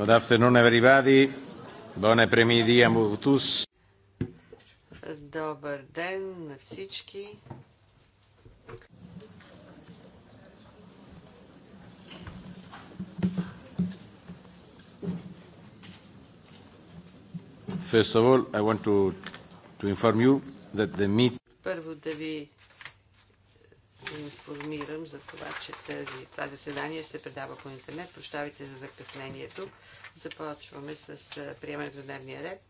Good afternoon, everybody. Bon après-midi à tous. Добър ден на всички. First of all, I want to, to inform you that the meet... Първо да ви информирам за това, че тези, това заседание ще се предава по интернет. Прощавайте за закъснението. Започваме с приемането на дневния ред.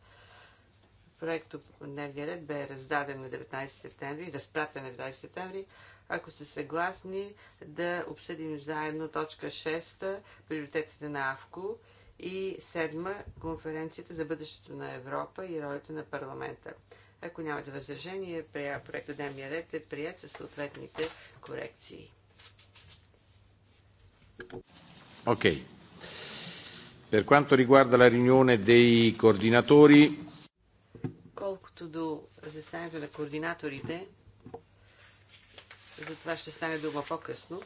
Проектът дневния ред бе раздаден на 19 септември, разпратен на 19 септември. Ако сте съгласни да обсъдим заедно точка 6, приоритетите на АВКО и 7, конференцията за бъдещето на Европа и ролята на парламента. Ако нямате възражение, проектът дневния ред е прият със съответните корекции. Окей. Okay. Per quanto riguarda la riunione dei coordinatori, Колкото до заседанието на координаторите, за това ще стане дума по-късно.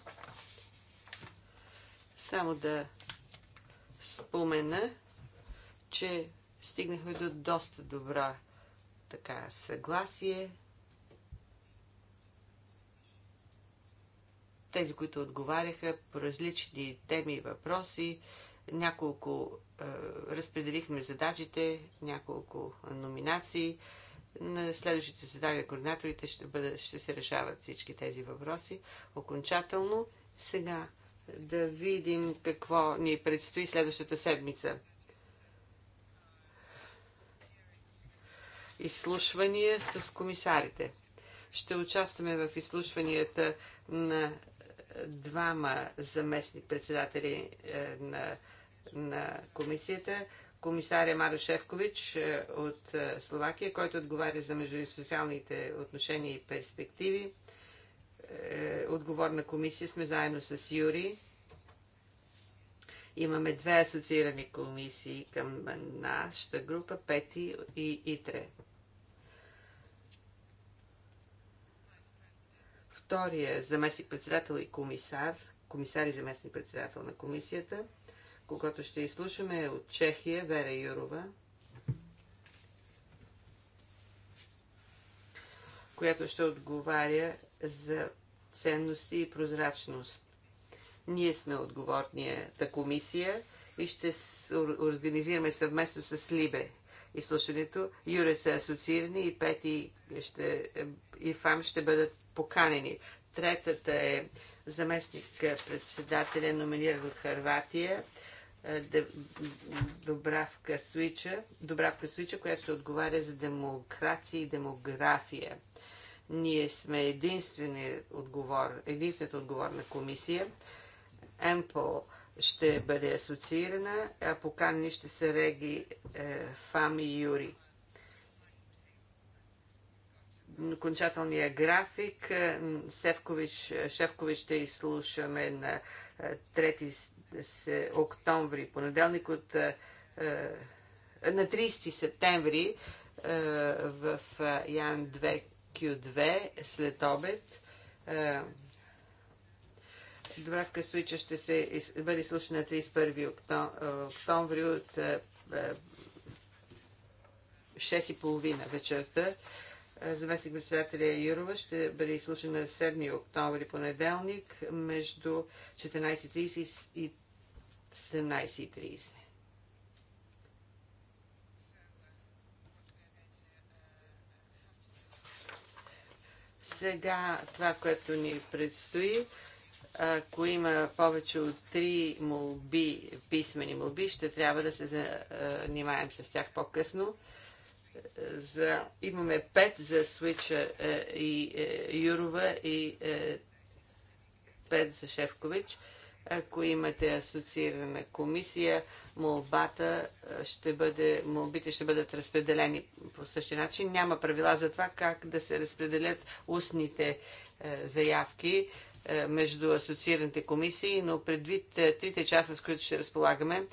Само да спомена, че стигнахме до доста добра така съгласие. Тези, които отговаряха по различни теми и въпроси, няколко е, разпределихме задачите, няколко номинации. На следващите задания координаторите ще, бъде, ще се решават всички тези въпроси окончателно. Сега да видим какво ни предстои следващата седмица. изслушвания с комисарите. Ще участваме в изслушванията на двама заместник председатели е, на, на комисията. Комисаря Марио Шевкович е, от е, Словакия, който отговаря за междусоциалните отношения и перспективи. Отговорна комисия сме заедно с Юри. Имаме две асоциирани комисии към нашата група, Пети и Итре. втория заместник председател и комисар, комисар и заместник председател на комисията, когато ще изслушаме от Чехия Вера Юрова, която ще отговаря за ценности и прозрачност. Ние сме отговорнията комисия и ще организираме съвместно с Либе изслушането. Юре са асоциирани и Пети ще, е, и ФАМ ще бъдат поканени. Третата е заместник председателя, номиниран от Харватия, е, Добравка Свича, Добравка Свича, която се отговаря за демокрация и демография. Ние сме единственият отговор, единствената отговорна комисия. Емпл ще бъде асоциирана, а поканени ще са Реги, е, Фами и Юри окончателния график. Севкович, Шевкович ще изслушаме на 3 е, октомври, понеделник от е, е, на 30 септември в Ян 2Q2 след обед. Добравка Суича ще се бъде слушана 31 октомври от 6.30 вечерта заместник председателя Юрова ще бъде на 7 октомври понеделник между 14.30 и 17.30. Сега това, което ни предстои, ако има повече от три молби, писмени молби, ще трябва да се занимаем с тях по-късно за, имаме пет за Свича е, и е, Юрова и е, за Шефкович. Ако имате асоциирана комисия, молбата е, ще бъде, молбите ще бъдат разпределени по същия начин. Няма правила за това как да се разпределят устните е, заявки е, между асоциираните комисии, но предвид е, трите часа, с които ще разполагаме,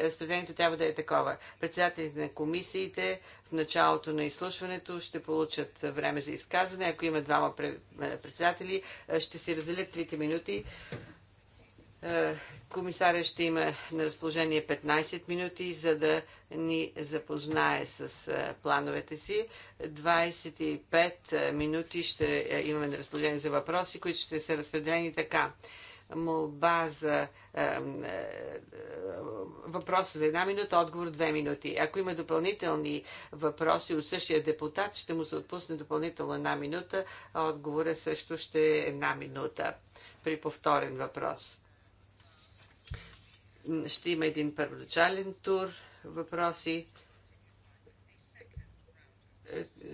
разпределението трябва да е такова. Председателите на комисиите в началото на изслушването ще получат време за изказване. Ако има двама е, председатели, ще си разделят трите минути. Е, комисаря ще има на разположение 15 минути, за да ни запознае с е, плановете си. 25 е, минути ще имаме на разположение за въпроси, които ще са разпределени така. Молба за въпроса въпрос за една минута, отговор две минути. Ако има допълнителни въпроси от същия депутат, ще му се отпусне допълнително една минута, а отговора също ще е една минута при повторен въпрос ще има един първоначален тур въпроси.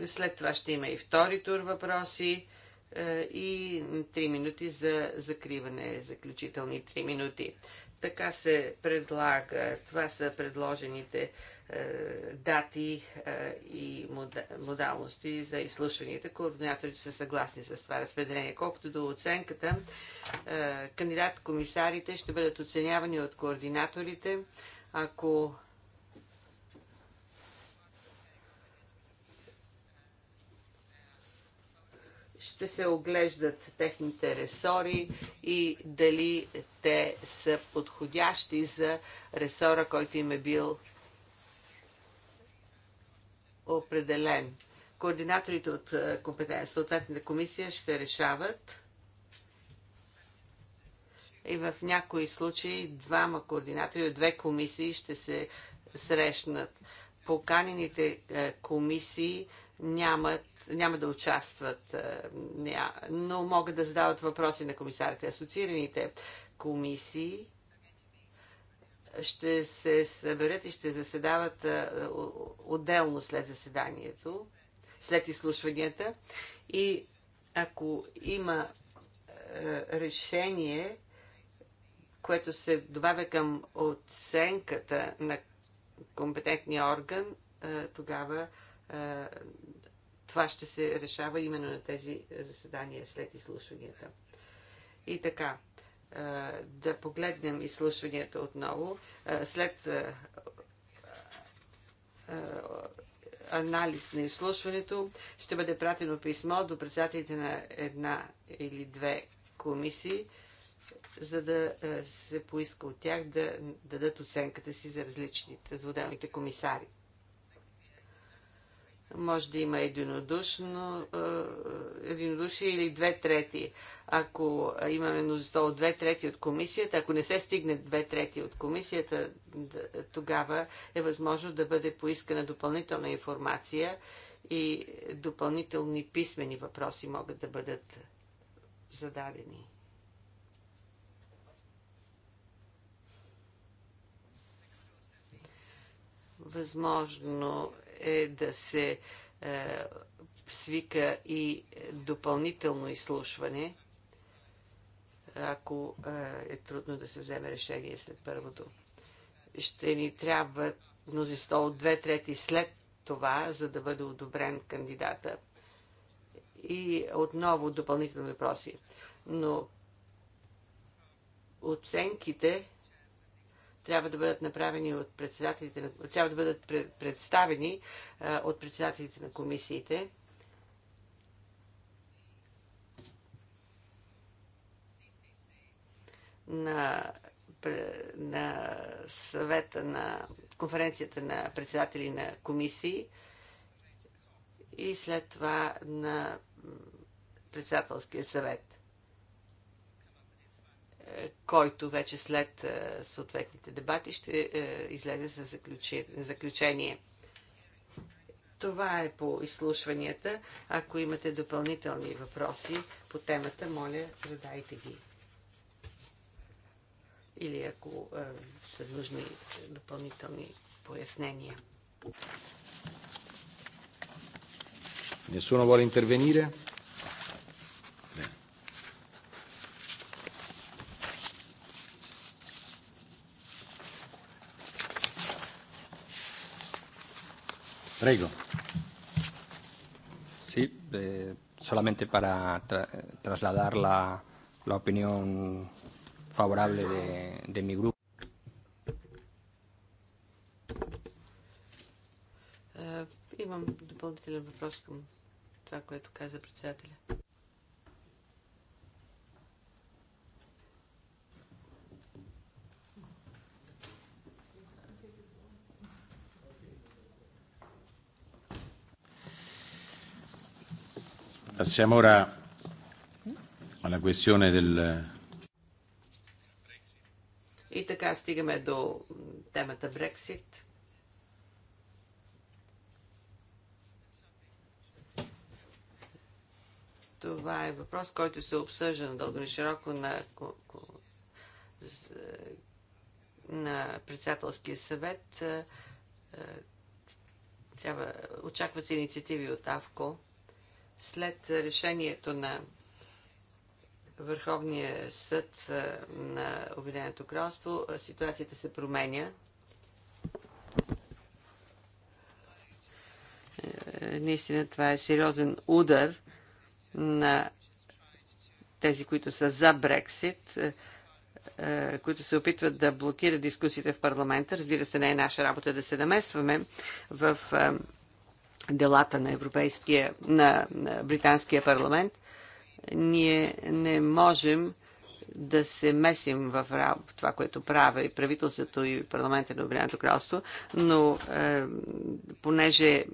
След това ще има и втори тур въпроси е, и 3 минути за закриване, заключителни 3 минути. Така се предлага. Това са предложените е, дати е, и модалности за изслушванията. Координаторите са съгласни с това разпределение. Колкото до оценката, е, кандидат-комисарите ще бъдат оценявани от координаторите, ако ще се оглеждат техните ресори и дали те са подходящи за ресора, който им е бил определен. Координаторите от е, съответната комисия ще решават и в някои случаи двама координатори от две комисии ще се срещнат. Поканените е, комисии нямат, няма да участват, е, но могат да задават въпроси на комисарите. Асоциираните комисии ще се съберат и ще заседават отделно след заседанието, след изслушванията. И ако има решение, което се добавя към оценката на компетентния орган, тогава това ще се решава именно на тези заседания след изслушванията. И така, да погледнем изслушванията отново след анализ на изслушването ще бъде пратено писмо до председателите на една или две комисии, за да се поиска от тях да дадат оценката си за различните, за отделните комисари може да има единодушно, единодушие или две трети. Ако имаме мнозинство от две трети от комисията, ако не се стигне две трети от комисията, тогава е възможно да бъде поискана допълнителна информация и допълнителни писмени въпроси могат да бъдат зададени. Възможно е да се е, свика и допълнително изслушване, ако е, е трудно да се вземе решение след първото. Ще ни трябва мнозинство от две трети след това, за да бъде одобрен кандидата. И отново допълнителни въпроси. Но оценките трябва да бъдат направени от председателите, трябва да бъдат представени от председателите на комисиите. На, на съвета на конференцията на председатели на комисии и след това на председателския съвет който вече след е, съответните дебати ще е, излезе с заключение. Това е по изслушванията. Ако имате допълнителни въпроси по темата, моля, задайте ги. Или ако е, са нужни допълнителни пояснения. Nessuno vuole intervenire? Prego. Sí, eh, solamente para tra trasladar la, la opinión favorable de, de mi grupo. Имам допълнителен въпрос към това, което каза председателя. Passiamo ora alla questione del... И така стигаме до темата Брексит. Това е въпрос, който се обсъжда на дълго и широко на, на председателския съвет. Трябва, е, е, очакват се инициативи от АВКО. След решението на Върховния съд на Обединеното кралство ситуацията се променя. Е, наистина това е сериозен удар на тези, които са за Брексит, е, е, които се опитват да блокират дискусиите в парламента. Разбира се, не е наша работа да се намесваме в делата на, европейския, на, британския парламент, ние не можем да се месим в това, което правя и правителството и парламента на Обединеното кралство, но е, понеже е,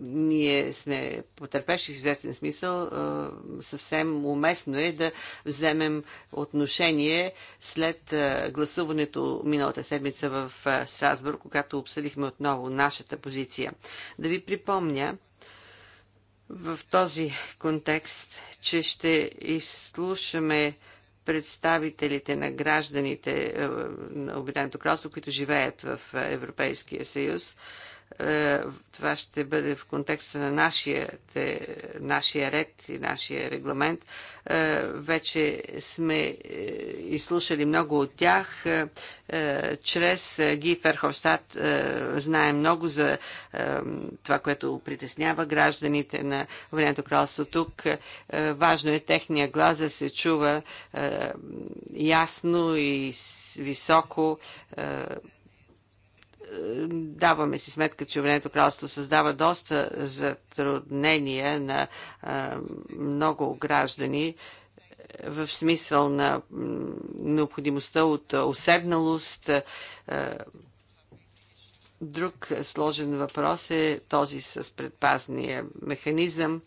ние сме потърпевши в известен смисъл, е, съвсем уместно е да вземем отношение след е, гласуването миналата седмица в е, Страсбург, когато обсъдихме отново нашата позиция. Да ви припомня, в този контекст, че ще изслушаме представителите на гражданите е, на Обединеното кралство, които живеят в Европейския съюз. Е, това ще бъде в контекста на нашия, е, нашия ред и нашия регламент. Е, вече сме изслушали много от тях. Чрез Ги Ферховстат знае много за това, което притеснява гражданите на Варианто кралство тук. Важно е техния глас да се чува ясно и високо даваме си сметка, че Обединеното кралство създава доста затруднения на много граждани в смисъл на необходимостта от уседналост. Друг сложен въпрос е този с предпазния механизъм.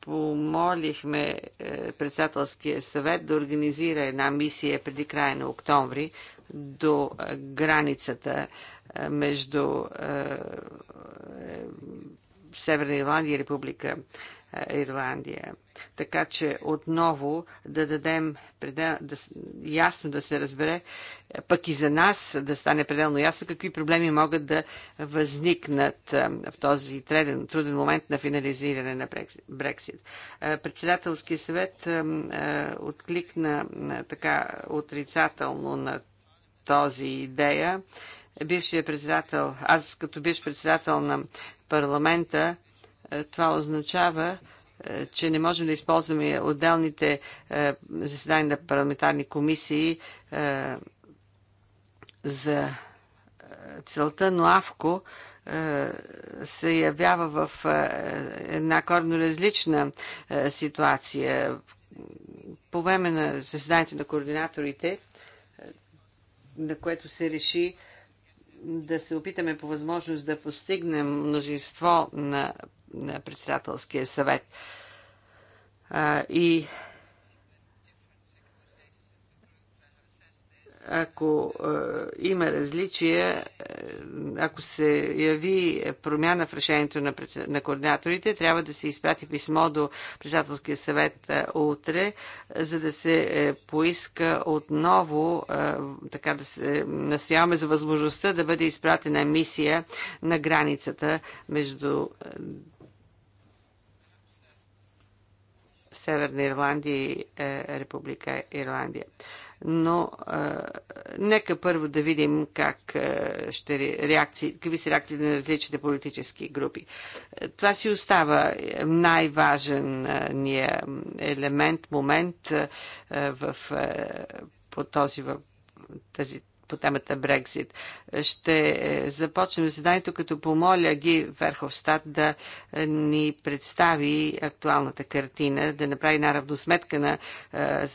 Помолихме е, председателския съвет да организира една мисия преди края на октомври до границата е, между е, е, Северна Ирландия и Република Ирландия. Така че отново да дадем предел, да, ясно да се разбере, пък и за нас да стане пределно ясно какви проблеми могат да възникнат в този труден, труден момент на финализиране на Брексит. Председателски съвет откликна така отрицателно на този идея бившия председател, аз като бивш председател на парламента, е, това означава, е, че не можем да използваме отделните е, заседания на парламентарни комисии за целта, но АВКО се явява в една корно различна ситуация. По време на заседанието на координаторите, на което се реши да се опитаме по възможност да постигнем множество на, на председателския съвет. А, и ако е, има различия, е, ако се яви промяна в решението на, на координаторите, трябва да се изпрати писмо до председателския съвет е, утре, за да се е, поиска отново, е, така да се настояваме за възможността да бъде изпратена мисия на границата между е, Северна Ирландия и е, Република Ирландия но а, нека първо да видим как а, ще реакции, какви са реакциите на различните политически групи. Това си остава най-важен елемент, момент а, в, а, по този, в, тази по темата Брекзит. Ще е, започнем заседанието, като помоля Ги Верховстат да е, ни представи актуалната картина, да направи една равносметка на е,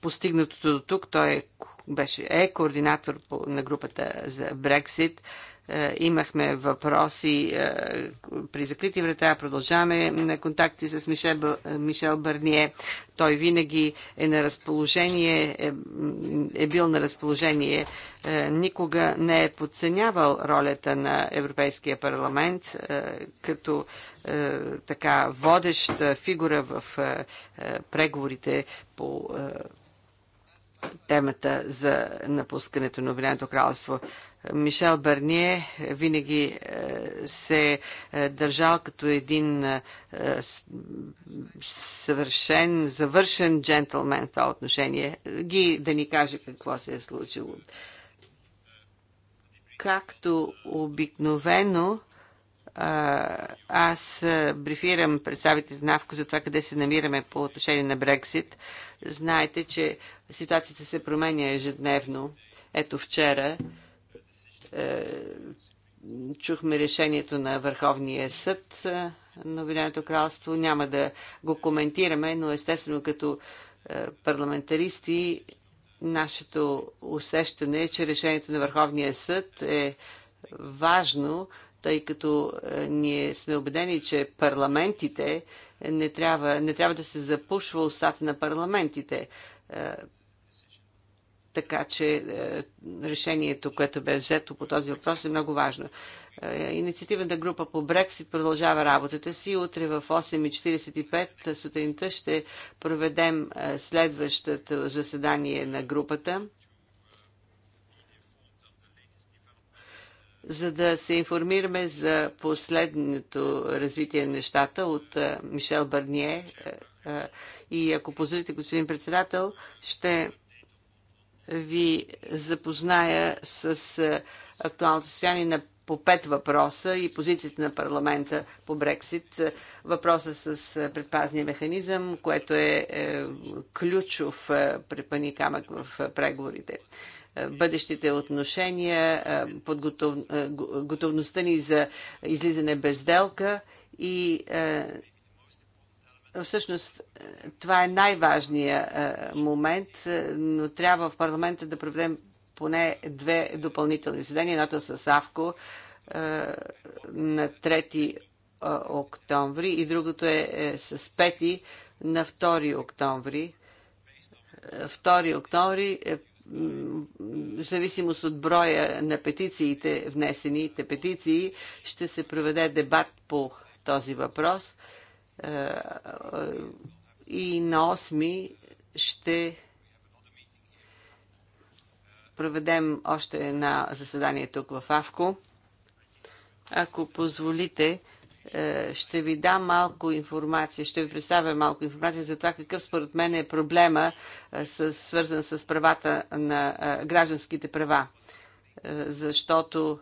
постигнатото до тук. Той е беше, е координатор на групата за Брексит. Е, имахме въпроси е, при закрити врата. Продължаваме на контакти с Мишел, Мишел Бърние. Той винаги е на разположение, е, е бил на разположение. Никога не е подценявал ролята на Европейския парламент като така водеща фигура в преговорите по темата за напускането на Обединеното кралство. Мишел Барние винаги е, се е държал като един е, съвършен, завършен джентлмен в това отношение. Ги да ни каже какво се е случило. Както обикновено, е, аз брифирам представителите на АВКО за това къде се намираме по отношение на Брексит. Знаете, че Ситуацията се променя ежедневно. Ето вчера е, чухме решението на Върховния съд е, на Обединеното кралство. Няма да го коментираме, но естествено като е, парламентаристи нашето усещане е, че решението на Върховния съд е важно, тъй като е, ние сме убедени, че парламентите не трябва, не трябва да се запушва устата на парламентите. Е, така че е, решението, което бе взето по този въпрос е много важно. Е, инициативната група по Брексит продължава работата си. Утре в 8.45 е, сутринта ще проведем следващото заседание на групата. за да се информираме за последното развитие на нещата от Мишел Барние. И ако позволите, господин председател, ще ви запозная с актуалното състояние на по пет въпроса и позицията на парламента по Брексит. Въпроса с предпазния механизъм, което е, е ключов препани камък в преговорите. Бъдещите отношения, подготов... готовността ни за излизане без делка и Всъщност, това е най-важният е, момент, е, но трябва в парламента да проведем поне две допълнителни заседания. Едното с АВКО е, на 3 октомври и другото е с 5 на 2 октомври. 2 октомври в зависимост от броя на петициите, внесените петиции, ще се проведе дебат по този въпрос – е, и на 8 ще проведем още една заседание тук в Авко. Ако позволите, е, ще ви дам малко информация, ще ви представя малко информация за това какъв според мен е проблема, е, свързан с правата на гражданските права. Защото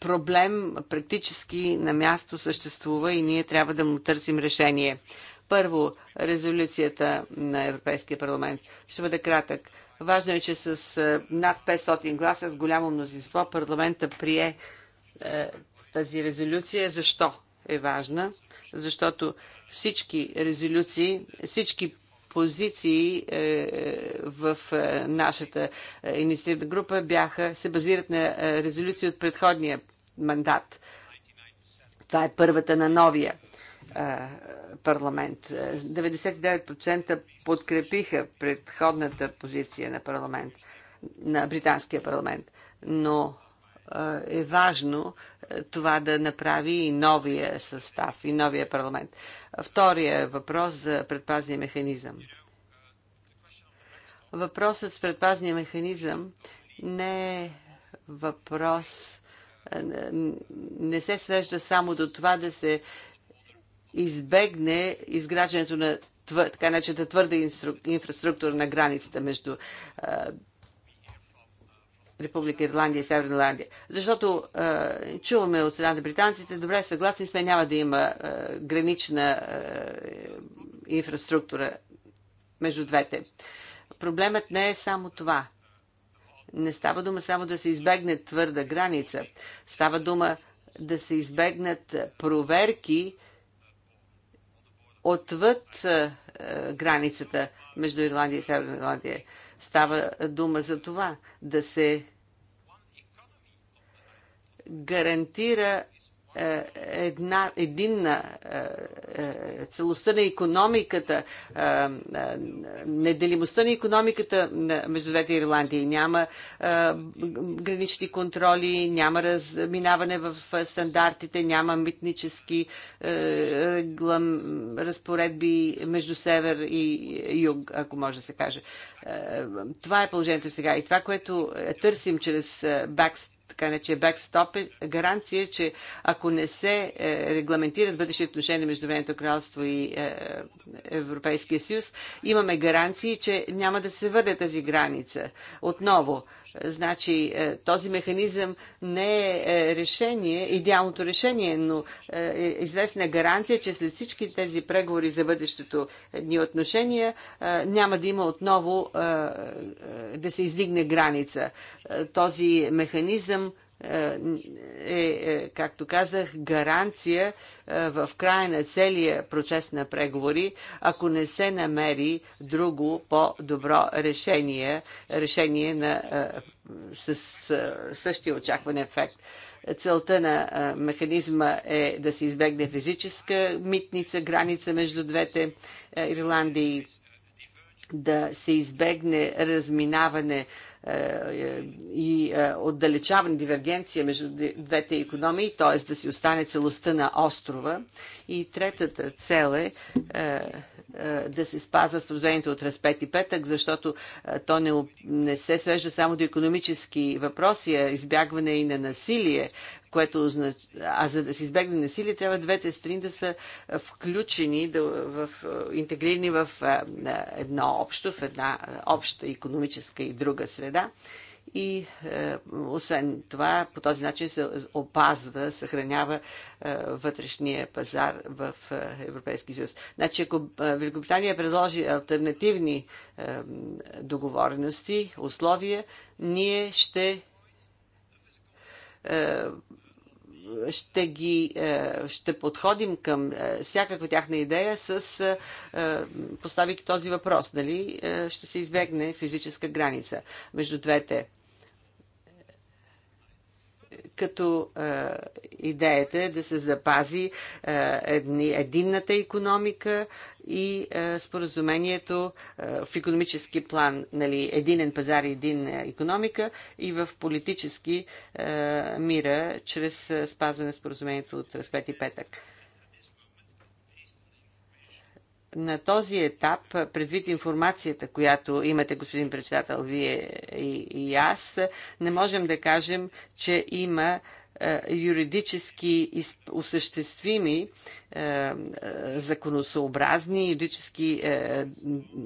проблем практически на място съществува и ние трябва да му търсим решение. Първо, резолюцията на Европейския парламент. Ще бъде кратък. Важно е, че с е, над 500 гласа, с голямо мнозинство, парламента прие е, тази резолюция. Защо е важна? Защото всички резолюции, всички позиции е, е, в е, нашата инициативна група бяха, се базират на резолюции от предходния мандат. Това е първата на новия парламент. 99% подкрепиха предходната позиция на парламент, на британския парламент. Но е важно това да направи и новия състав, и новия парламент втория въпрос за предпазния механизъм. Въпросът с предпазния механизъм не е въпрос, не се свежда само до това да се избегне изграждането на така наречената твърда инфраструктура на границата между Република Ирландия и Северна Ирландия. Защото а, чуваме от страна на британците, добре, съгласни сме, няма да има а, гранична а, инфраструктура между двете. Проблемът не е само това. Не става дума само да се избегне твърда граница. Става дума да се избегнат проверки отвъд границата между Ирландия и Северна Ирландия. Става дума за това да се гарантира е, една единна е, е, целостта на економиката, неделимостта на економиката между двете Ирландии. Няма гранични контроли, няма разминаване в стандартите, няма митнически разпоредби между север и юг, ако може да се каже. Това е положението сега. И това, което търсим чрез бакс така нарече бекстоп е гаранция, че ако не се е, регламентират бъдещи отношения между Венето кралство и е, Европейския съюз, имаме гаранции, че няма да се върне тази граница. Отново, Значи е, този механизъм не е, е решение, идеалното решение, но е, е известна гаранция, че след всички тези преговори за бъдещето ни отношения няма да има отново да се издигне граница. Този механизъм е, е, както казах, гаранция е, в края на целия процес на преговори, ако не се намери друго по-добро решение, решение на, е, с същия очакван ефект. Целта на механизма е да се избегне физическа митница, граница между двете Ирландии, да се избегне разминаване е, е, и е, отдалечаване, дивергенция между двете економии, т.е. да си остане целостта на острова. И третата цел е да се спазва споразумението от разпет и петък, защото то не, не се свежда само до економически въпроси, а избягване и на насилие което означ... а за да се избегне насилие, трябва двете страни да са включени, да, в, интегрирани в едно общо, в една обща економическа и друга среда. И е, освен това, по този начин се опазва, съхранява е, вътрешния пазар в е, Европейския съюз. Значи, ако е, Великобритания предложи альтернативни е, договорености, условия, ние ще е, ще, ги, е, ще подходим към е, всякаква тяхна идея с поставяйки този въпрос, дали ще се избегне физическа граница между двете като а, идеята е да се запази е, единната економика и а, споразумението а, в економически план, нали, единен пазар и единна економика и в политически а, мира, чрез спазване на споразумението от разпети петък на този етап, предвид информацията, която имате, господин председател, вие и, и аз, не можем да кажем, че има е, юридически осъществими е, е, законосообразни, юридически е,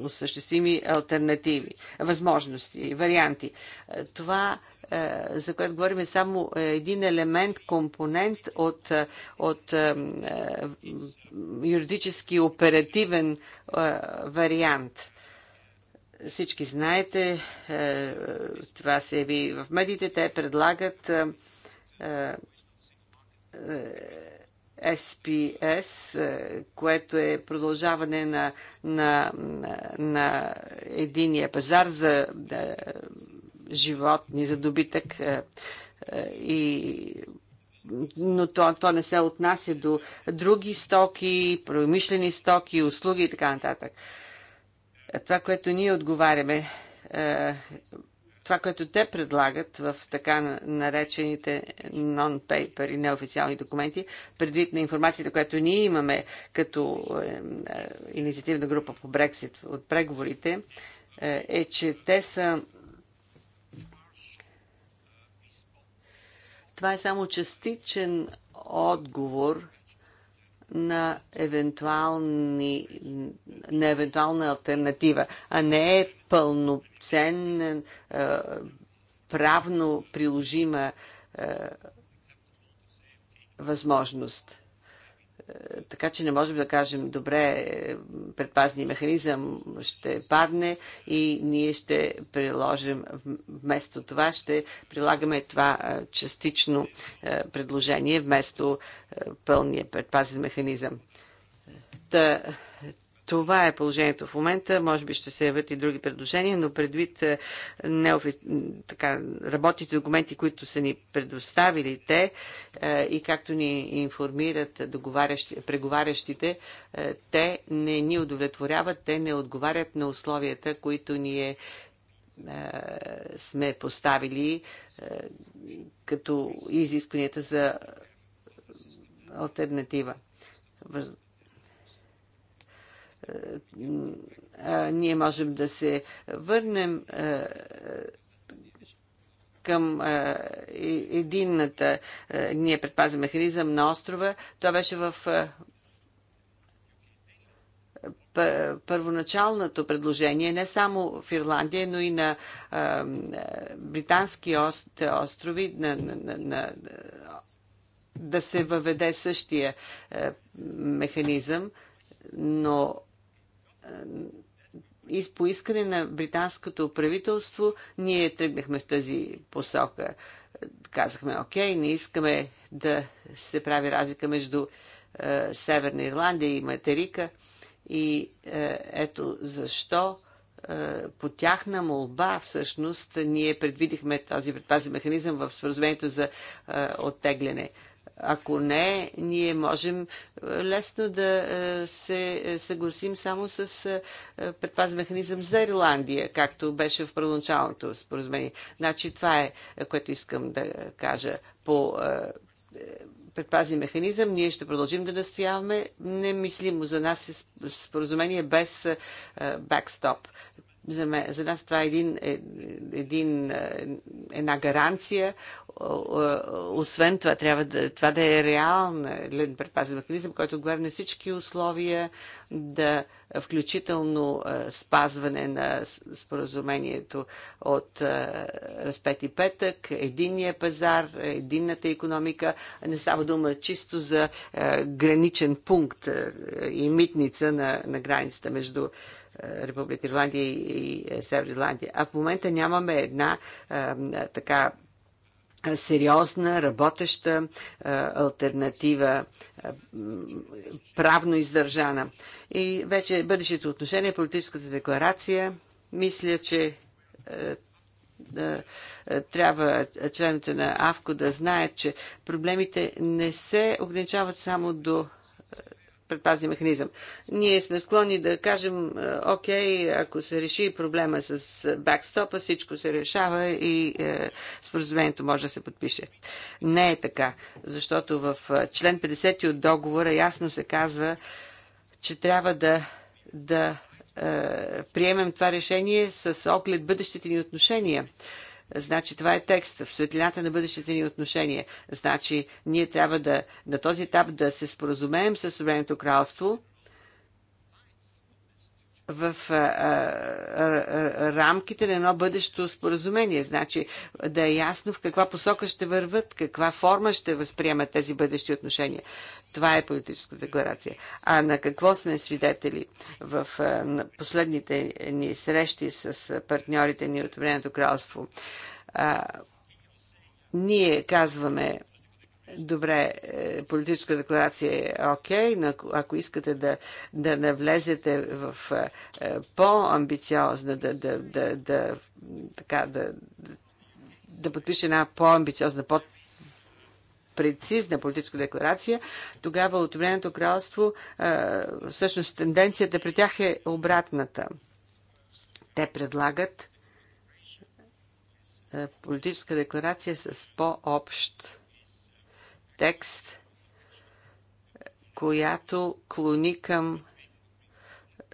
осъществими альтернативи, възможности, варианти. Е, това е е, за което говорим е само един елемент, компонент от, от е, е, юридически оперативен вариант. Всички знаете, това се яви в медиите, те предлагат SPS, което е продължаване на, на, на единия пазар за животни, за добитък е, е, и но то, то не се отнася до други стоки, промишлени стоки, услуги и така нататък. Това, което ние отговаряме, е, това, което те предлагат в така наречените non-paper и неофициални документи, предвид на информацията, която ние имаме като инициативна група по Брексит от преговорите, е, че те са Това е само частичен отговор на, евентуални, на евентуална альтернатива, а не е пълноценен, е, правно приложима е, възможност така че не можем да кажем, добре, предпазния механизъм ще падне и ние ще приложим, вместо това ще прилагаме това частично предложение, вместо пълния предпазен механизъм. Та, това е положението в момента. Може би ще се явят и други предложения, но предвид е, неофи... така, работните документи, които са ни предоставили те е, и както ни информират договарящи... преговарящите, е, те не ни удовлетворяват, те не отговарят на условията, които ние сме поставили като изискванията за альтернатива е, ние можем да се върнем е, е, към единната ние предпазен механизъм на острова. Това беше в първоначалното предложение, не само в Ирландия, но и на британски острови, на, на, на, на, да се въведе същия механизъм, но и по искане на британското правителство ние тръгнахме в тази посока. Казахме, окей, не искаме да се прави разлика между е, Северна Ирландия и Материка. И е, ето защо е, по тяхна молба всъщност ние предвидихме този предпазен механизъм в споразумението за е, оттегляне. Ако не, ние можем е, лесно да е, се е, съгласим само с предпазен механизъм за Ирландия, както беше в първоначалното споразумение. Значи това е, което искам да кажа по предпазен механизъм, ние ще продължим да настояваме. Немислимо за нас е споразумение без бекстоп. За, за нас това е, един, е, един, е, една гаранция. Освен това, трябва да, това да е реален предпазен механизъм, който отговаря на всички условия, да включително е, спазване на споразумението от разпети петък, единния пазар, единната економика. Не става дума чисто за граничен пункт и митница на, на границата между Република Ирландия и е, Северна Ирландия. А в момента нямаме една е, така сериозна, работеща е, альтернатива, правно издържана. И вече бъдещето отношение, политическата декларация, мисля, че трябва членовете на АВКО да знаят, че проблемите не се ограничават само до пред тази механизъм. Ние сме склонни да кажем, е, окей, ако се реши проблема с е, бакстопа, всичко се решава и е, споразумението може да се подпише. Не е така, защото в е, член 50 от договора ясно се казва, че трябва да, да е, приемем това решение с оглед бъдещите ни отношения. Значи това е текст в светлината на бъдещите ни отношения. Значи ние трябва да на този етап да се споразумеем с Съвременното кралство, в а, а, рамките на едно бъдещо споразумение. Значи да е ясно в каква посока ще върват, каква форма ще възприемат тези бъдещи отношения. Това е политическа декларация. А на какво сме свидетели в а, последните ни срещи с партньорите ни от Временното кралство? А, ние казваме Добре, е, политическа декларация е окей, но ако искате да, да навлезете в е, е, по-амбициозна, да, да, да, да, така, да, да подпише една по-амбициозна, по прецизна политическа декларация, тогава от Обединеното кралство всъщност тенденцията при тях е обратната. Те предлагат политическа декларация с по-общ текст, която клони към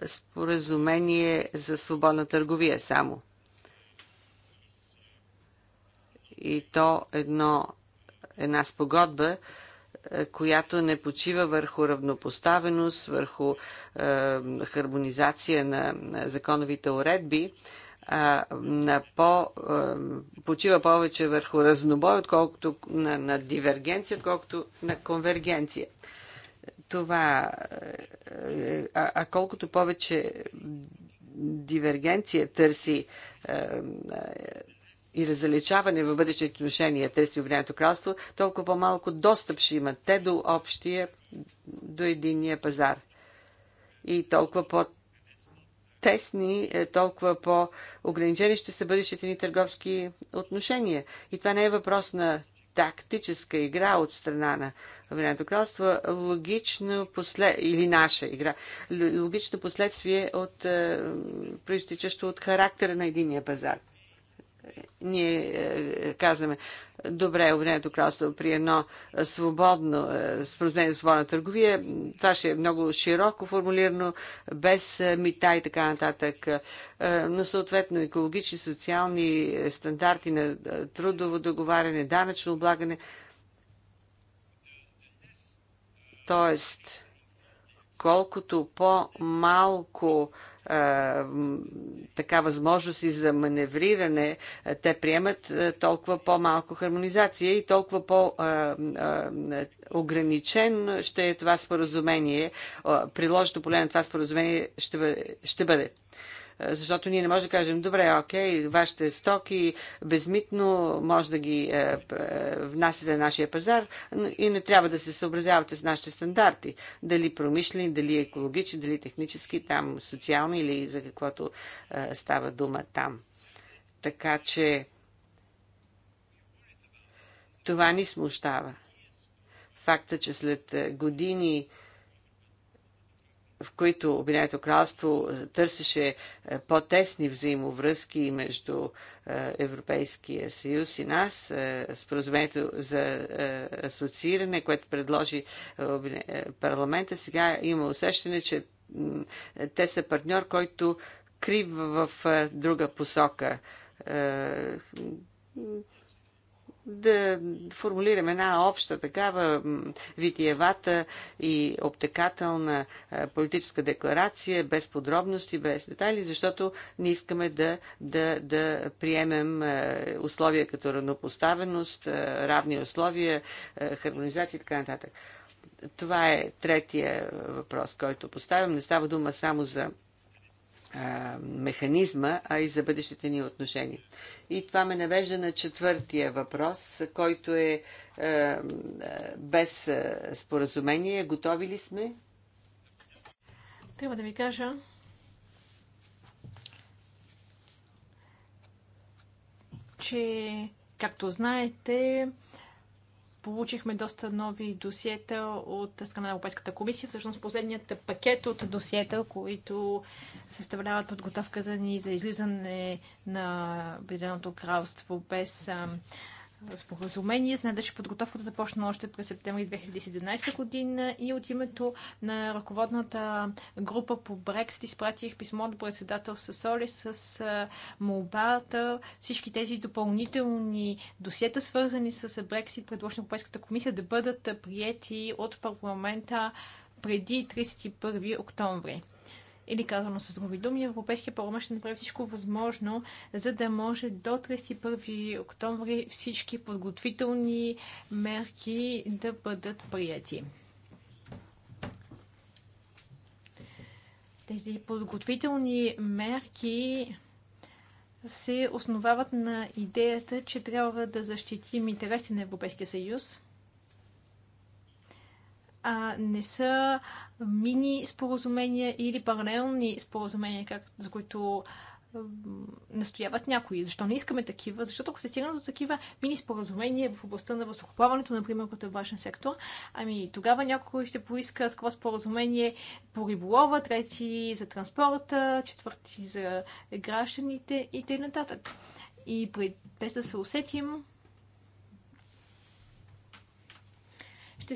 споразумение за свободна търговия само. И то едно, една спогодба, е, която не почива върху равнопоставеност, върху е, хармонизация на законовите уредби, а, на по, а, почива повече върху разнобой, отколкото на, на дивергенция, отколкото на конвергенция. Това, а, а колкото повече дивергенция търси а, и различаване във бъдещите отношения търси Обединеното кралство, толкова по-малко достъп ще имат те до общия, до единния пазар. И толкова по по-тесни, е, толкова по-ограничени ще са бъдещите ни търговски отношения. И това не е въпрос на тактическа игра от страна на Обединеното кралство, логично послед... или наша игра, логично последствие от, е, проистичащо от характера на единия пазар ние е, е, казваме, добре, обвинението кралство при едно е, свободно споразумение за свободна търговия, това ще е много широко формулирано, без мита и така нататък, но съответно екологични, социални стандарти на трудово договаряне, данъчно облагане. Тоест, колкото по-малко така възможности за маневриране те приемат, толкова по-малко хармонизация и толкова по-ограничен ще е това споразумение, приложното поле на това споразумение ще бъде. Ще бъде защото ние не можем да кажем, добре, окей, вашите стоки безмитно може да ги е, е, внасяте на нашия пазар и не трябва да се съобразявате с нашите стандарти. Дали промишлени, дали екологични, дали технически, там социални или за каквото е, става дума там. Така че това ни смущава. Факта, че след е, години в които Обединеното кралство е, търсеше е, по-тесни взаимовръзки между е, Европейския съюз и нас, споразумението за асоцииране, което предложи парламента, сега има усещане, че те са партньор, който крив в друга посока да формулираме една обща такава витиевата и обтекателна политическа декларация, без подробности, без детайли, защото не искаме да, да, да приемем условия като равнопоставеност, равни условия, хармонизация и така нататък. Това е третия въпрос, който поставям. Не става дума само за механизма, а и за бъдещите ни отношения. И това ме навежда на четвъртия въпрос, който е, а, без споразумение. Готови ли сме? Трябва да ви кажа, че, както знаете, получихме доста нови досиета от страна на Европейската комисия. Всъщност последният пакет от досиета, които съставляват подготовката ни за излизане на Обединеното кралство без споразумение. Знаете, че подготовката започна още през септември 2017 година и от името на ръководната група по Брексит изпратих писмо до председател Сасоли с молбата всички тези допълнителни досиета, свързани с Брексит, предложени Европейската комисия, да бъдат приети от парламента преди 31 октомври. Или казано с други думи, Европейския парламент ще направи всичко възможно, за да може до 31 октомври всички подготвителни мерки да бъдат прияти. Тези подготвителни мерки се основават на идеята, че трябва да защитим интересите на Европейския съюз а не са мини споразумения или паралелни споразумения, как, за които настояват някои. Защо не искаме такива? Защото ако се стигна до такива мини споразумения в областта на въздухоплаването, например, като е важен сектор, ами тогава някои ще поиска такова споразумение по риболова, трети за транспорта, четвърти за гражданите и т.н. И без да се усетим,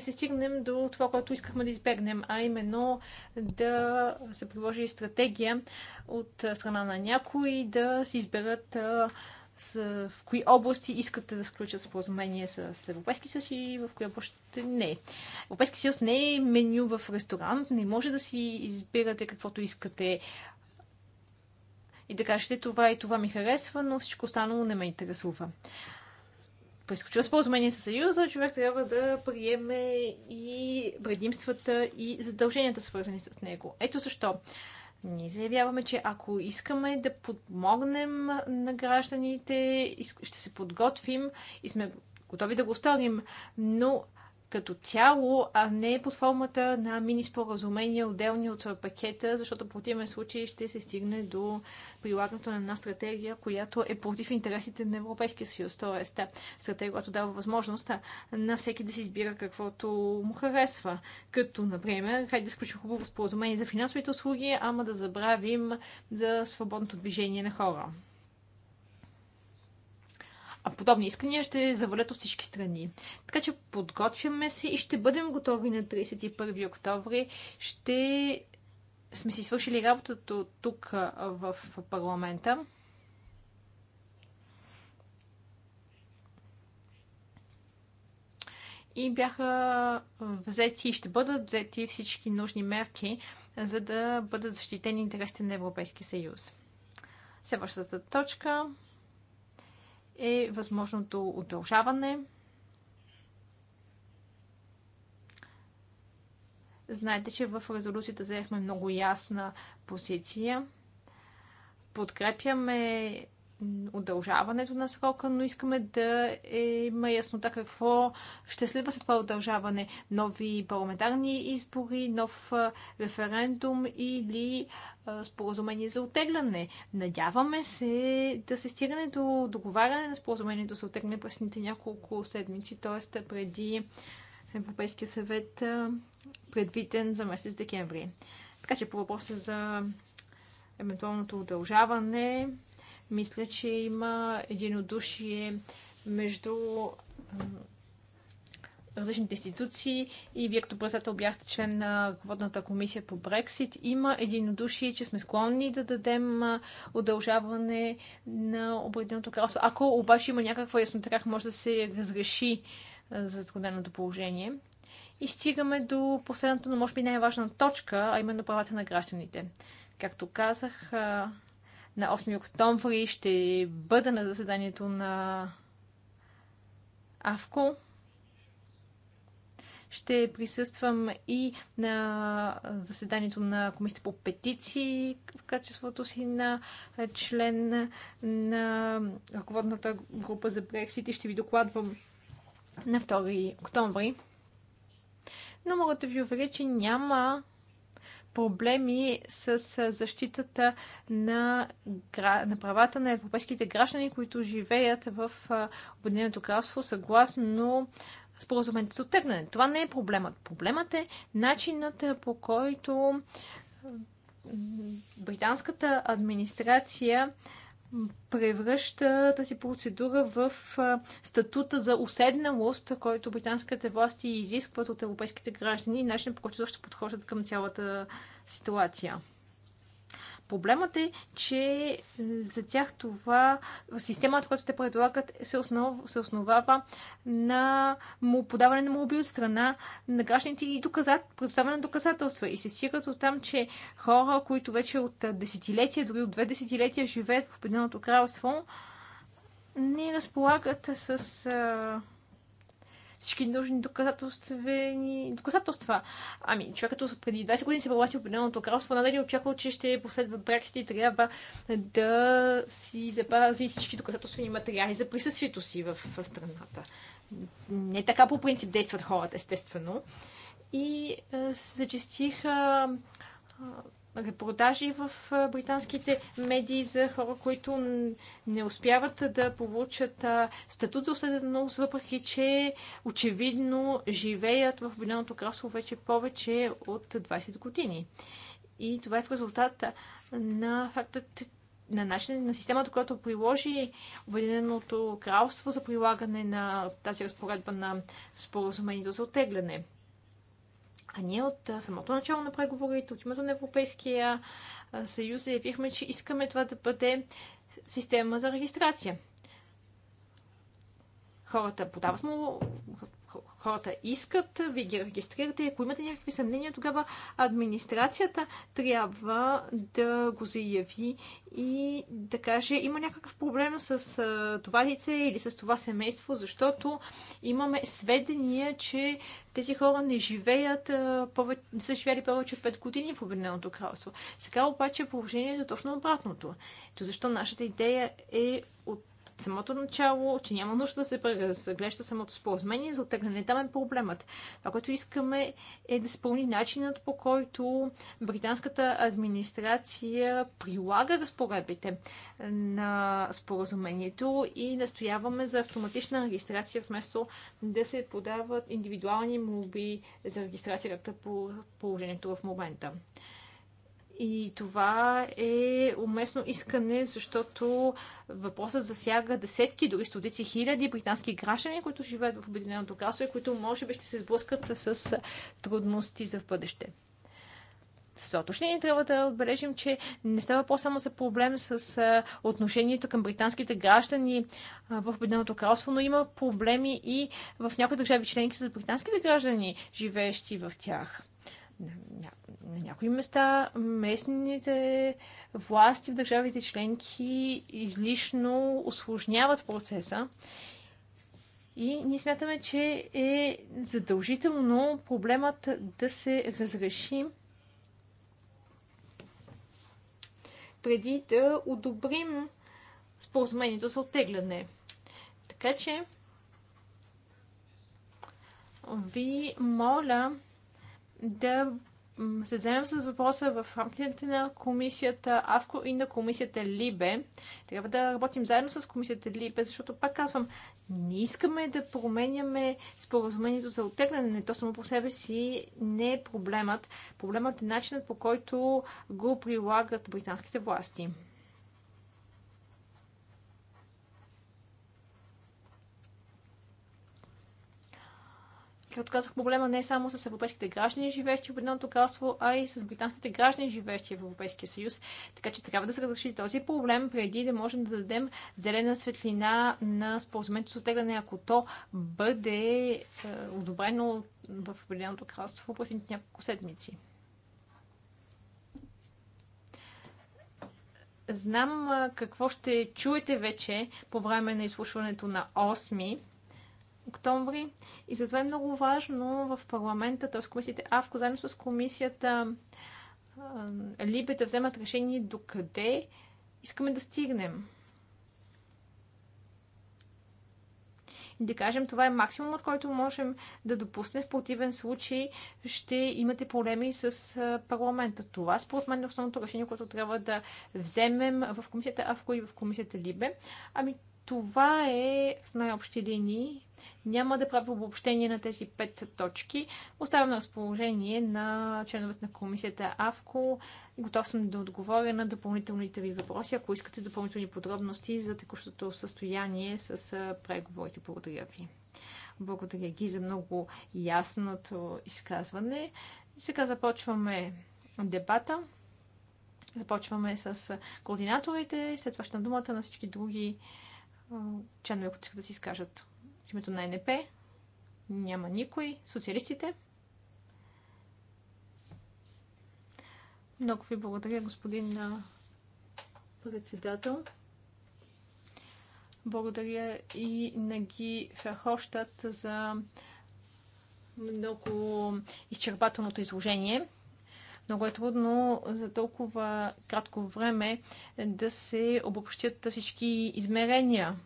ще се стигнем до това, което искахме да избегнем, а именно да се приложи стратегия от страна на някои да се изберат в кои области искате да сключат споразумение с Европейски съюз и в кои области не. Европейски съюз не е меню в ресторант, не може да си избирате каквото искате и да кажете това и това ми харесва, но всичко останало не ме интересува прескочил споразумение с Съюза, човек трябва да приеме и предимствата и задълженията, свързани с него. Ето защо. Ние заявяваме, че ако искаме да подмогнем на гражданите, ще се подготвим и сме готови да го оставим, но като цяло, а не под формата на мини споразумения, отделни от пакета, защото в противен случай ще се стигне до прилагането на една стратегия, която е против интересите на Европейския съюз. Тоест, стратегия, която дава възможност на всеки да си избира каквото му харесва. Като, например, хайде да сключим хубаво споразумение за финансовите услуги, ама да забравим за свободното движение на хора. А подобни искания ще завалят от всички страни. Така че подготвяме се и ще бъдем готови на 31 октомври. Ще сме си свършили работата тук в парламента. И бяха взети и ще бъдат взети всички нужни мерки, за да бъдат защитени интересите на Европейския съюз. Следващата точка е възможното удължаване. Знаете, че в резолюцията заехме много ясна позиция. Подкрепяме удължаването на срока, но искаме да има яснота какво ще следва след това удължаване. Нови парламентарни избори, нов референдум или споразумение за отегляне. Надяваме се да се стигне до договаряне на споразумението за отегляне през няколко седмици, т.е. преди Европейския съвет, предвиден за месец декември. Така че по въпроса за евентуалното удължаване, мисля, че има единодушие между различните институции и вие като председател бяхте член на ръководната комисия по Брексит. Има единодушие, че сме склонни да дадем удължаване на Обединеното кралство. Ако обаче има някаква яснота как може да се разреши затрудненото положение. И стигаме до последната, но може би най-важна точка, а именно правата на гражданите. Както казах, на 8 октомври ще бъда на заседанието на АВКО. Ще присъствам и на заседанието на Комисията по петиции в качеството си на член на ръководната група за Брексит и ще ви докладвам на 2 октомври. Но мога да ви уверя, че няма проблеми с защитата на, на правата на европейските граждани, които живеят в Обединеното кралство съгласно споразумението за оттегляне. Това не е проблемът. Проблемът е начинът по който британската администрация превръща тази процедура в статута за уседналост, който британските власти изискват от европейските граждани и начин по който ще подхождат към цялата ситуация. Проблемът е, че за тях това, системата, която те предлагат, се, основ, се основава на му подаване на молби от страна на гражданите и доказат, предоставяне на доказателства. И се стигат от там, че хора, които вече от десетилетия, дори от две десетилетия живеят в Обединеното кралство, не разполагат с а, всички нужни доказателствени. доказателства. Ами, човек като преди 20 години се прогласи определеното кралство, надали е очаквал, че ще последва Брексит и трябва да си запази всички доказателствени материали за присъствието си в страната. Не така по принцип действат хората, естествено. И се зачистиха репортажи в британските медии за хора, които не успяват да получат статут за уседеност, въпреки че очевидно живеят в Обединеното кралство вече повече от 20 години. И това е в резултат на факта, на начин на системата, която приложи Обединеното кралство за прилагане на тази разпоредба на споразумението за отегляне. А ние от самото начало на преговорите, от името на Европейския съюз, заявихме, че искаме това да бъде система за регистрация хората подават му, хората искат, ви ги регистрирате. Ако имате някакви съмнения, тогава администрацията трябва да го заяви и да каже, има някакъв проблем с това лице или с това семейство, защото имаме сведения, че тези хора не живеят, не са живели повече от 5 години в Обединеното кралство. Сега обаче положението е точно обратното. защо нашата идея е от самото начало, че няма нужда да се преразглежда самото споразумение за оттегляне. Там е проблемът. Това, което искаме е да се пълни начинът по който британската администрация прилага разпоредбите на споразумението и настояваме за автоматична регистрация вместо да се подават индивидуални молби за регистрация, както по положението в момента. И това е уместно искане, защото въпросът засяга десетки, дори стотици хиляди британски граждани, които живеят в Обединеното кралство и които може би ще се сблъскат с трудности за в бъдеще. С ние трябва да отбележим, че не става по само за проблем с отношението към британските граждани в Обединеното кралство, но има проблеми и в някои държави членки с британските граждани, живеещи в тях. На, някои места местните власти в държавите членки излишно осложняват процеса и ние смятаме, че е задължително проблемът да се разреши преди да одобрим споразумението за оттегляне. Така че ви моля да се вземем с въпроса в рамките на комисията АВКО и на комисията ЛИБЕ. Трябва да работим заедно с комисията ЛИБЕ, защото пак казвам, не искаме да променяме споразумението за оттегляне. То само по себе си не е проблемът. Проблемът е начинът по който го прилагат британските власти. Както казах, проблема не е само с европейските граждани, живеещи в Обединеното кралство, а и с британските граждани, живеещи в Европейския съюз. Така че трябва да се разреши този проблем, преди да можем да дадем зелена светлина на споразумението за оттегляне, ако то бъде е, одобрено в Обединеното кралство в последните няколко седмици. Знам какво ще чуете вече по време на изслушването на 8 октомври. И затова е много важно в парламента, т.е. в комисиите АВКО, заедно с комисията Либе да вземат решение до къде искаме да стигнем. И да кажем, това е максимумът, който можем да допуснем. В противен случай ще имате проблеми с парламента. Това е, според мен е основното решение, което трябва да вземем в комисията АВКО и в комисията Либе. Ами това е в най-общи линии. Няма да правя обобщение на тези пет точки. Оставям на разположение на членовете на комисията АВКО. Готов съм да отговоря на допълнителните ви въпроси, ако искате допълнителни подробности за текущото състояние с преговорите. Благодаря ви. Благодаря ги за много ясното изказване. Сега започваме дебата. Започваме с координаторите, след това ще на думата на всички други членове, които искат да си изкажат. името на НП няма никой. Социалистите. Много ви благодаря, господин председател. Благодаря и на Ги Ферхоштадт за много изчерпателното изложение. Много е трудно за толкова кратко време да се обобщят всички измерения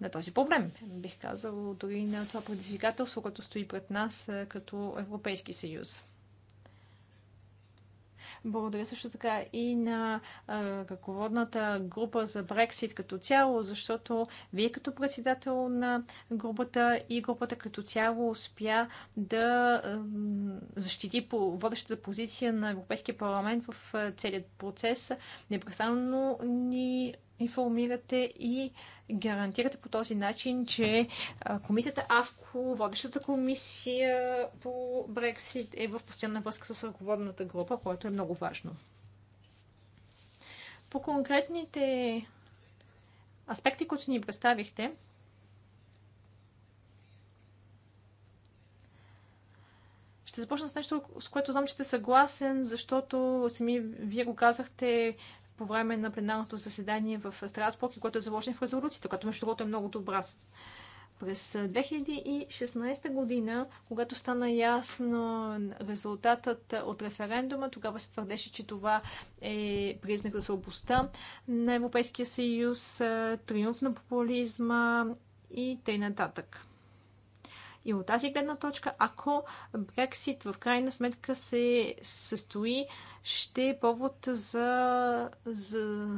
на този проблем. Бих казал дори на това предизвикателство, което стои пред нас като Европейски съюз. Благодаря също така и на ръководната група за Брексит като цяло, защото вие като председател на групата и групата като цяло успя да защити по водещата позиция на Европейския парламент в целият процес. Непрестанно ни информирате и гарантирате по този начин, че комисията АВКО, водещата комисия по Брексит е в постоянна връзка с ръководната група, което е много важно. По конкретните аспекти, които ни представихте, Ще започна с нещо, с което знам, че сте съгласен, защото сами вие го казахте, по време на пленарното заседание в Страсбург и което е заложено в резолюцията, която между другото е много добра. През 2016 година, когато стана ясно резултатът от референдума, тогава се твърдеше, че това е признак за слабостта на Европейския съюз, триумф на популизма и т.н. нататък. И от тази гледна точка, ако Брексит в крайна сметка се състои ще е повод за, за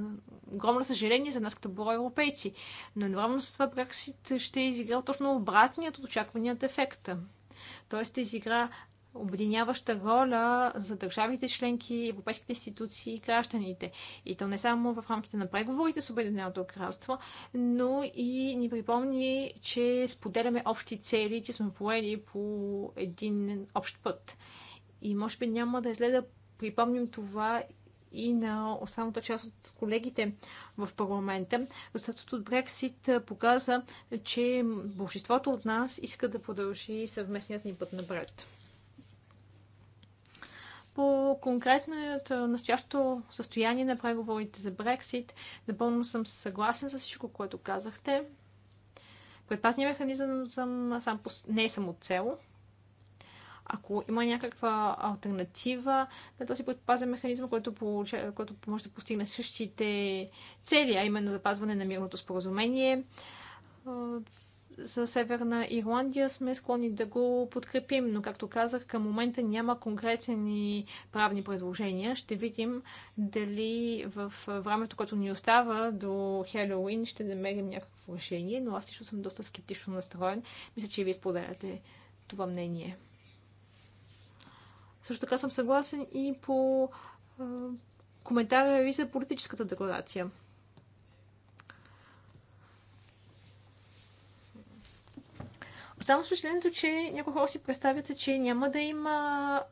огромно съжаление за нас като бро европейци. Но едновременно с това Брексит ще изигра точно обратният от очакваният ефект. Тоест ще изигра обединяваща роля за държавите членки, европейските институции и гражданите. И то не само в рамките на преговорите с Обединеното кралство, но и ни припомни, че споделяме общи цели, че сме поели по един общ път. И може би няма да изгледа припомним това и на останалата част от колегите в парламента. Резултатът от Брексит показа, че большинството от нас иска да продължи съвместният ни път напред. По конкретното настоящо състояние на преговорите за Брексит, напълно съм съгласен с всичко, което казахте. Предпазният механизъм сам, не е само цел, ако има някаква альтернатива на този предпазен механизъм, който, получа, който може да постигне същите цели, а именно запазване на мирното споразумение, за Северна Ирландия сме склонни да го подкрепим, но както казах, към момента няма конкретни правни предложения. Ще видим дали в времето, което ни остава до Хелоуин, ще намерим някакво решение, но аз лично съм доста скептично настроен. Мисля, че вие споделяте това мнение. Също така съм съгласен и по коментара ви за политическата декларация. Оставам с впечатлението, че някои хора си представят, че няма да има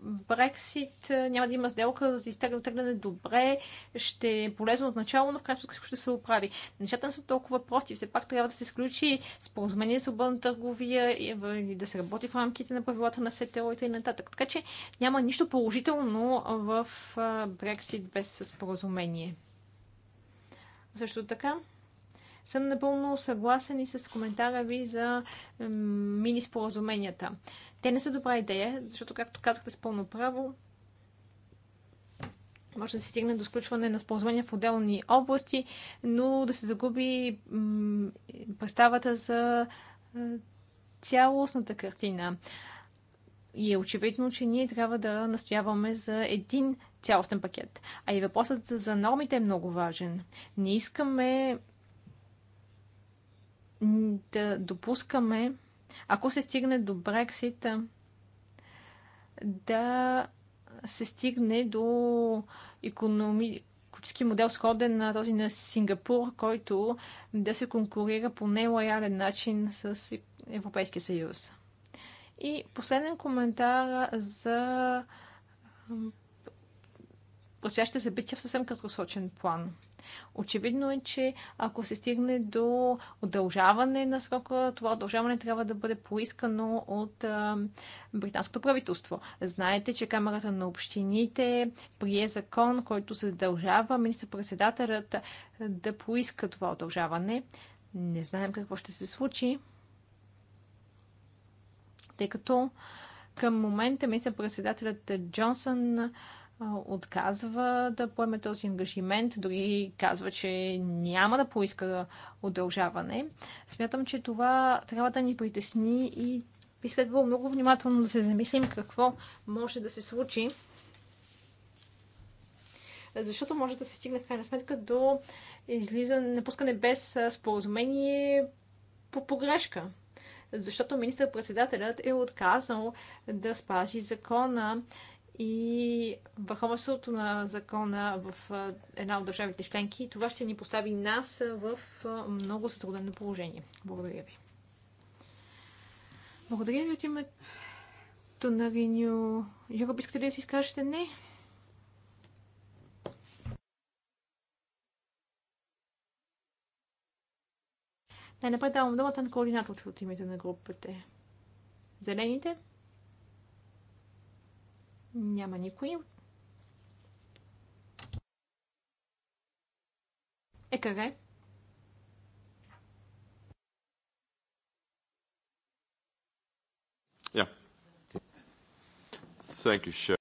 Брексит, няма да има сделка за изтегляне добре, ще е полезно от начало, но в крайна сметка всичко ще се оправи. Нещата не са толкова прости. Все пак трябва да се сключи споразумение за свободна търговия и да се работи в рамките на правилата на СТО и т.н. Така че няма нищо положително в Брексит без споразумение. Също така, съм напълно съгласен и с коментара ви за мини споразуменията. Те не са добра идея, защото, както казахте с пълно право, може да се стигне до сключване на споразумения в отделни области, но да се загуби представата за цялостната картина. И е очевидно, че ние трябва да настояваме за един цялостен пакет. А и въпросът за нормите е много важен. Не искаме да допускаме, ако се стигне до Брексита, да се стигне до економически модел, сходен на този на Сингапур, който да се конкурира по нелоялен начин с Европейския съюз. И последен коментар за предстоящите събития в съвсем краткосрочен план. Очевидно е, че ако се стигне до удължаване на срока, това удължаване трябва да бъде поискано от а, британското правителство. Знаете, че Камерата на общините прие закон, който задължава министър-председателят да поиска това удължаване. Не знаем какво ще се случи, тъй като към момента министър-председателят Джонсън отказва да поеме този ангажимент, дори казва, че няма да поиска удължаване. Смятам, че това трябва да ни притесни и би следвало много внимателно да се замислим какво може да се случи. Защото може да се стигне в крайна сметка до излизане, напускане без споразумение по погрешка защото министър-председателят е отказал да спази закона и върховенството на закона в една от държавите членки. Това ще ни постави нас в много затруднено положение. Благодаря ви. Благодаря ви от името на Риню. Юра, искате ли да си изкажете? Не. Най-напред давам думата на координаторите от името на групата. Зелените – няма никой. Екаре. Thank you, sir.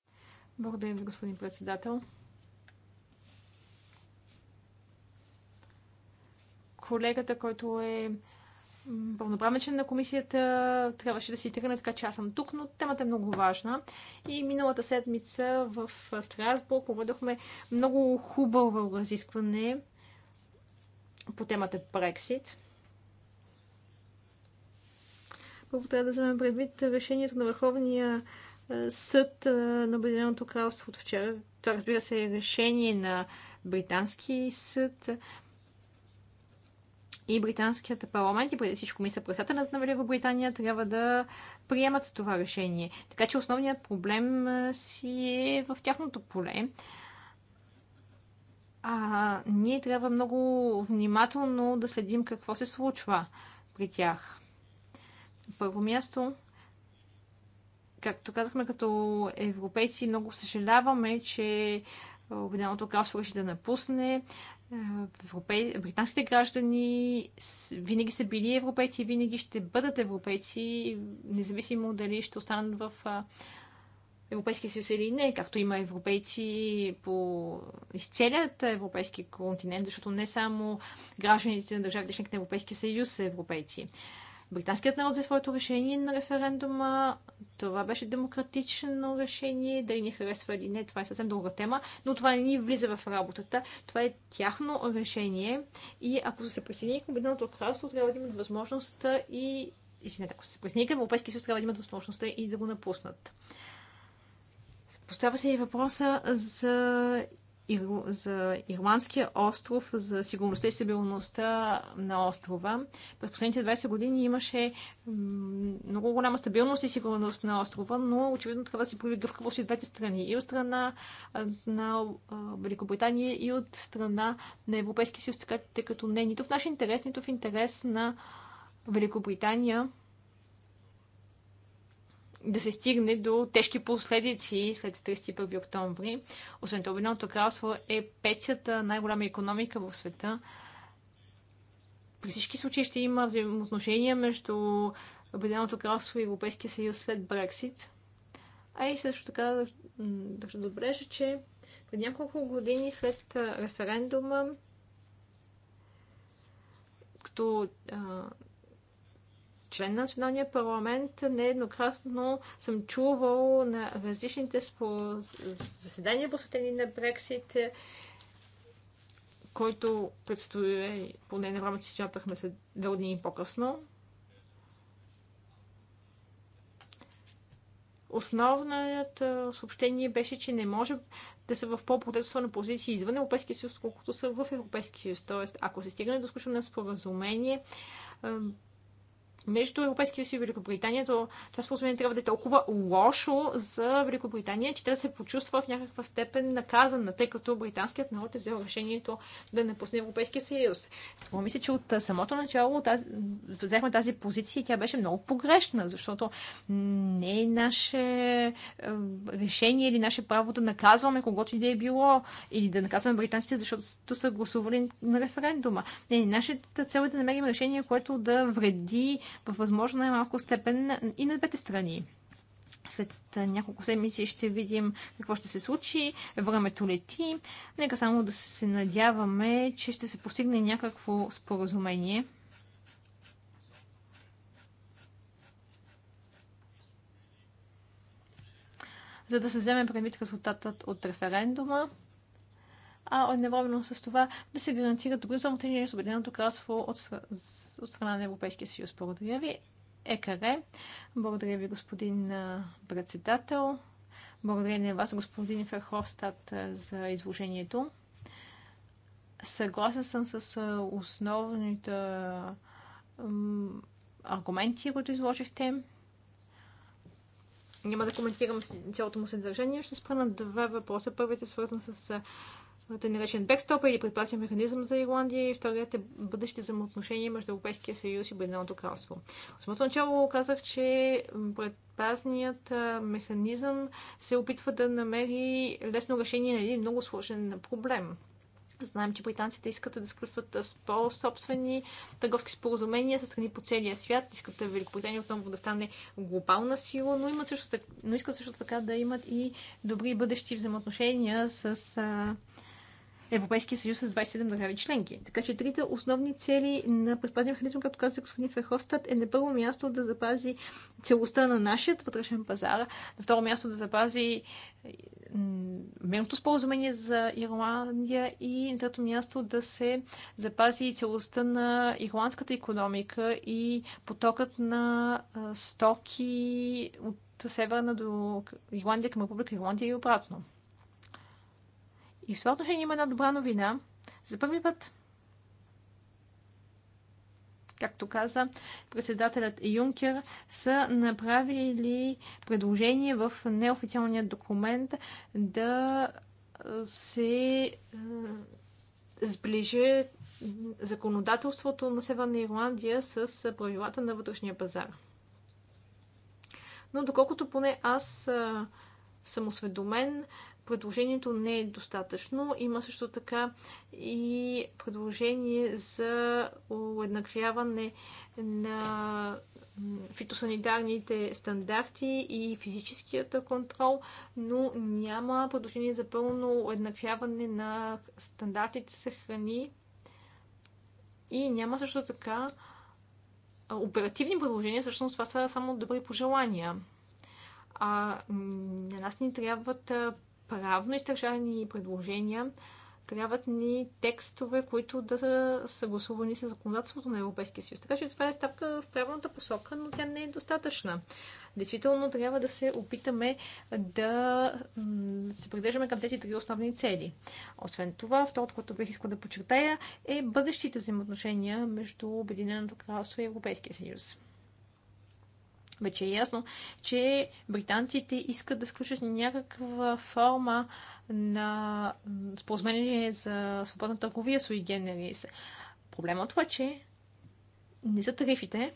Благодаря ви, господин председател. Колегата, който е пълноправен на комисията, трябваше да си тръгне, така че аз съм тук, но темата е много важна. И миналата седмица в Страсбург проведохме много хубаво разискване по темата Brexit. Първо трябва да вземем предвид решението на Върховния съд на Обединеното кралство от вчера. Това разбира се е решение на британски съд и британският парламент и преди всичко мисля председателят на Великобритания трябва да приемат това решение. Така че основният проблем си е в тяхното поле. А ние трябва много внимателно да следим какво се случва при тях. Първо място, както казахме като европейци, много съжаляваме, че Обединеното кралство реши да напусне. Е, европей... британските граждани винаги са били европейци винаги ще бъдат европейци, независимо дали ще останат в Европейския съюз или не, както има европейци по из целият европейски континент, защото не само гражданите на държавите членки на Европейския съюз са европейци. Британският народ взе своето решение на референдума. Това беше демократично решение. Дали ни харесва или не, това е съвсем друга тема. Но това не ни влиза в работата. Това е тяхно решение. И ако се присъедини към Обединеното кралство, трябва да имат възможността и. Извинете, ако се присъедини към Европейския съюз, трябва да имат възможността и да го напуснат. Поставя се и въпроса за за Ирландския остров, за сигурността и стабилността на острова. През последните 20 години имаше много голяма стабилност и сигурност на острова, но очевидно трябва да се прояви гъвкавост и от двете страни. И от страна на Великобритания, и от страна на Европейския съюз, тъй като не е нито в наш интерес, нито в интерес на Великобритания да се стигне до тежки последици след 31 октомври. Освен това, Обединеното кралство е петията най-голяма економика в света. При всички случаи ще има взаимоотношения между Обединеното кралство и Европейския съюз след Брексит. А и също така да да отбележа, че пред няколко години след референдума, като член на националния парламент, нееднократно съм чувал на различните заседания, посветени на Брексит, който предстои, поне на времето си смятахме след две години по-късно. Основният съобщение беше, че не може да са в по-протестована позиция извън Европейския съюз, колкото са в Европейския съюз. Тоест, ако се стигне до сключване на споразумение, между Европейския съюз и Великобритания, то това споразумение трябва да е толкова лошо за Великобритания, че трябва да се почувства в някаква степен наказана, тъй като британският народ е взел решението да напусне Европейския съюз. Струва ми се, че от самото начало тази, взехме тази позиция и тя беше много погрешна, защото не е наше е, решение или наше право да наказваме когото и да е било, или да наказваме британците, защото са гласували на референдума. Не, нашата цел е да намерим решение, което да вреди във възможно най-малко степен и на двете страни. След няколко седмици ще видим какво ще се случи. Времето лети. Нека само да се надяваме, че ще се постигне някакво споразумение. за да се вземе предвид резултатът от референдума а едновременно с това да се гарантира добри взаимоотношения с Обединеното кралство от, от страна на Европейския съюз. Благодаря ви. Екаре. Благодаря ви, господин председател. Благодаря на вас, господин Ферховстат, за изложението. Съгласен съм с основните аргументи, които изложихте. Няма да коментирам цялото му съдържание. Ще спра на два въпроса. Първият е свързан с е наречен бекстоп или предпасен механизъм за Ирландия и вторият е бъдещите взаимоотношения между Европейския съюз и Обединеното кралство. От самото начало казах, че предпазният механизъм се опитва да намери лесно решение на един много сложен проблем. Знаем, че британците искат да сключват по-собствени търговски споразумения с страни по целия свят. Искат Великобритания отново да стане глобална сила, но, имат също, но искат също така да имат и добри бъдещи взаимоотношения с а, Европейския съюз с 27 държави членки. Така че трите основни цели на предпазния механизъм, като каза господин Ферховстат, е на първо място да запази целостта на нашия вътрешен пазар, на второ място да запази мирното споразумение за Ирландия и на трето място да се запази целостта на ирландската економика и потокът на стоки от северна до Ирландия към Република Ирландия и обратно. И в това отношение има една добра новина. За първи път, както каза председателят Юнкер, са направили предложение в неофициалния документ да се е, сближи законодателството на Северна Ирландия с правилата на вътрешния пазар. Но доколкото поне аз е, съм осведомен, предложението не е достатъчно. Има също така и предложение за уеднаквяване на фитосанитарните стандарти и физическият контрол, но няма предложение за пълно уеднаквяване на стандартите се храни и няма също така оперативни предложения, всъщност това са само добри пожелания. А на нас ни трябват правно изтържани предложения, трябват ни текстове, които да са съгласувани с законодателството на Европейския съюз. Така че това е стъпка в правилната посока, но тя не е достатъчна. Действително трябва да се опитаме да се придържаме към тези три основни цели. Освен това, второто, което бих искал да подчертая, е бъдещите взаимоотношения между Обединеното кралство и Европейския съюз. Вече е ясно, че британците искат да сключат някаква форма на споразумение за свободна търговия с Уигенерис. Проблемът е, че не са тарифите,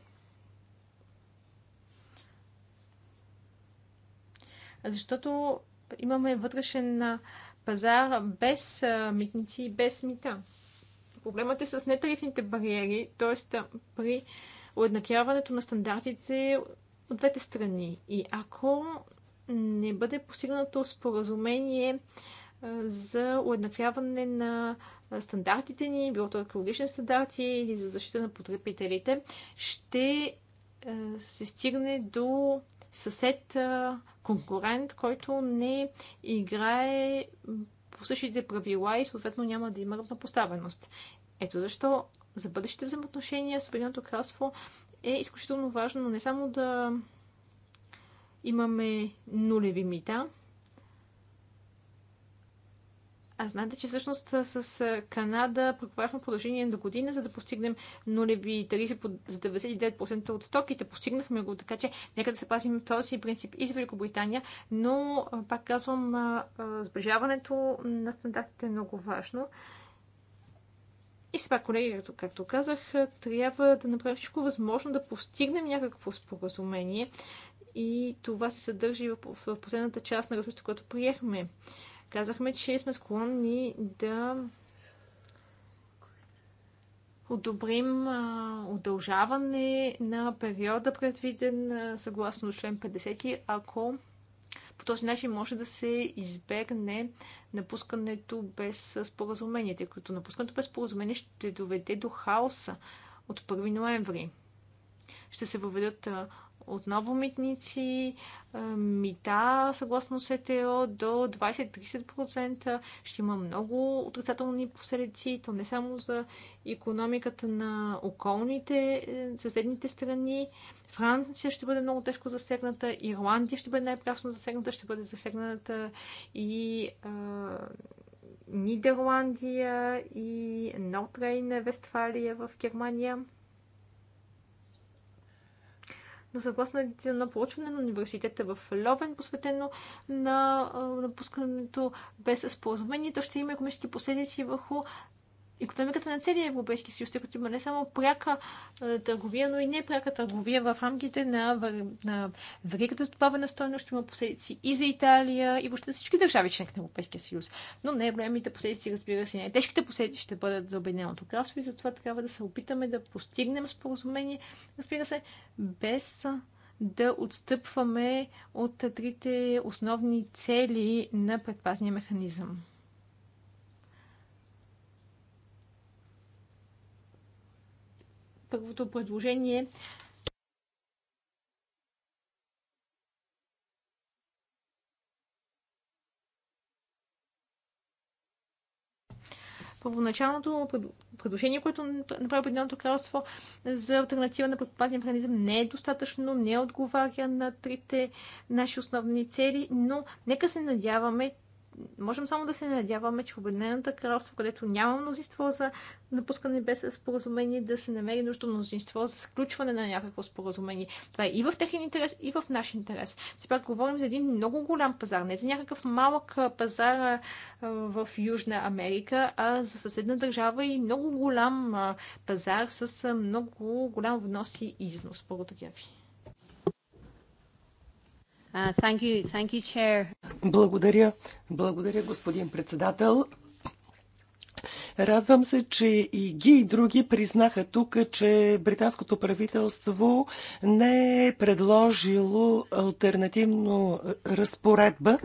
защото имаме вътрешен пазар без митници и без мита. Проблемът е с нетарифните бариери, т.е. при уеднаквяването на стандартите от двете страни. И ако не бъде постигнато споразумение за уеднаквяване на стандартите ни, било то екологични стандарти или за защита на потребителите, ще се стигне до съсед, конкурент, който не играе по същите правила и съответно няма да има равнопоставеност. Ето защо за бъдещите взаимоотношения с Обединеното кралство е изключително важно не само да имаме нулеви мита, а знаете, че всъщност с Канада преговаряхме продължение на година, за да постигнем нулеви тарифи за 99% от стоките. Постигнахме го, така че нека да се пазим този принцип и за Великобритания, но пак казвам, сближаването на стандартите е много важно. И сега, колеги, както, както казах, трябва да направим всичко възможно да постигнем някакво споразумение. И това се съдържа и в, в последната част на различието, което приехме. Казахме, че сме склонни да одобрим удължаване на периода, предвиден съгласно член 50, ако по този начин може да се избегне напускането без споразумение, тъй като напускането без споразумение ще доведе до хаоса от 1 ноември. Ще се въведат отново митници, мита, съгласно СТО, до 20-30% ще има много отрицателни посредици, то не само за економиката на околните е, съседните страни. Франция ще бъде много тежко засегната, Ирландия ще бъде най-прясно засегната, ще бъде засегната и а, Нидерландия и Нордрейн, Вестфалия в Германия но съгласно на получване на университета в Льовен, посветено на напускането без споразумението, ще има економически последици върху економиката на целия Европейски съюз, тъй като има не само пряка търговия, но и не пряка търговия в рамките на, на великата добавена стойност, има последици и за Италия, и въобще за всички държави, членки на Европейския съюз. Но не, големите последици, разбира се, най-тежките последици ще бъдат за Обединеното кралство и затова трябва да се опитаме да постигнем споразумение, разбира се, без да отстъпваме от трите основни цели на предпазния механизъм. първото предложение първоначалното предложение, което направи Обединеното кралство за альтернатива на предпазния механизъм не е достатъчно, не е отговаря на трите наши основни цели, но нека се надяваме, можем само да се надяваме, че в Обединената кралство, където няма мнозинство за напускане без споразумение, да се намери нужно мнозинство за сключване на някакво споразумение. Това е и в техен интерес, и в наш интерес. пак говорим за един много голям пазар, не за някакъв малък пазар в Южна Америка, а за съседна държава и много голям пазар с много голям внос и износ. Благодаря ви. Uh, thank you, thank you, chair. Благодаря. Благодаря, господин председател. Радвам се, че и ги и други признаха тук, че британското правителство не е предложило альтернативно разпоредба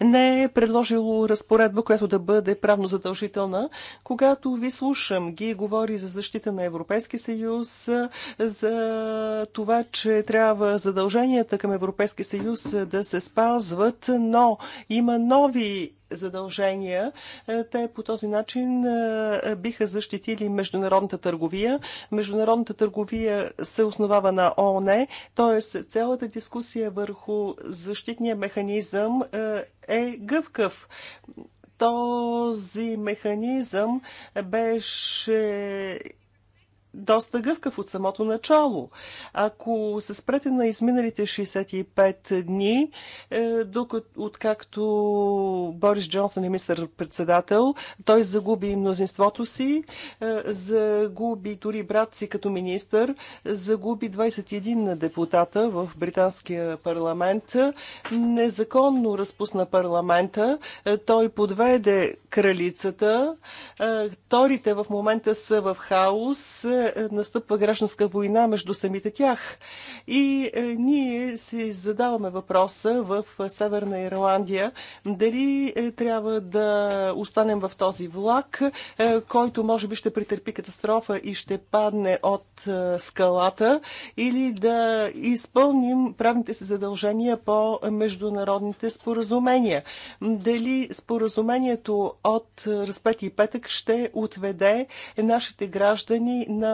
не е предложило разпоредба, която да бъде правно задължителна. Когато ви слушам, ги говори за защита на Европейски съюз, за това, че трябва задълженията към Европейски съюз да се спазват, но има нови задължения, е, те по този начин е, биха защитили международната търговия. Международната търговия се основава на ООН, т.е. цялата дискусия върху защитния механизъм е, е гъвкав този механизъм беше доста гъвкав от самото начало. Ако се спрете на изминалите 65 дни, е, докато, откакто Борис Джонсън е мистер председател той загуби мнозинството си, е, загуби дори брат си като министър, загуби 21 на депутата в британския парламент, незаконно разпусна парламента, е, той подведе кралицата, вторите в момента са в хаос, е, настъпва гражданска война между самите тях. И е, ние си задаваме въпроса в е, Северна Ирландия дали трябва да останем в този влак, който може би ще претърпи катастрофа и ще падне от скалата, или да изпълним правните си задължения по международните споразумения. Дали споразумението от разпети петък ще отведе нашите граждани на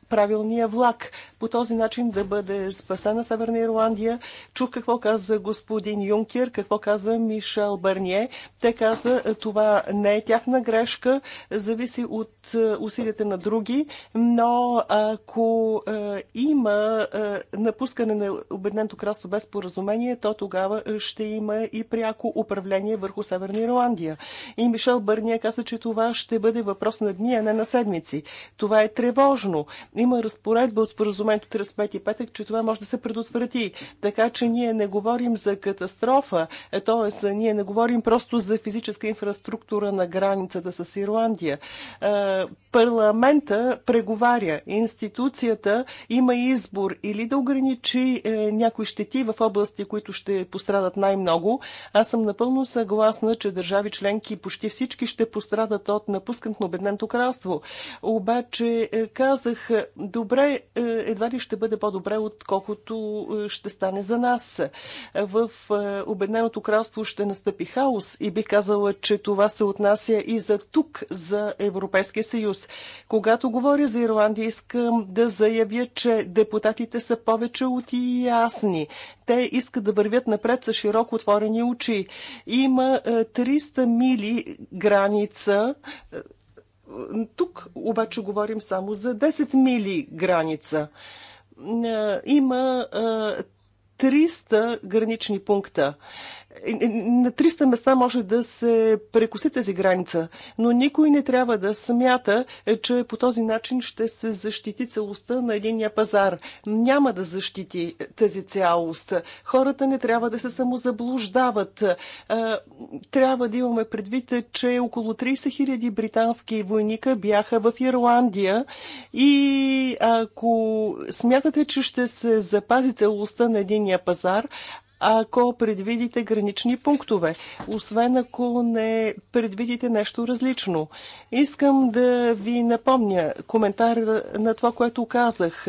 правилния влак. По този начин да бъде спасена Северна Ирландия. Чух какво каза господин Юнкер, какво каза Мишел Бърние. Те каза, това не е тяхна грешка, зависи от е, усилията на други, но ако е, има е, напускане на Обединеното кралство без поразумение, то тогава ще има и пряко управление върху Северна Ирландия. И Мишел Бърние каза, че това ще бъде въпрос на дни, а не на седмици. Това е тревожно. Има разпоредба от споразумението 35 и петък, че това може да се предотврати. Така че ние не говорим за катастрофа, т.е. Е, ние не говорим просто за физическа инфраструктура на границата с Ирландия. Е, парламента преговаря, институцията има избор или да ограничи е, някои щети в области, които ще пострадат най-много. Аз съм напълно съгласна, че държави членки почти всички ще пострадат от напускането на обедненото кралство. Обаче казах, добре, е, едва ли ще бъде по-добре, отколкото е, ще стане за нас. В е, Обедненото кралство ще настъпи хаос и бих казала, че това се отнася и за тук, за Европейския съюз. Когато говоря за Ирландия, искам да заявя, че депутатите са повече от и ясни. Те искат да вървят напред с широко отворени очи. Има 300 мили граница тук обаче говорим само за 10 мили граница. Е, има 300 е, гранични пункта. Е, е, на 300 места може да се прекуси тази граница, но никой не трябва да смята, е, че по този начин ще се защити целостта на единния пазар. Няма да защити тази цялост. Хората не трябва да се самозаблуждават. Трябва да имаме предвид, че около 30 000 британски войника бяха в Ирландия и ако смятате, че ще се запази целостта на единния пазар, ако предвидите гранични пунктове, освен ако не предвидите нещо различно. Искам да ви напомня коментар на това, което казах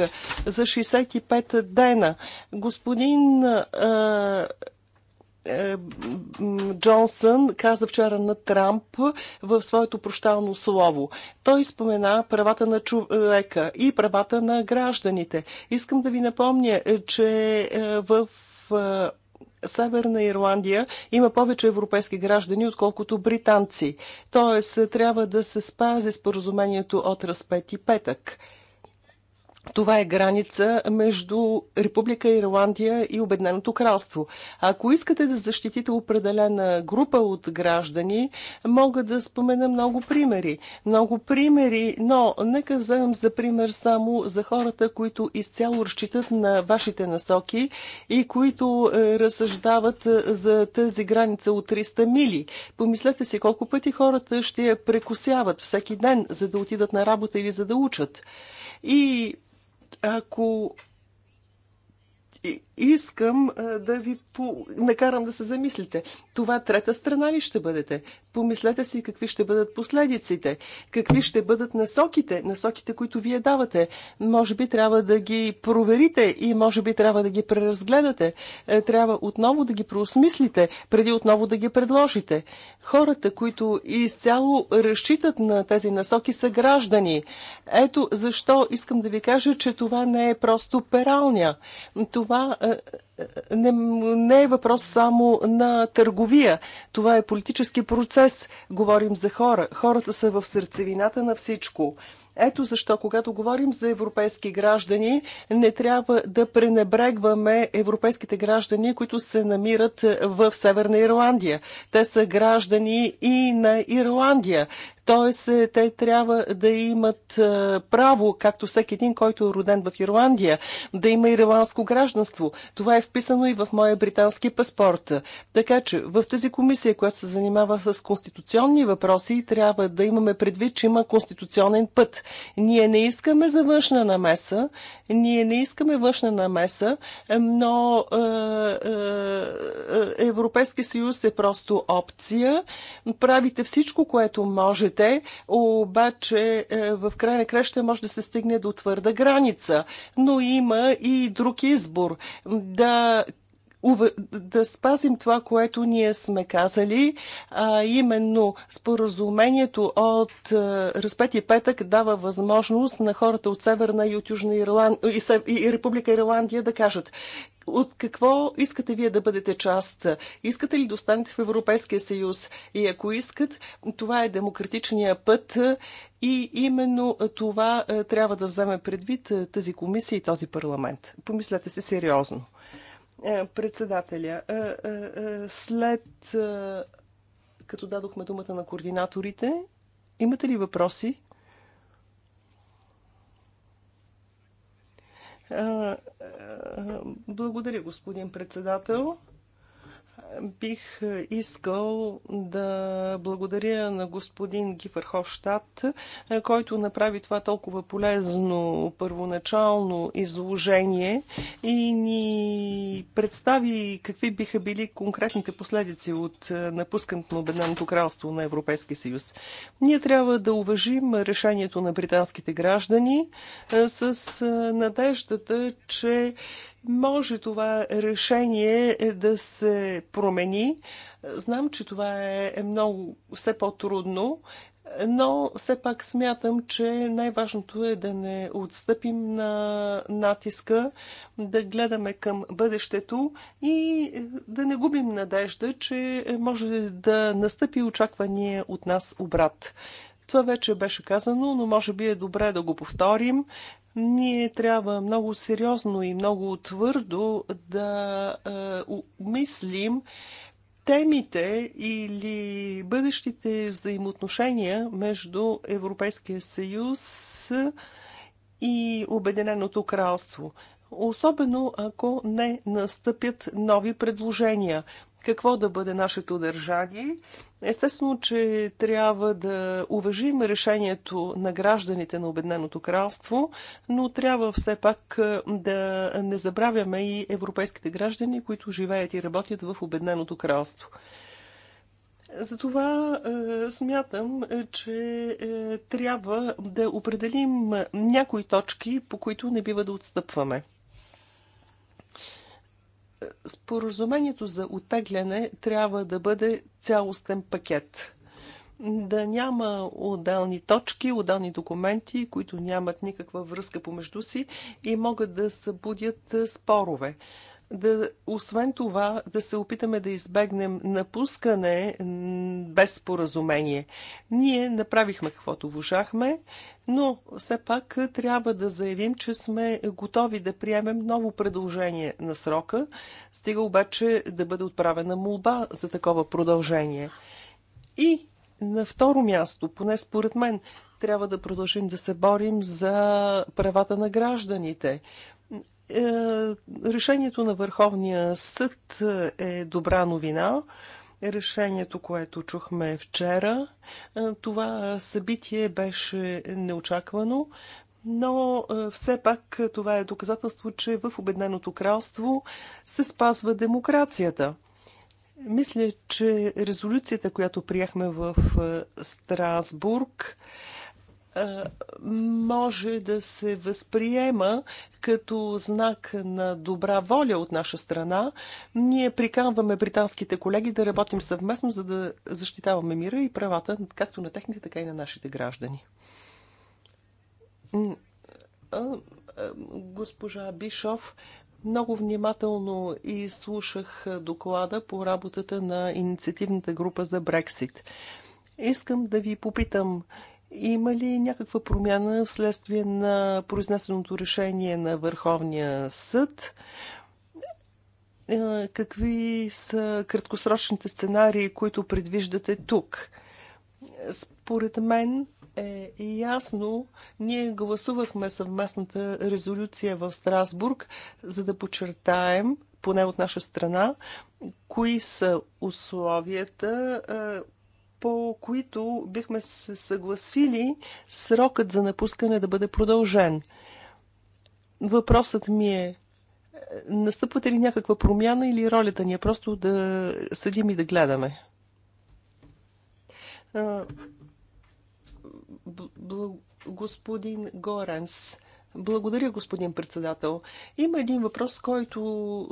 за 65 дена. Господин е, Джонсън каза вчера на Трамп в своето прощално слово. Той спомена правата на човека и правата на гражданите. Искам да ви напомня, че е, в е, Северна Ирландия има повече европейски граждани, отколкото британци. Тоест, трябва да се спази споразумението от разпет и петък. Това е граница между Република Ирландия и Обедненото кралство. Ако искате да защитите определена група от граждани, мога да спомена много примери. Много примери, но нека вземем за пример само за хората, които изцяло разчитат на вашите насоки и които е, разсъждават е, за тази граница от 300 мили. Помислете си колко пъти хората ще я прекусяват всеки ден, за да отидат на работа или за да учат. И ако искам да ви по... накарам да се замислите. Това трета страна ли ще бъдете? Помислете си какви ще бъдат последиците, какви ще бъдат насоките, насоките, които вие давате. Може би трябва да ги проверите и може би трябва да ги преразгледате. Е, трябва отново да ги преосмислите, преди отново да ги предложите. Хората, които изцяло разчитат на тези насоки, са граждани. Ето защо искам да ви кажа, че това не е просто пералня. Това е, не, не е въпрос само на търговия. Това е политически процес. Говорим за хора. Хората са в сърцевината на всичко. Ето защо, когато говорим за европейски граждани, не трябва да пренебрегваме европейските граждани, които се намират в Северна Ирландия. Те са граждани и на Ирландия. Тоест, е, те трябва да имат е, право, както всеки един, който е роден в Ирландия, да има ирландско гражданство. Това е вписано и в моя британски паспорт. Така че в тази комисия, която се занимава с конституционни въпроси, трябва да имаме предвид, че има конституционен път. Ние не искаме за външна намеса, ние не искаме външна намеса, но е, е, е Европейски съюз е просто опция. Правите всичко, което може чете, обаче е, в край на краща може да се стигне до твърда граница. Но има и друг избор. Да да спазим това, което ние сме казали, а именно споразумението от Разпети петък дава възможност на хората от Северна и от Южна Ирландия и Република Ирландия да кажат от какво искате вие да бъдете част? Искате ли да останете в Европейския съюз? И ако искат, това е демократичния път и именно това трябва да вземе предвид тази комисия и този парламент. Помислете се сериозно. Е, председателя, е, е, след като дадохме думата на координаторите, имате ли въпроси? Благодаря, господин председател бих е, искал да благодаря на господин Гифърховщад, е, който направи това толкова полезно първоначално изложение и ни представи какви биха били конкретните последици от е, напускането на Обединеното кралство на Европейския съюз. Ние трябва да уважим решението на британските граждани с надеждата, че може това решение да се промени. Знам, че това е много все по-трудно, но все пак смятам, че най-важното е да не отстъпим на натиска, да гледаме към бъдещето и да не губим надежда, че може да настъпи очаквания от нас обрат. Това вече беше казано, но може би е добре да го повторим ние трябва много сериозно и много твърдо да е, мислим темите или бъдещите взаимоотношения между Европейския съюз и Обединеното кралство особено ако не настъпят нови предложения какво да бъде нашето държание. Естествено, че трябва да уважим решението на гражданите на Обедненото кралство, но трябва все пак да не забравяме и европейските граждани, които живеят и работят в Обедненото кралство. Затова е, смятам, че е, трябва да определим някои точки, по които не бива да отстъпваме. Споразумението за отегляне трябва да бъде цялостен пакет. Да няма отделни точки, отделни документи, които нямат никаква връзка помежду си и могат да събудят спорове да, освен това, да се опитаме да избегнем напускане без споразумение. Ние направихме каквото вожахме, но все пак трябва да заявим, че сме готови да приемем ново предложение на срока, стига обаче да бъде отправена молба за такова продължение. И на второ място, поне според мен, трябва да продължим да се борим за правата на гражданите – е, решението на Върховния съд е добра новина. Решението, което чухме вчера, е, това събитие беше неочаквано, но е, все пак това е доказателство, че в Обедненото кралство се спазва демокрацията. Мисля, че резолюцията, която приехме в Страсбург, може да се възприема като знак на добра воля от наша страна. Ние приканваме британските колеги да работим съвместно, за да защитаваме мира и правата както на техните, така и на нашите граждани. Госпожа Бишов, много внимателно и слушах доклада по работата на инициативната група за Брексит. Искам да ви попитам, има ли някаква промяна вследствие на произнесеното решение на Върховния съд? Е, какви са краткосрочните сценарии, които предвиждате тук? Според мен е ясно, ние гласувахме съвместната резолюция в Страсбург, за да подчертаем, поне от наша страна, кои са условията, е, по които бихме се съгласили срокът за напускане да бъде продължен. Въпросът ми е, настъпвате ли някаква промяна или ролята ни е просто да съдим и да гледаме? господин Горанс. Благодаря, господин председател. Има един въпрос, който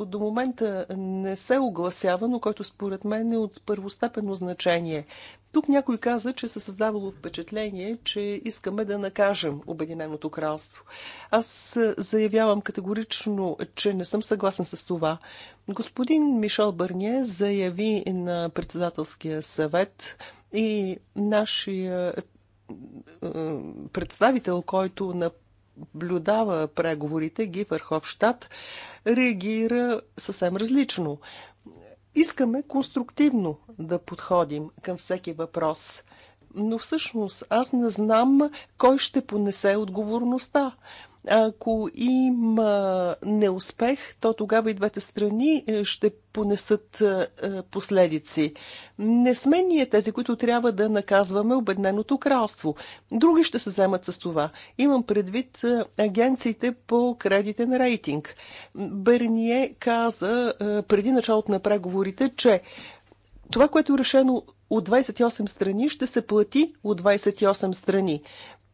до момента не се огласява, но който според мен е от първостепенно значение. Тук някой каза, че се създавало впечатление, че искаме да накажем Обединеното кралство. Аз е, заявявам категорично, че не съм съгласен с това. Господин Мишел Бърние заяви на председателския съвет и нашия е, представител, който на наблюдава преговорите, Гифърховщад реагира съвсем различно. Искаме конструктивно да подходим към всеки въпрос, но всъщност аз не знам кой ще понесе отговорността. Ако има неуспех, то тогава и двете страни е, ще понесат е, е, последици. Не сме ние тези, които трябва да наказваме обедненото кралство. Други ще се вземат с това. Имам предвид агенциите по кредитен рейтинг. Берние каза преди началото на преговорите, че това, което е решено от 28 страни, ще се плати от 28 страни.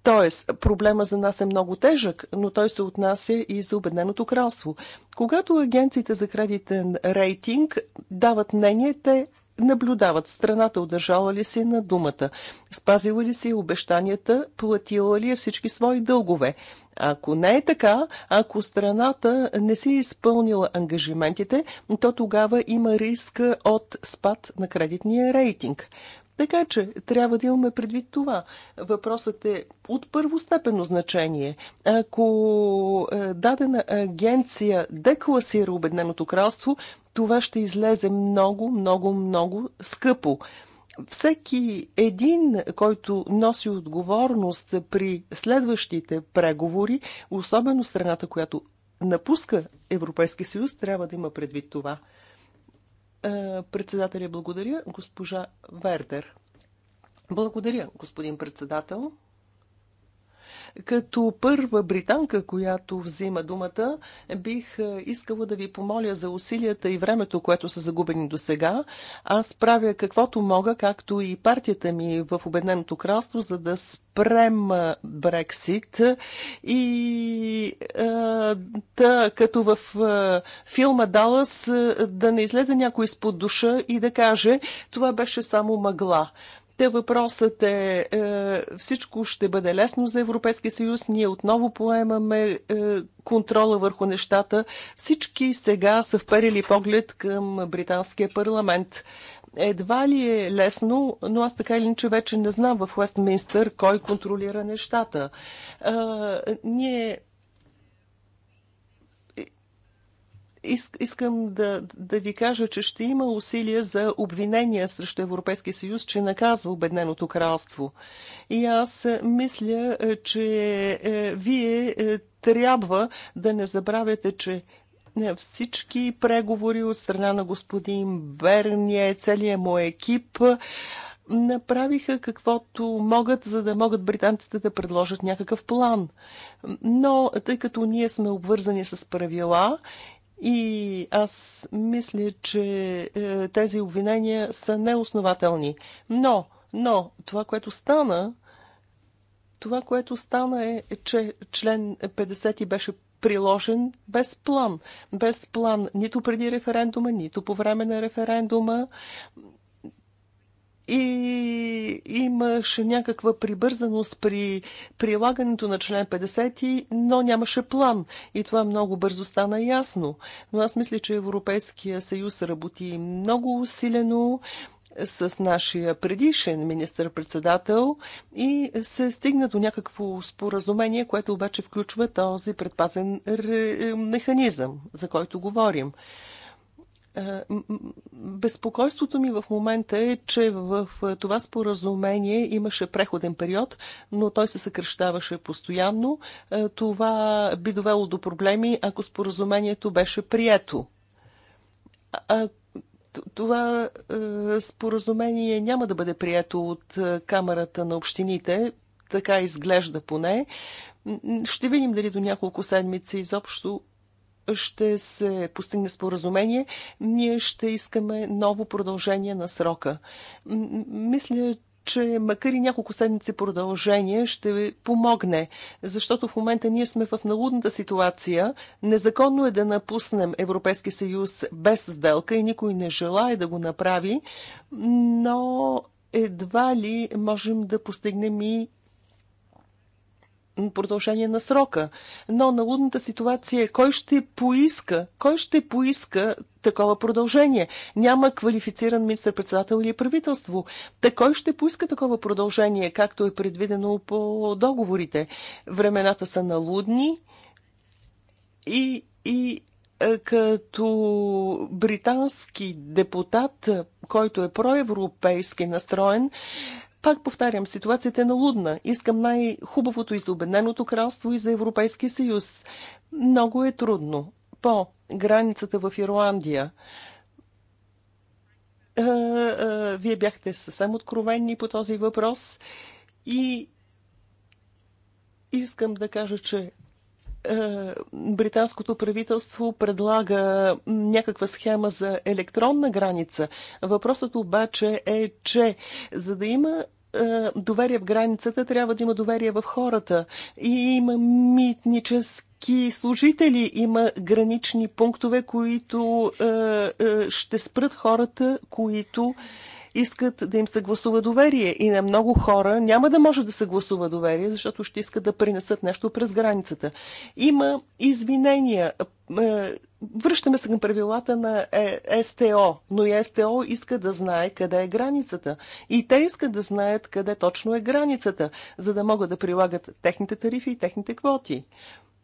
Тоест, проблема за нас е много тежък, но той се отнася и за Обедненото кралство. Когато агенциите за кредитен рейтинг дават мнение, те наблюдават страната, удържала ли си на думата, спазила ли си обещанията, платила ли е всички свои дългове. Ако не е така, ако страната не си е изпълнила ангажиментите, то тогава има риск от спад на кредитния рейтинг. Така че трябва да имаме предвид това. Въпросът е от първостепенно значение. Ако е, дадена агенция декласира Обедненото кралство, това ще излезе много, много, много скъпо. Всеки един, който носи отговорност при следващите преговори, особено страната, която напуска Европейския съюз, трябва да има предвид това. Е, председателя благодаря, госпожа Вердер. Благодаря, господин председател. Като първа британка, която взима думата, бих е, искала да ви помоля за усилията и времето, което са загубени до сега. Аз правя каквото мога, както и партията ми в Обедненото кралство, за да спрем е, Брексит. И а, е, да, като в а, филма Далас, да не излезе някой изпод душа и да каже, това беше само мъгла. Те въпросът е, е, всичко ще бъде лесно за Европейския съюз. Ние отново поемаме е, контрола върху нещата. Всички сега са вперили поглед към британския парламент. Едва ли е лесно, но аз така или иначе вече не знам в Уестминстър кой контролира нещата. Е, ние искам да, да ви кажа, че ще има усилия за обвинения срещу Европейския съюз, че наказва обедненото кралство. И аз мисля, е, че е, вие е, трябва да не забравяте, че всички преговори от страна на господин Берния, и целият му екип, направиха каквото могат, за да могат британците да предложат някакъв план. Но тъй като ние сме обвързани с правила и аз мисля, че е, тези обвинения са неоснователни. Но, но, това, което стана, това, което стана е, е че член 50 беше приложен без план. Без план нито преди референдума, нито по време на референдума и имаше някаква прибързаност при прилагането на член 50, но нямаше план. И това много бързо стана ясно. Но аз мисля, че Европейския съюз работи много усилено с нашия предишен министр-председател и се стигна до някакво споразумение, което обаче включва този предпазен механизъм, за който говорим. Е, безпокойството ми в момента е, че в това споразумение имаше преходен период, но той се съкръщаваше постоянно. Е, това би довело до проблеми, ако споразумението беше прието. А, това е, споразумение няма да бъде прието от Камерата на общините, така изглежда поне. Ще видим дали до няколко седмици изобщо ще се постигне споразумение, ние ще искаме ново продължение на срока. Мисля, че макар и няколко седмици продължение ще помогне, защото в момента ние сме в налудната ситуация. Незаконно е да напуснем Европейски съюз без сделка и никой не желая да го направи, но едва ли можем да постигнем и Продължение на срока. Но на лудната ситуация е кой ще поиска, кой ще поиска такова продължение. Няма квалифициран министр-председател или правителство. Та кой ще поиска такова продължение, както е предвидено по договорите? Времената са налудни и, и е, като британски депутат, който е проевропейски настроен, пак повтарям, ситуацията е налудна. Искам най-хубавото и за Обедненото кралство и за Европейски съюз. Много е трудно. По границата в Ирландия. Вие бяхте съвсем откровенни по този въпрос и искам да кажа, че британското правителство предлага някаква схема за електронна граница. Въпросът обаче е, че за да има е, доверие в границата, трябва да има доверие в хората. И има митнически служители, има гранични пунктове, които е, е, ще спрат хората, които искат да им се гласува доверие. И на много хора няма да може да се гласува доверие, защото ще искат да принесат нещо през границата. Има извинения. Е, връщаме се към правилата на е, СТО, но и СТО иска да знае къде е границата. И те искат да знаят къде точно е границата, за да могат да прилагат техните тарифи и техните квоти.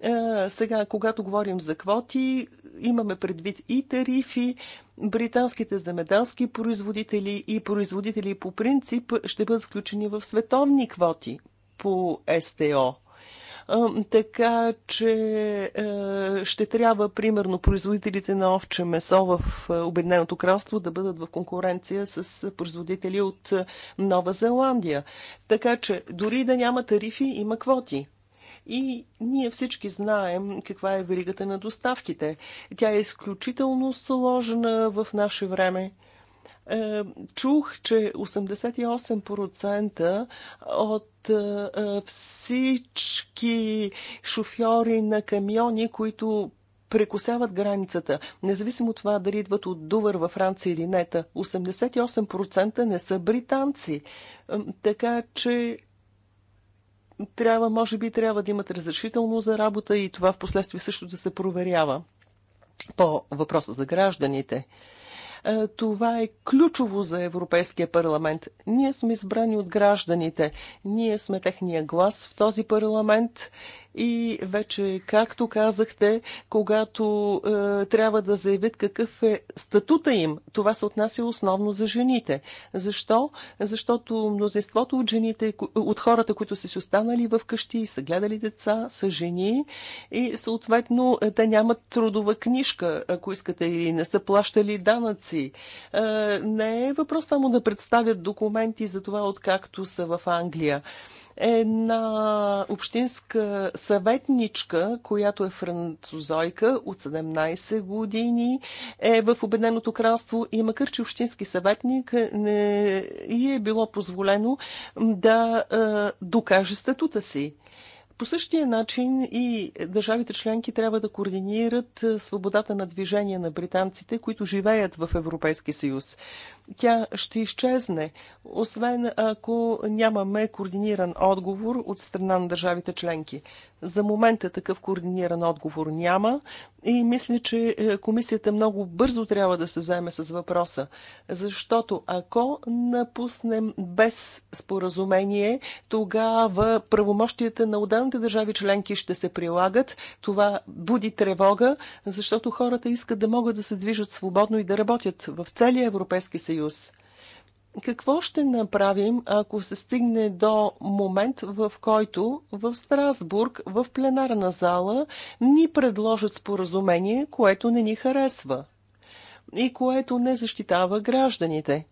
Е, сега, когато говорим за квоти, имаме предвид и тарифи. Британските замедалски производители и производители по принцип ще бъдат включени в световни квоти по СТО е, така че е, ще трябва, примерно, производителите на овче месо в Обединеното кралство да бъдат в конкуренция с производители от Нова Зеландия. Така че дори да няма тарифи, има квоти. И ние всички знаем каква е веригата на доставките. Тя е изключително сложна в наше време. Е, чух, че 88% от е, е, всички шофьори на камиони, които прекусяват границата, независимо от това дали идват от Дувър във Франция или нета, 88% не са британци. Така че трябва, може би, трябва да имат разрешително за работа и това в последствие също да се проверява по въпроса за гражданите. Е, това е ключово за Европейския парламент. Ние сме избрани от гражданите. Ние сме техния глас в този парламент и вече, както казахте, когато е, трябва да заявят какъв е статута им, това се отнася основно за жените. Защо? Защото мнозинството от жените, от хората, които са си останали в къщи, са гледали деца, са жени и съответно е, те нямат трудова книжка, ако искате, или не са плащали данъци. Е, не е въпрос само да представят документи за това, откакто са в Англия една общинска съветничка, която е французойка от 17 години, е в Обединеното кралство и макар, че общински съветник не и е било позволено да докаже статута си. По същия начин и държавите членки трябва да координират свободата на движение на британците, които живеят в Европейския съюз тя ще изчезне, освен ако нямаме координиран отговор от страна на държавите членки. За момента такъв координиран отговор няма и мисля, че е, комисията много бързо трябва да се заеме с въпроса, защото ако напуснем без споразумение, тогава правомощията на отделните държави членки ще се прилагат. Това буди тревога, защото хората искат да могат да се движат свободно и да работят в целия Европейски съюз какво ще направим, ако се стигне до момент, в който в Страсбург, в пленарна зала, ни предложат споразумение, което не ни харесва и което не защитава гражданите?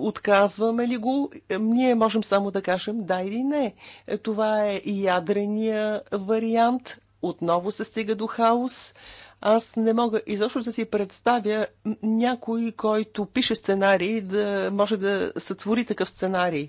отказваме ли го, ние можем само да кажем да или не. Това е ядрения вариант. Отново се стига до хаос. Аз не мога изобщо да си представя някой, който пише сценарий, да може да сътвори такъв сценарий.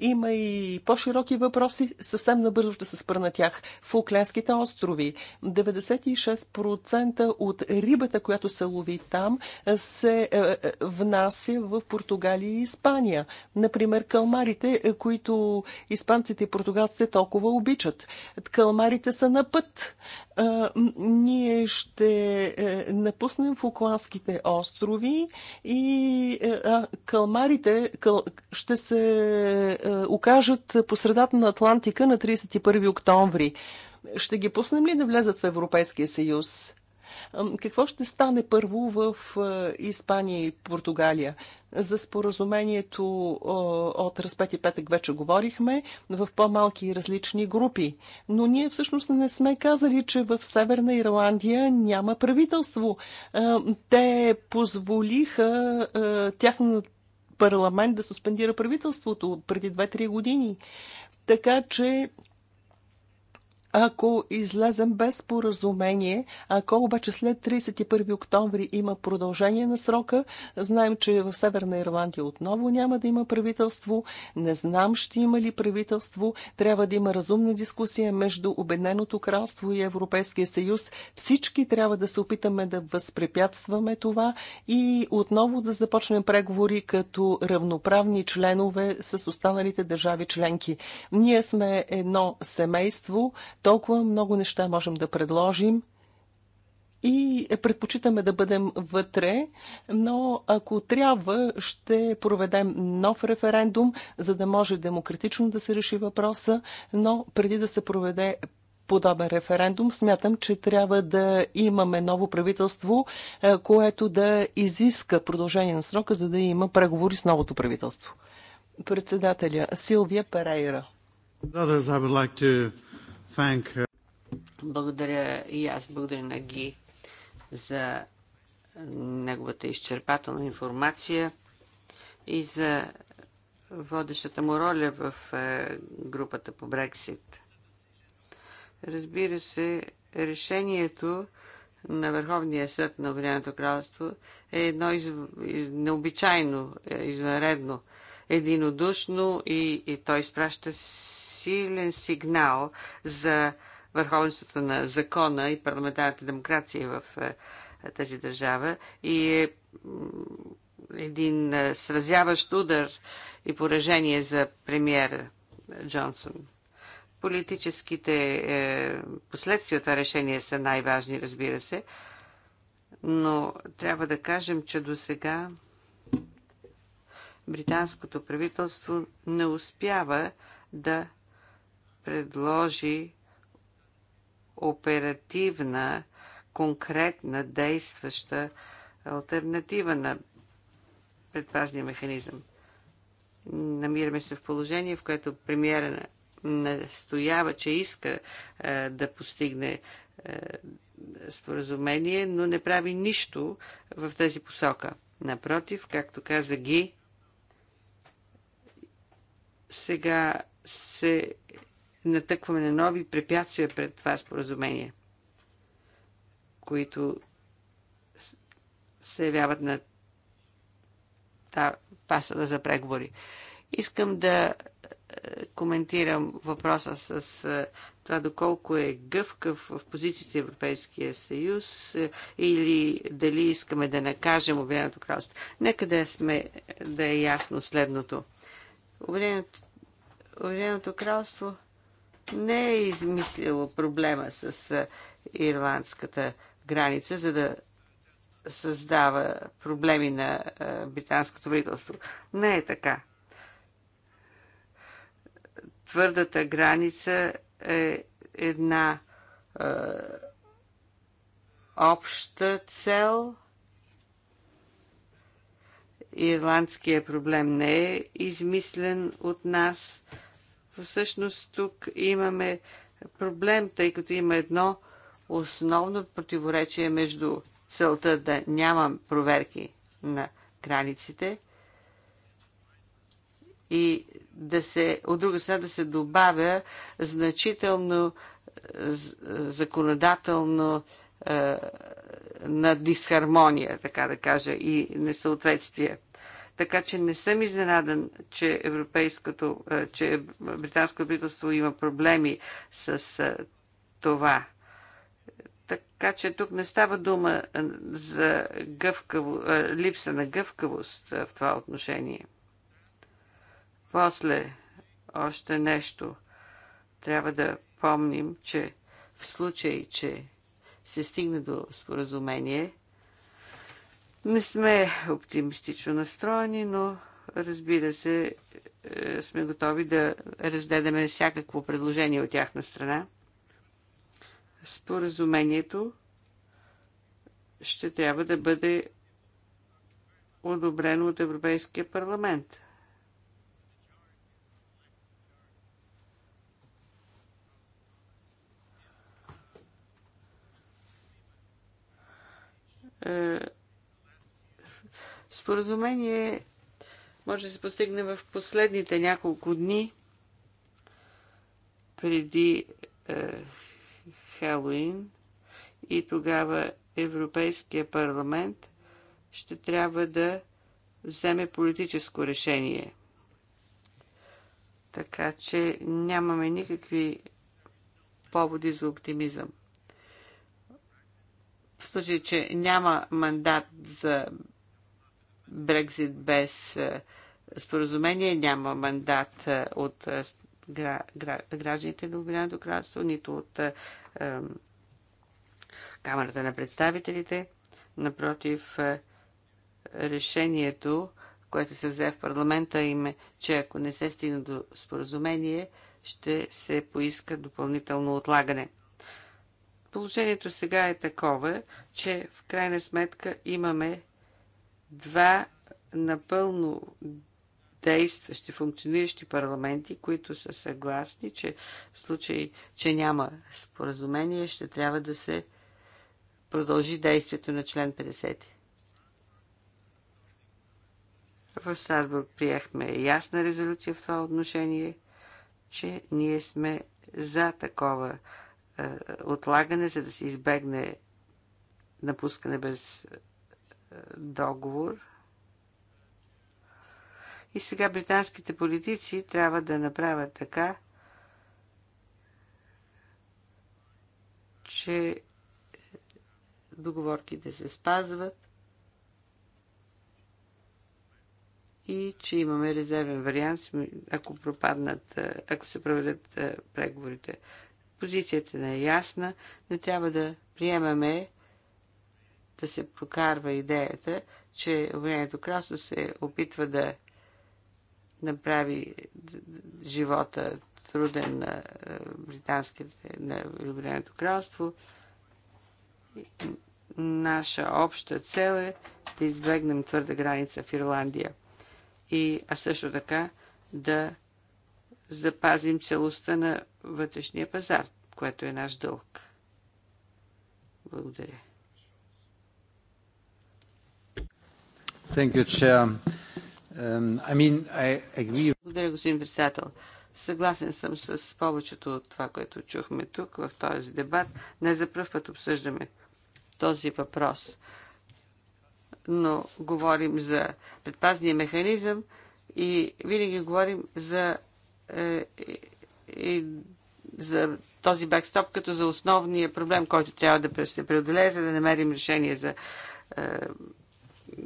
Има и по-широки въпроси, съвсем набързо ще се спра на тях. Фукленските острови. 96% от рибата, която се лови там, се е, е, внася в Португалия и Испания. Например, калмарите, е, които испанците и португалците толкова обичат. Калмарите са на път ние ще напуснем Фукландските острови и калмарите ще се е, окажат по средата на Атлантика на 31 октомври. Ще ги пуснем ли да влезат в Европейския съюз? Какво ще стане първо в е, Испания и Португалия? За споразумението от разпет и петък вече говорихме в по-малки и различни групи. Но ние всъщност не сме казали, че в Северна Ирландия няма правителство. Те позволиха е, тяхната парламент да суспендира правителството преди 2-3 години. Така че ако излезем без поразумение, ако обаче след 31 октомври има продължение на срока, знаем, че в Северна Ирландия отново няма да има правителство, не знам ще има ли правителство, трябва да има разумна дискусия между Обединеното кралство и Европейския съюз. Всички трябва да се опитаме да възпрепятстваме това и отново да започнем преговори като равноправни членове с останалите държави членки. Ние сме едно семейство, толкова много неща можем да предложим и е, предпочитаме да бъдем вътре, но ако трябва, ще проведем нов референдум, за да може демократично да се реши въпроса, но преди да се проведе подобен референдум, смятам, че трябва да имаме ново правителство, е, което да изиска продължение на срока, за да има преговори с новото правителство. Председателя Силвия Перейра. Others I would like to thank Благодаря и аз благодаря на Ги за неговата изчерпателна информация и за водещата му роля в е, групата по Брексит. Разбира се, решението на Върховния съд на Обединеното кралство е едно из... Из... необичайно, е извънредно, единодушно и, и той изпраща силен сигнал за върховенството на закона и парламентарната демокрация в е, тази държава и е един е, сразяващ удар и поражение за премьер Джонсон. Политическите е, последствия от това решение са най-важни, разбира се, но трябва да кажем, че до сега британското правителство не успява да предложи оперативна, конкретна, действаща альтернатива на предпазния механизъм. Намираме се в положение, в което премиера настоява, че иска е, да постигне е, споразумение, но не прави нищо в тази посока. Напротив, както каза Ги, сега се натъкваме на нови препятствия пред това споразумение, които се явяват на та пасада за преговори. Искам да е, коментирам въпроса с е, това доколко е гъвкав в позициите Европейския съюз е, или дали искаме да накажем Обединеното кралство. Нека да, сме, да е ясно следното. Обединеното, Обединеното кралство не е измислило проблема с ирландската граница, за да създава проблеми на британското правителство. Не е така. Твърдата граница е една е, обща цел. Ирландският проблем не е измислен от нас. Всъщност тук имаме проблем, тъй като има едно основно противоречие между целта да нямам проверки на границите и да се, от друга страна да се добавя значително е, законодателно е, на дисхармония, така да кажа, и несъответствие. Така че не съм изненадан, че, европейското, е, че британското правителство има проблеми с е, това. Така че тук не става дума е, за гъвкаво, липса на гъвкавост в това отношение. После още нещо. Трябва да помним, че в случай, че се стигне до споразумение, не сме оптимистично настроени, но разбира се, е, сме готови да разгледаме всякакво предложение от тяхна страна. Споразумението ще трябва да бъде одобрено от Европейския парламент. Uh... Споразумение може да се постигне в последните няколко дни преди е, Хелоин и тогава Европейския парламент ще трябва да вземе политическо решение. Така че нямаме никакви поводи за оптимизъм. В случай, че няма мандат за Брекзит без е, споразумение няма мандат е, от е, гражданите на Обединеното кралство, нито от Камерата на представителите. Напротив, решението, което се взе в парламента им е, че ако не се стигне до споразумение, ще се поиска допълнително отлагане. Положението сега е такова, че в крайна сметка имаме два напълно действащи, функциониращи парламенти, които са съгласни, че в случай, че няма споразумение, ще трябва да се продължи действието на член 50. В Страсбург приехме ясна резолюция в това отношение, че ние сме за такова е, отлагане, за да се избегне напускане без договор. И сега британските политици трябва да направят така, че договорките се спазват и че имаме резервен вариант, ако пропаднат, ако се проведат преговорите. Позицията не е ясна, не трябва да приемаме да се прокарва идеята, че Обединеното кралство се опитва да направи живота труден на е, британските, на Обединеното кралство. Наша обща цел е да избегнем твърда граница в Ирландия. И, а също така да запазим целостта на вътрешния пазар, което е наш дълг. Благодаря. Um, Благодаря, господин председател. Съгласен съм с повечето от това, което чухме тук в този дебат. Не за първ път обсъждаме този въпрос, но говорим за предпазния механизъм и винаги говорим за, е, е, е, за този бекстоп като за основния проблем, който трябва да се преодолее, за да намерим решение за е,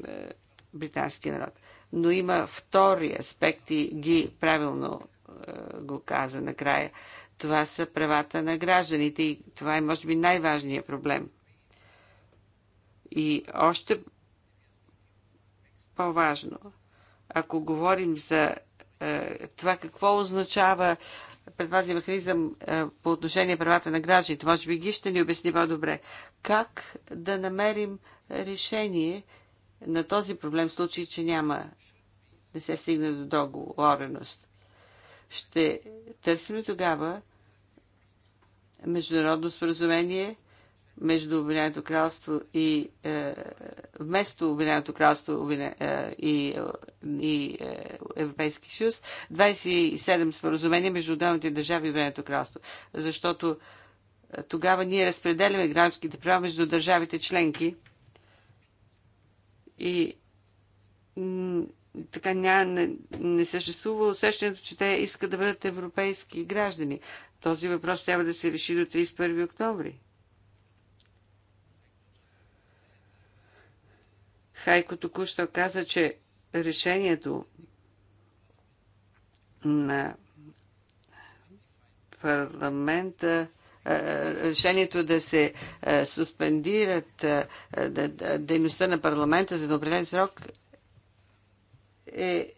е британския народ. Но има втори аспект и ги правилно е, го каза накрая. Това са правата на гражданите и това е, може би, най-важният проблем. И още по-важно, ако говорим за е, това какво означава предпазния механизъм е, по отношение правата на гражданите, може би ги ще ни обясни по-добре. Как да намерим решение на този проблем в случай, че няма, не се стигне до договореност. Ще търсим тогава международно споразумение между Обединеното кралство и е, вместо Обединеното кралство обвиня, е, и, е, и е, Европейски съюз, 27 споразумения между отделните държави и Обединеното кралство. Защото е, тогава ние разпределяме гражданските права между държавите членки и така ня, не, не съществува усещането, че те искат да бъдат европейски граждани. Този въпрос трябва да се реши до 31 октомври. Хайко току-що каза, че решението на парламента е, решението да се е, суспендират е, дейността на парламента за определен срок е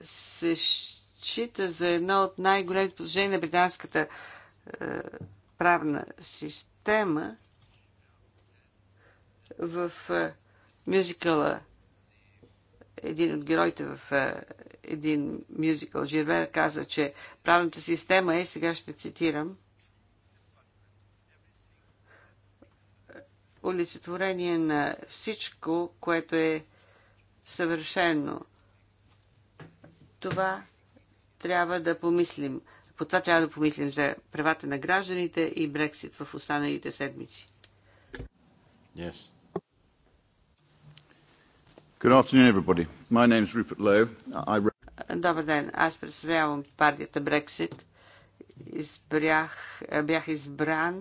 се счита за едно от най-големите положения на британската правна система в мюзикъла един от героите в един мюзикъл. Жирвер каза, че правната система е, сега ще цитирам, олицетворение на всичко, което е съвършено. Това трябва да помислим. По това трябва да помислим за правата на гражданите и Брексит в останалите седмици. Yes. Good afternoon, everybody. My is Rupert Lowe. I Добър ден. Аз представлявам партията Брексит. Избрях, е, бях избран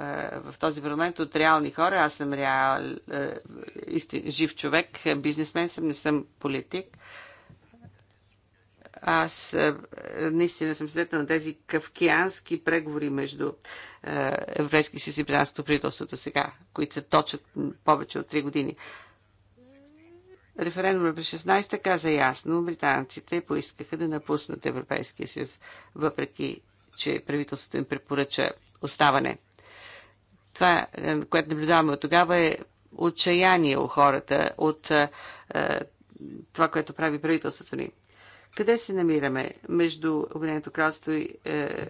е, в този парламент от реални хора. Аз съм реал, е, истин, жив човек, бизнесмен съм, не съм политик. Аз наистина съм свидетел на тези кавкиански преговори между Европейския съюз и британското правителството сега, които се точат повече от 3 години референдума е през 16-та каза ясно, британците поискаха да напуснат Европейския съюз, въпреки че правителството им препоръча оставане. Това, е, което наблюдаваме от тогава е отчаяние у хората от е, е, това, което прави правителството ни. Къде се намираме между Обединеното кралство и е,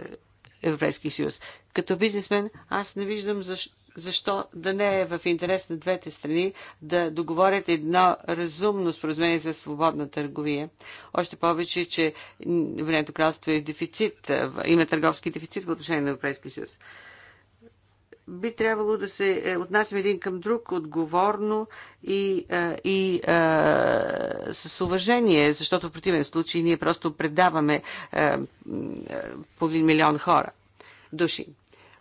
Европейския съюз? Като бизнесмен аз не виждам защо защо да не е в интерес на двете страни да договорят едно разумно споразумение за свободна търговия. Още повече, че времето кралство е дефицит, има търговски дефицит в отношение на Европейския съюз. Би трябвало да се е, отнасяме един към друг отговорно и, е, и и е, с уважение, защото в противен случай ние просто предаваме половин милион хора, души.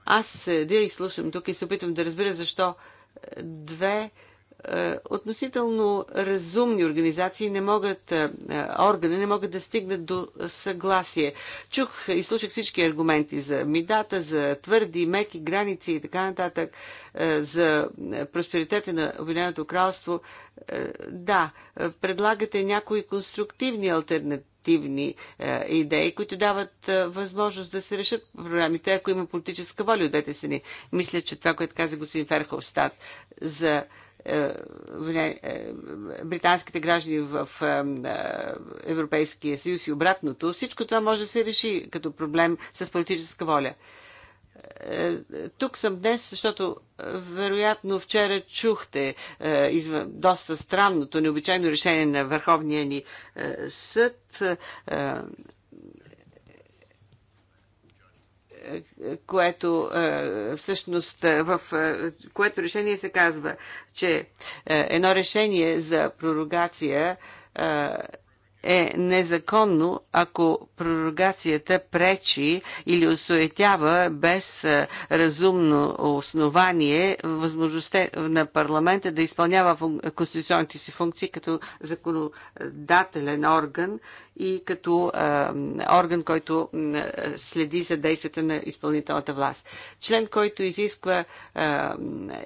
Аз седя и слушам тук и се опитвам да разбира защо две е, относително разумни организации не могат, е, органи не могат да стигнат до съгласие. Чух и слушах всички аргументи за мидата, за твърди, меки граници и така нататък, е, за просперитета на Обединеното кралство. Е, да, е, предлагате някои конструктивни альтернативи альтернативни е, идеи, които дават е, възможност да се решат проблемите, ако има политическа воля от двете страни. Мисля, че това, което каза господин Ферховстат за е, е, британските граждани в е, Европейския съюз и обратното, всичко това може да се реши като проблем с политическа воля. Е, тук съм днес, защото е, вероятно вчера чухте е, доста странното, необичайно решение на Върховния ни съд. което всъщност в което решение се казва, че едно решение за пророгация е незаконно, ако пророгацията пречи или осуетява без е, разумно основание възможността на парламента да изпълнява конституционните си функции като законодателен орган и като е, орган, който следи за действията на изпълнителната власт. Член, който изисква е,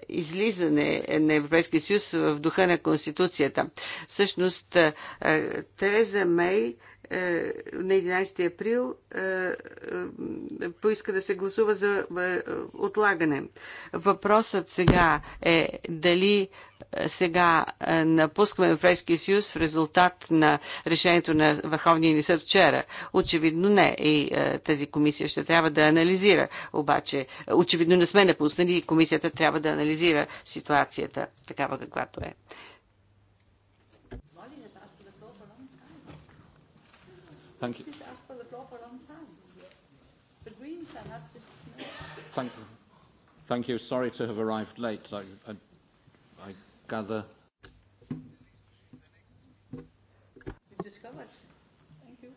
излизане на Европейския съюз в духа на Конституцията. Всъщност, е, Тереза Тереза Мей е, на 11 април е, е, поиска да се гласува за отлагане. Въпросът сега е дали сега напускаме Европейския съюз в резултат на решението на Върховния ни съд вчера. Очевидно не. И тази комисия ще трябва да анализира. Обаче, очевидно не сме напуснали и комисията трябва да анализира ситуацията такава каквато е. Thank you. She's asked for the floor for a long time. The Greens are not just... Thank you. Thank you. Sorry to have arrived late. I, I, I gather... You've discovered. Thank you.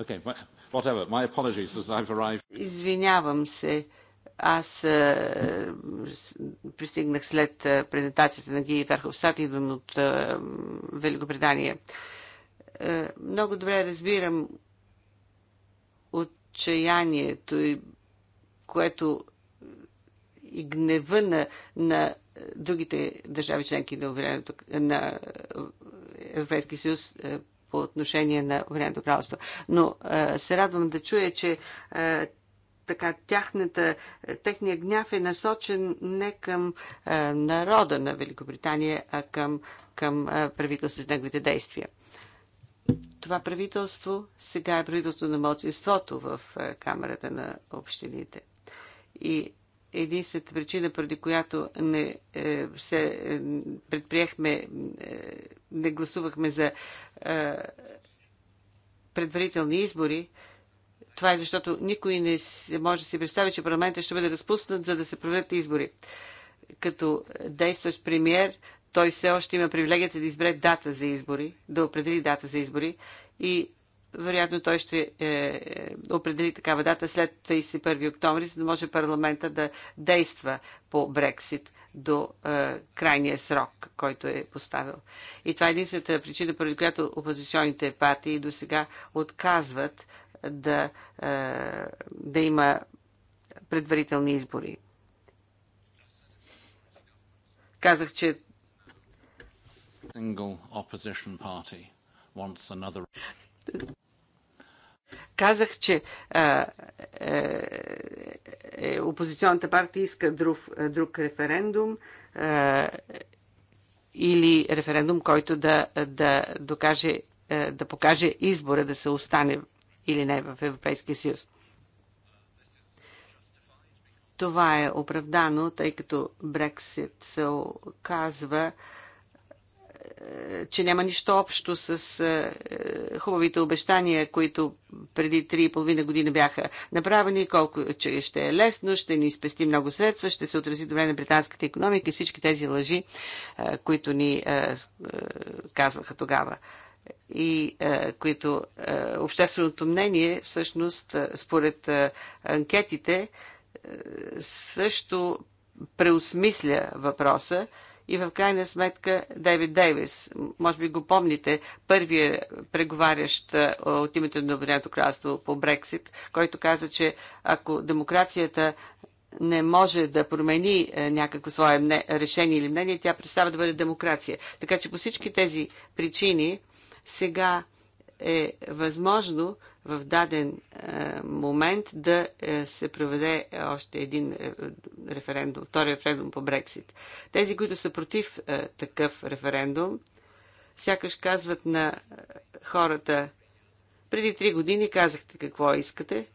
Okay, well, whatever. My apologies as I've arrived. Извинявам се. Аз е, пристигнах след презентацията на Гиви Верховстат, идвам от е, Великобритания. Е, много добре разбирам отчаянието и което и гнева на, на другите държави членки на, на Европейския съюз е, по отношение на Обединеното кралство. Но а, е, се радвам да чуя, че а, така тяхната, техния гняв е насочен не към а, народа на Великобритания, а към, към а, правителството и неговите действия това правителство сега е правителство на младсинството в е, Камерата на общините. И единствената причина, преди която не е, се е, предприехме, е, не гласувахме за е, предварителни избори, това е защото никой не може да си представи, че парламентът ще бъде разпуснат, за да се проведат избори. Като действащ премьер, той все още има привилегията да избере дата за избори, да определи дата за избори и вероятно той ще е, е определи такава дата след 31 октомври, за да може парламента да действа по Брексит до е, крайния срок, който е поставил. И това е единствената причина, поради която опозиционните партии до сега отказват да, е, да има предварителни избори. Казах, че Казах, че а, е, е, опозиционната партия иска друг, е, друг референдум а, е, или референдум, който да, да, докаже, е, да покаже избора да се остане или не в Европейския съюз. Това е оправдано, тъй като Брексит се оказва че няма нищо общо с е, е, хубавите обещания, които преди 3,5 години бяха направени, колко че ще е лесно, ще ни спести много средства, ще се отрази добре на британската економика и всички тези лъжи, е, които ни казваха тогава и е, които е, общественото мнение, всъщност, според е, анкетите, е, също преосмисля въпроса. Е, и в крайна сметка Дейвид Дейвис. Може би го помните, първия преговарящ от името на Обединеното кралство по Брексит, който каза, че ако демокрацията не може да промени някакво свое решение или мнение, тя представа да бъде демокрация. Така че по всички тези причини сега е възможно в даден е, момент да е, се проведе още един е, референдум, втори референдум по Брексит. Тези, които са против такъв референдум, сякаш казват на хората, преди три години казахте какво искате,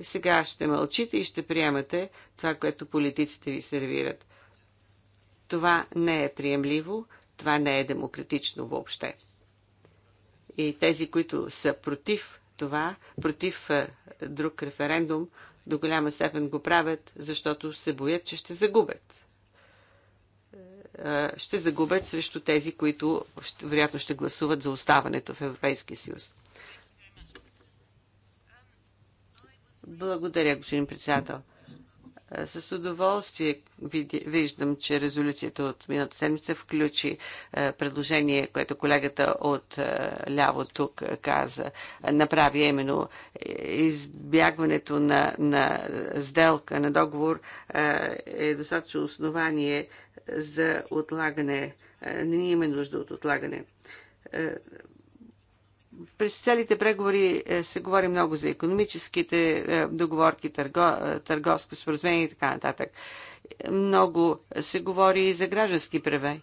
и сега ще мълчите и ще приемате това, което политиците ви сервират. Това не е приемливо, това не е демократично въобще. И тези, които са против това, против е, друг референдум, до голяма степен го правят, защото се боят, че ще загубят. Е, е, ще загубят срещу тези, които вероятно ще гласуват за оставането в Европейския съюз. Благодаря, господин председател. С удоволствие виждам, че резолюцията от миналата седмица включи е, предложение, което колегата от е, ляво тук каза, направи именно е, избягването на, на сделка, на договор е достатъчно основание за отлагане. Не имаме нужда от отлагане през целите преговори е, се говори много за економическите е, договорки, търго, е, търговско споразумение и така нататък. Много се говори и за граждански права.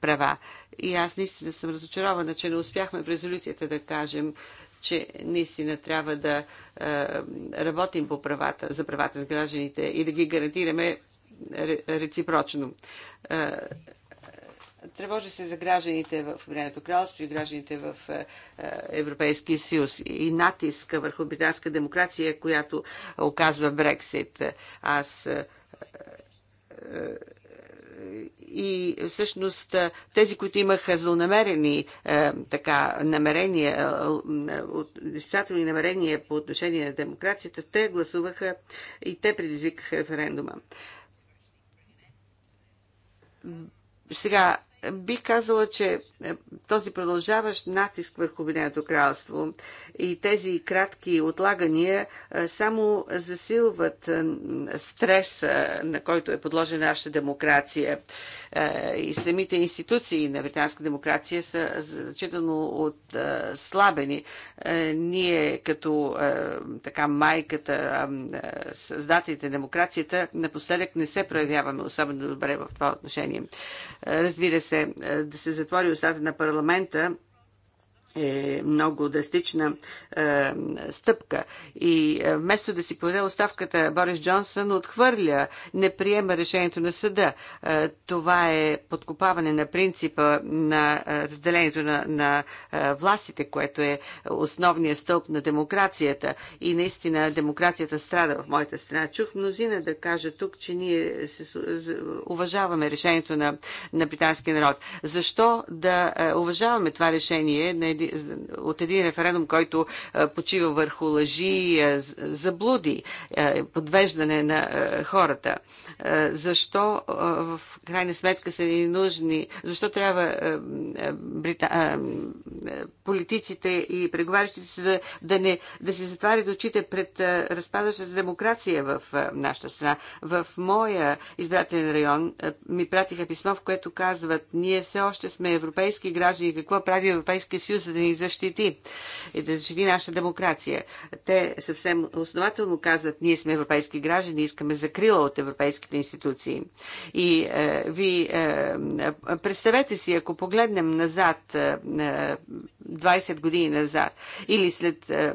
права. И аз наистина съм разочарована, че не успяхме в резолюцията да кажем, че наистина трябва да работим по правата, за правата на гражданите и да ги гарантираме реципрочно. Тревожа се за гражданите в Обединеното кралство и гражданите в е, е, Европейския съюз и натиска върху британска демокрация, която оказва Брексит. Аз е, и всъщност тези, които имаха злонамерени така, намерения, отрицателни намерения по отношение на демокрацията, те гласуваха и те предизвикаха референдума. Сега, би казала, че е, този продължаващ натиск върху Обединеното кралство и тези кратки отлагания само засилват стреса, на който е подложена нашата демокрация. И самите институции на британска демокрация са значително отслабени. Ние като така майката, създателите на демокрацията, напоследък не се проявяваме особено добре в това отношение. Разбира се, да се затвори устата на парламента, е много драстична е, стъпка. И е, вместо да си подаде оставката, Борис Джонсън отхвърля, не приема решението на съда. Е, това е подкопаване на принципа на е, разделението на, на е, властите, което е основният стълб на демокрацията. И наистина демокрацията страда в моята страна. Чух мнозина да кажа тук, че ние се, уважаваме решението на, на британския народ. Защо да уважаваме това решение на един от един референдум, който почива върху лъжи, заблуди, подвеждане на хората. Защо в крайна сметка са ни нужни, защо трябва брита... политиците и преговарящите се да, да, не, да се затварят очите пред разпадаща се демокрация в нашата страна. В моя избирателен район ми пратиха писмо, в което казват, ние все още сме европейски граждани, какво прави Европейския съюз, за да да ни защити и да защити нашата демокрация. Те съвсем основателно казват, ние сме европейски граждани, искаме закрила от европейските институции. И е, ви е, представете си, ако погледнем назад, е, 20 е, години назад, или след, е,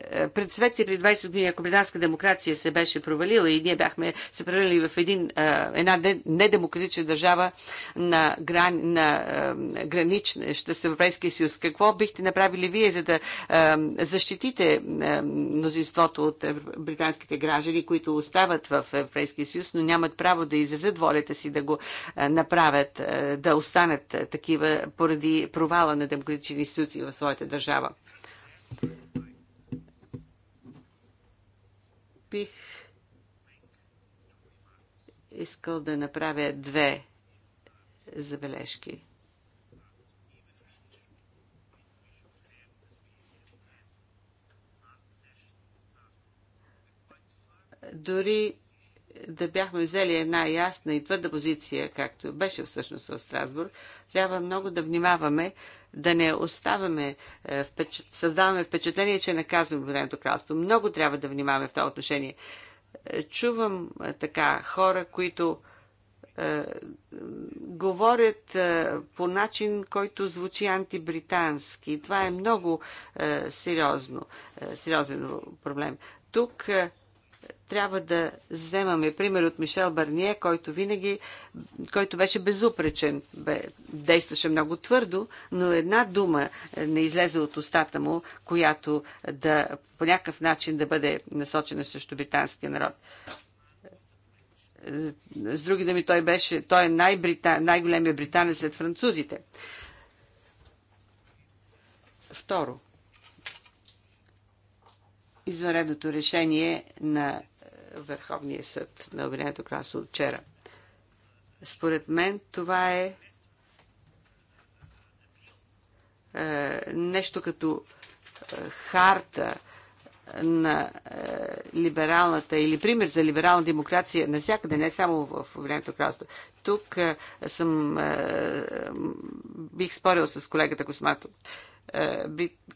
е представете си при 20 години, ако британска демокрация се беше провалила и ние бяхме се превърнали в един, е, една недемократична държава на, грани, на е, гранична с Европейския съюз. Какво бихте направили вие, за да защитите мнозинството от британските граждани, които остават в Европейския съюз, но нямат право да изразят волята си да го направят, да останат такива поради провала на демократични институции в своята държава? Бих искал да направя две забележки. Дори да бяхме взели една ясна и твърда позиция, както беше всъщност в Страсбург, трябва много да внимаваме да не оставаме, е, създаваме впечатление, че наказваме Обединеното кралство. Много трябва да внимаваме в това отношение. Е, чувам е, така хора, които е, говорят е, по начин, който звучи антибритански. това е много е, сериозно, сериозен проблем. Тук трябва да вземаме пример от Мишел Барние, който винаги, който беше безупречен, бе, действаше много твърдо, но една дума е, не излезе от устата му, която да по някакъв начин да бъде насочена срещу британския народ. Е, с други думи, той, беше, той е най-брита, най-големия британец след французите. Второ, извънредното решение на е, Върховния съд на Обединеното кралство от вчера. Според мен това е, е нещо като е, харта на е, либералната или пример за либерална демокрация навсякъде, не само в Обединеното кралство. Тук е, съм, е, бих спорил с колегата Космато, е,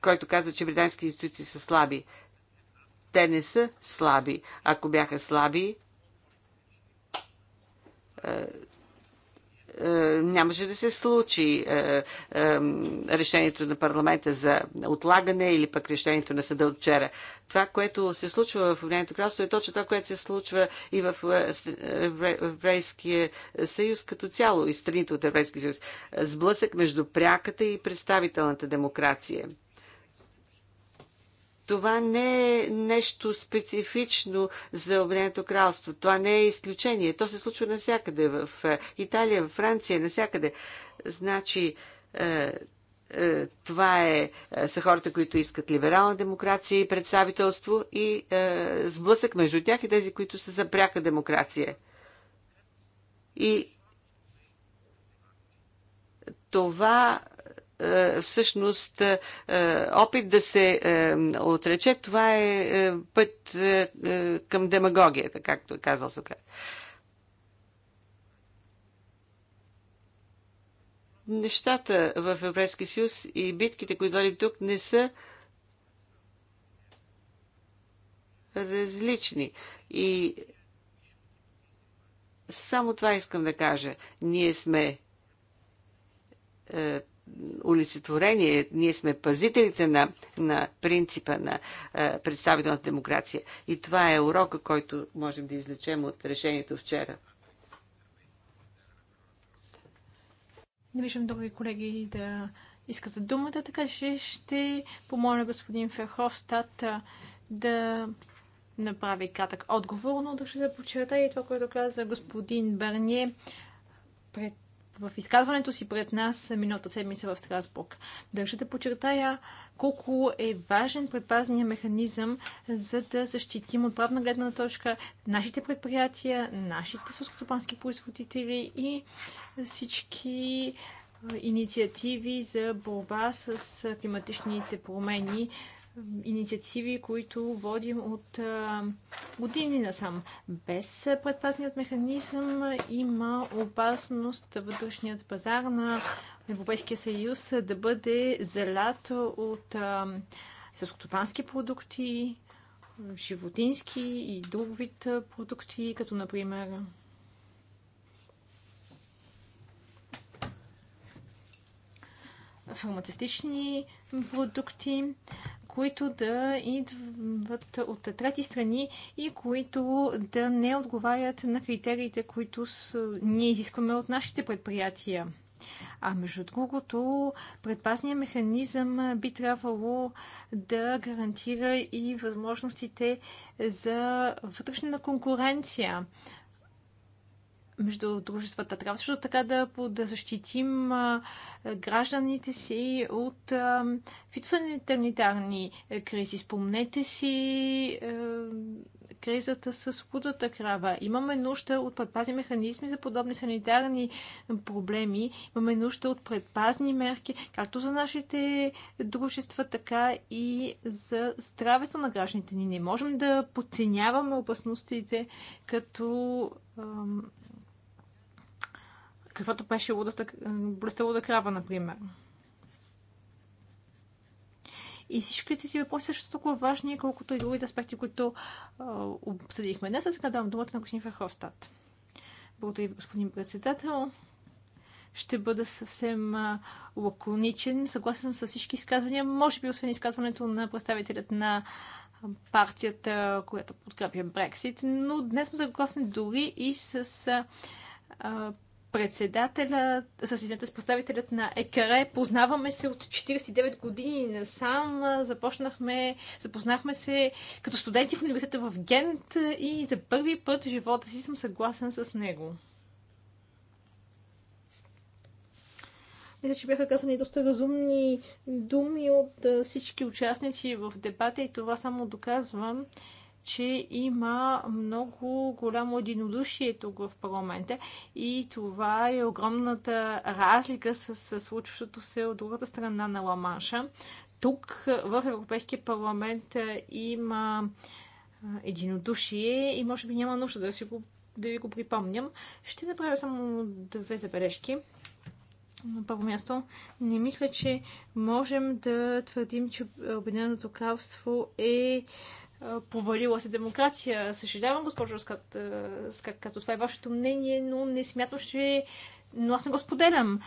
който каза, че британски институции са слаби. Е, те не са слаби. Ако бяха слаби, е, е, нямаше да се случи е, решението на парламента за отлагане или пък решението на съда от вчера. Това, което се случва в Обединеното кралство е точно това, което се случва и в Еврейския съюз като цяло и страните от Еврейския съюз. Сблъсък между пряката и представителната демокрация. Това не е нещо специфично за Обединеното кралство. Това не е изключение. То се случва навсякъде. В е, Италия, в Франция, навсякъде. Значи, е, е, това е, са хората, които искат либерална демокрация и представителство и е, сблъсък между тях и тези, които са за пряка демокрация. И това е, всъщност е, е, опит да се отрече, това е път към демагогията, както е казал Сократ. Нещата в Европейския съюз и битките, които водим тук, не са различни. И само това искам да кажа. Ние сме олицетворение. Ние сме пазителите на, на принципа на е, представителната демокрация. И това е урока, който можем да излечем от решението вчера. Не виждам други колеги да искат думата, така че ще помоля господин Ферховстат е, да направи кратък отговор, но да ще започета и това, което каза господин Берние пред в изказването си пред нас миналата седмица в Страсбург. Държа да подчертая колко е важен предпазния механизъм, за да защитим от правна гледна точка нашите предприятия, нашите сълскотопански производители и всички инициативи за борба с климатичните промени, инициативи, които водим от години насам. Без предпазният механизъм има опасност вътрешният пазар на Европейския съюз да бъде залят от съскотопански продукти, животински и друг вид продукти, като например фармацевтични продукти които да идват от трети страни и които да не отговарят на критериите, които с... ние изискваме от нашите предприятия. А между другото, предпазният механизъм би трябвало да гарантира и възможностите за вътрешна конкуренция, между дружествата. Трябва също така да, да защитим гражданите си от фитосанитарни кризи. Спомнете си кризата с лудата крава. Имаме нужда от предпазни механизми за подобни санитарни проблеми. Имаме нужда от предпазни мерки, както за нашите дружества, така и за здравето на гражданите ни. Не можем да подценяваме опасностите, като каквато беше лудата, луда крава, например. И всички тези въпроси също толкова важни, колкото и другите аспекти, които обсъдихме днес. Сега давам думата на господин Верховстат. Благодаря ви, господин председател. Ще бъда съвсем а, лаконичен. Съгласен съм с всички изказвания. Може би, освен изказването на представителят на партията, която подкрепя Брексит, но днес съм съгласен дори и с а, председателя, с, извинете, с представителят на ЕКРЕ. Познаваме се от 49 години насам. Започнахме, запознахме се като студенти в университета в Гент и за първи път в живота си съм съгласен с него. Мисля, че бяха казани доста разумни думи от всички участници в дебата и това само доказвам че има много голямо единодушие тук в парламента и това е огромната разлика с, с случващото се от другата страна на Ламанша. Тук в Европейския парламент има единодушие и може би няма нужда да, си го, да ви го припомням. Ще направя само две забележки. На първо място, не мисля, че можем да твърдим, че Обединеното кралство е повалила се демокрация. Съжалявам, госпожо Скат, Скат, като това е вашето мнение, но не смятам, че... Но аз не го споделям.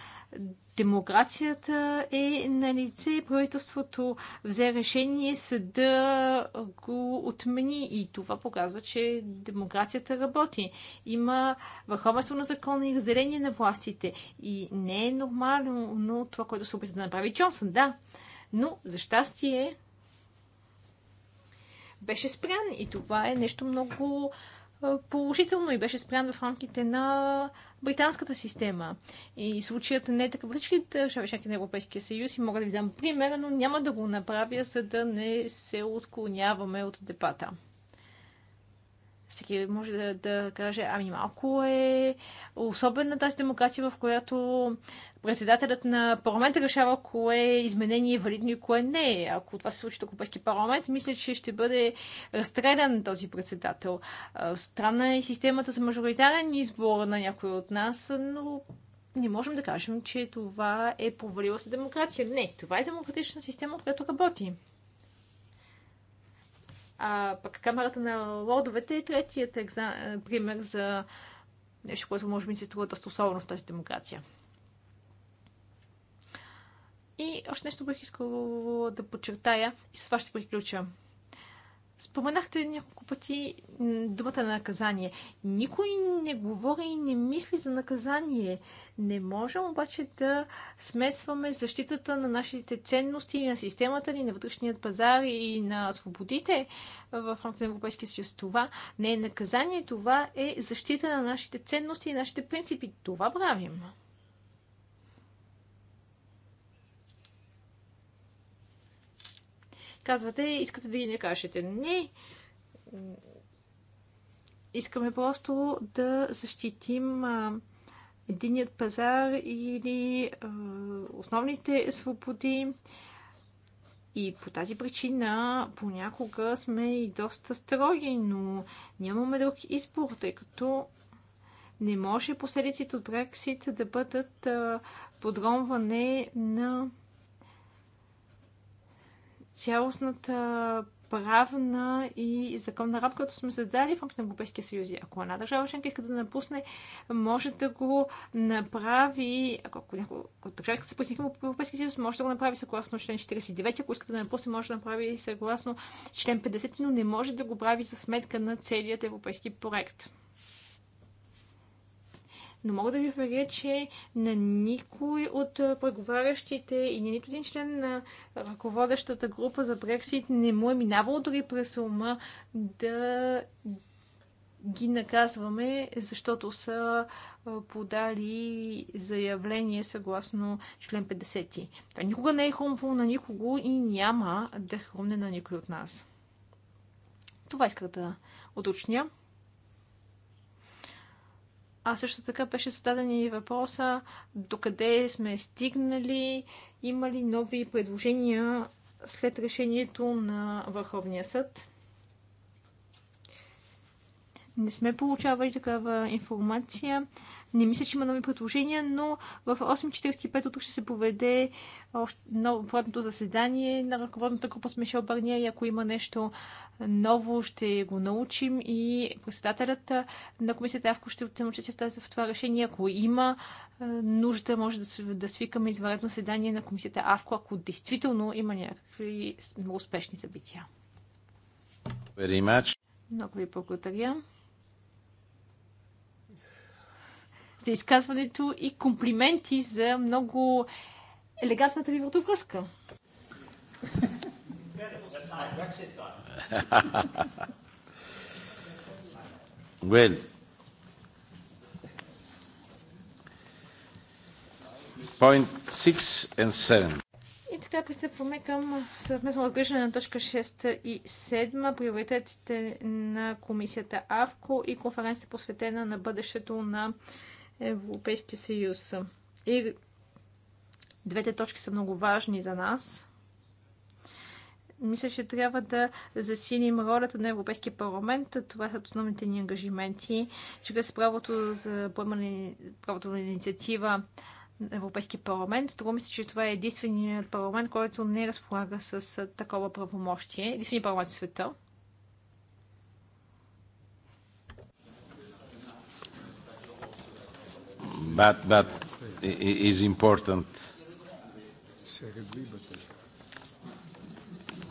Демокрацията е на лице, правителството взе решение, съда го отмени и това показва, че демокрацията работи. Има върховенство на закона и разделение на властите. И не е нормално но това, което се опита да направи Джонсън, да. Но, за щастие, беше спрян и това е нещо много положително и беше спрян в рамките на британската система. И случаят не е така във всички държави, на Европейския съюз и мога да ви дам пример, но няма да го направя, за да не се отклоняваме от дебата. Всеки може да, да каже, ами малко е особена тази демокрация, в която председателят на парламента решава кое изменение е валидно и кое не е. Ако това се случи в Европейски парламент, мисля, че ще бъде разстрелян този председател. Странна е системата за мажоритарен избор на някой от нас, но не можем да кажем, че това е повалила се демокрация. Не, това е демократична система, която работи. А пък камерата на лордовете е третият екзам... пример за нещо, което може би се струва доста особено в тази демокрация. И още нещо бих искала да подчертая и с това ще приключа. Споменахте няколко пъти думата на наказание. Никой не говори и не мисли за наказание. Не можем обаче да смесваме защитата на нашите ценности, на системата ни, на вътрешният пазар и на свободите в рамките на Европейския съюз. Това не е наказание, това е защита на нашите ценности и нашите принципи. Това правим. Казвате, искате да ги не кажете. Не! Искаме просто да защитим единият пазар или основните свободи. И по тази причина понякога сме и доста строги, но нямаме друг избор, тъй като не може последиците от Брексит да бъдат подронване на цялостната правна и законна рамка, която сме създали в рамките на Европейския съюз. Ако една държава членка иска да напусне, може да го направи, ако някой от държава иска да се присъедини към Европейския съюз, може да го направи съгласно член 49, ако иска да напусне, може да направи съгласно член 50, но не може да го прави за сметка на целият европейски проект но мога да ви уверя, че на никой от преговарящите и на нито един член на ръководещата група за Брексит не му е минавало дори през ума да ги наказваме, защото са подали заявление съгласно член 50. Това никога не е хрумвало на никого и няма да хрумне на никой от нас. Това исках да уточня. А също така беше зададен и въпроса докъде сме стигнали, има ли нови предложения след решението на Върховния съд. Не сме получавали такава информация. Не мисля, че има нови предложения, но в 8.45 утре ще се поведе новото заседание на ръководната група с Мишел Барния и ако има нещо ново, ще го научим и председателят на комисията Авко ще вземе в това решение. Ако има нужда, може да, да свикаме извънредно заседание на комисията АВКО, ако действително има някакви успешни събития. Много ви благодаря. за изказването и комплименти за много елегантната ви вратовръзка. well, point and И така пристъпваме към съвместно разглеждане на точка 6 и 7, приоритетите на комисията АВКО и конференция посветена на бъдещето на Европейския съюз. И двете точки са много важни за нас. Мисля, че трябва да засилим ролята на Европейския парламент. Това са основните ни ангажименти. Чрез правото за поемане, правото на инициатива на Европейския парламент. Струва ми се, че това е единственият парламент, който не разполага с такова правомощие. Единственият парламент в света. but but is important.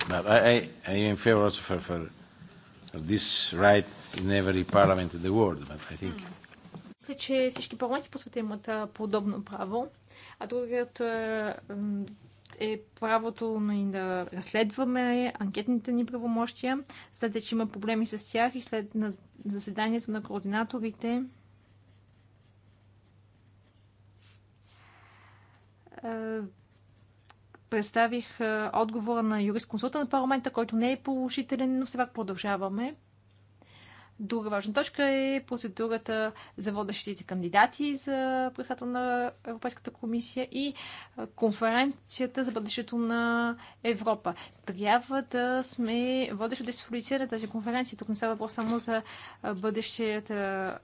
But I, I, I am in favor also for, for, this right in every parliament in the world, but I think... че всички парламенти по света имат подобно право, а другият е, е правото да разследваме анкетните ни правомощия, след че има проблеми с тях и след на заседанието на координаторите Е, представих е, отговора на юрисконсулта на парламента, който не е положителен, но все пак продължаваме. Друга важна точка е процедурата за водещите кандидати за председател на Европейската комисия и е, конференцията за бъдещето на Европа. Трябва да сме водещо да се на тази конференция. Тук не става въпрос само за бъдещата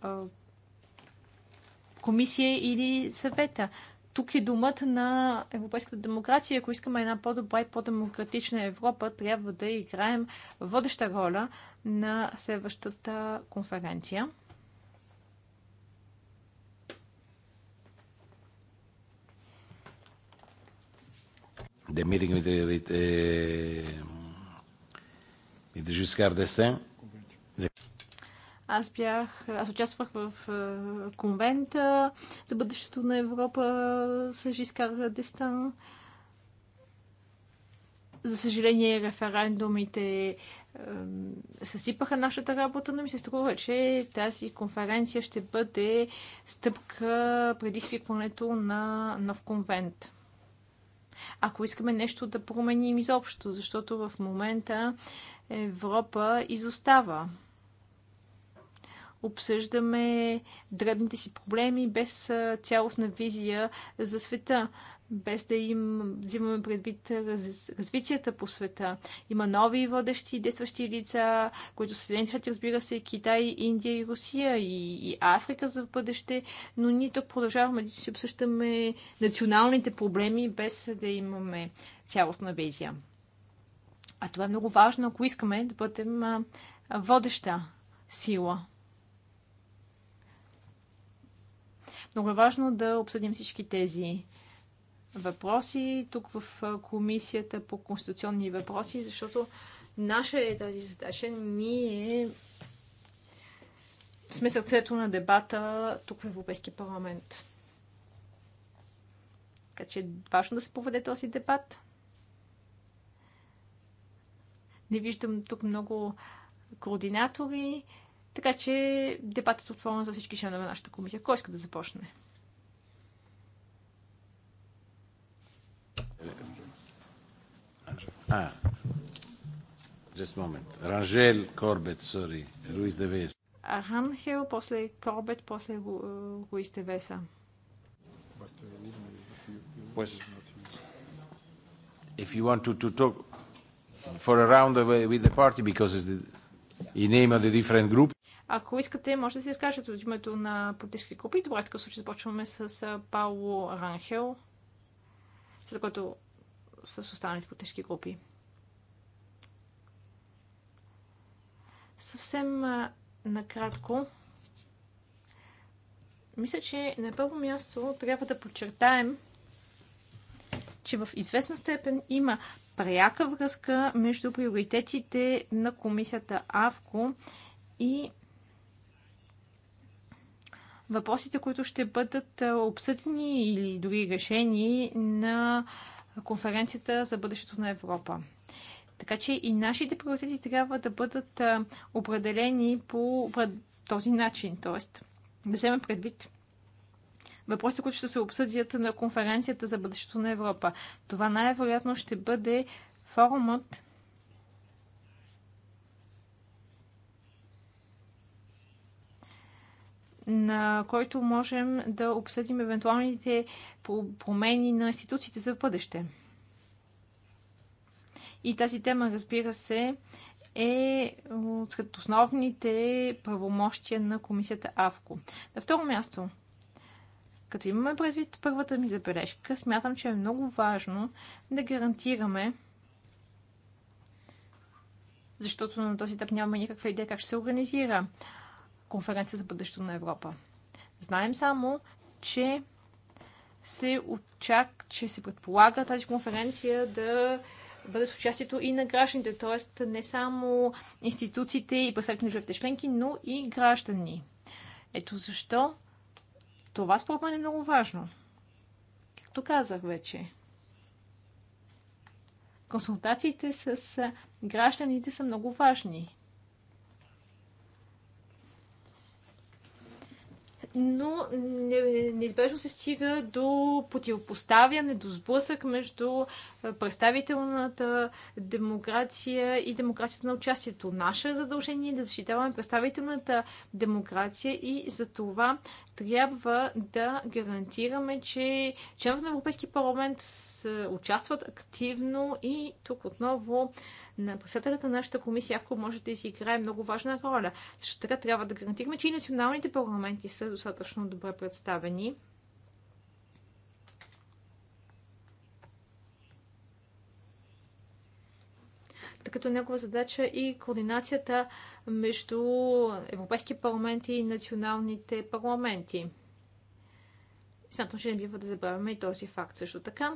комисия или съвета. Тук е думата на европейската демокрация. Ако искаме една по-добра и по-демократична Европа, трябва да играем водеща роля на следващата конференция. The meeting with, with, uh, with Giscard d'Estaing eh? Аз бях, аз участвах в е, конвента за бъдещето на Европа с Жискар Дестан. За съжаление, референдумите съсипаха нашата работа, но ми се струва, че тази конференция ще бъде стъпка преди свикването на нов конвент. Ако искаме нещо да променим изобщо, защото в момента Европа изостава обсъждаме дребните си проблеми без цялостна визия за света, без да им взимаме предвид раз, развитията по света. Има нови водещи и действащи лица, които са Съединените щати, разбира се, Китай, Индия и Русия и, и Африка за бъдеще, но ние тук продължаваме да си обсъщаме националните проблеми без да имаме цялостна визия. А това е много важно, ако искаме да бъдем водеща сила. Много е важно да обсъдим всички тези въпроси тук в Комисията по конституционни въпроси, защото наша е тази задача. Ние сме сърцето на дебата тук в Европейския парламент. Така че е важно да се поведе този дебат. Не виждам тук много координатори. Така че дебатът е отворен за всички членове на нашата комисия. Кой иска да започне? А, just moment. Ранжел, Корбет, сори, Руис Девес. Ранхел, после Корбет, после Руис Девеса. Pues, if you want to, to talk for a round with the party, because it's the, in name of the different group. Ако искате, може да се изкажете от името на политически групи. Добре, в такъв случай започваме с Пауло Ранхел, с който с останалите политически групи. Съвсем накратко. Мисля, че на първо място трябва да подчертаем, че в известна степен има пряка връзка между приоритетите на комисията АВКО и въпросите, които ще бъдат е, обсъдени или дори решени на конференцията за бъдещето на Европа. Така че и нашите приоритети трябва да бъдат е, определени по този начин, т.е. да вземем предвид въпросите, които ще се обсъдят на конференцията за бъдещето на Европа. Това най-вероятно ще бъде форумът на който можем да обсъдим евентуалните промени на институциите за бъдеще. И тази тема, разбира се, е сред основните правомощия на комисията АВКО. На второ място, като имаме предвид първата ми забележка, смятам, че е много важно да гарантираме, защото на този етап нямаме никаква идея как ще се организира конференция за бъдещето на Европа. Знаем само, че се очак, че се предполага тази конференция да бъде с участието и на гражданите, т.е. не само институциите и представители на членки, но и граждани. Ето защо това според мен е много важно. Както казах вече, консултациите с гражданите са много важни. но неизбежно се стига до противопоставяне, до сблъсък между представителната демокрация и демокрацията на участието. Наше задължение е да защитаваме представителната демокрация и за това трябва да гарантираме, че членовете на Европейски парламент участват активно и тук отново на председателя на нашата комисия, ако може да си играе много важна роля. Също така трябва да гарантираме, че и националните парламенти са достатъчно добре представени. като негова задача е и координацията между Европейски парламент и националните парламенти. Смятам, че не бива да забравяме и този факт също така.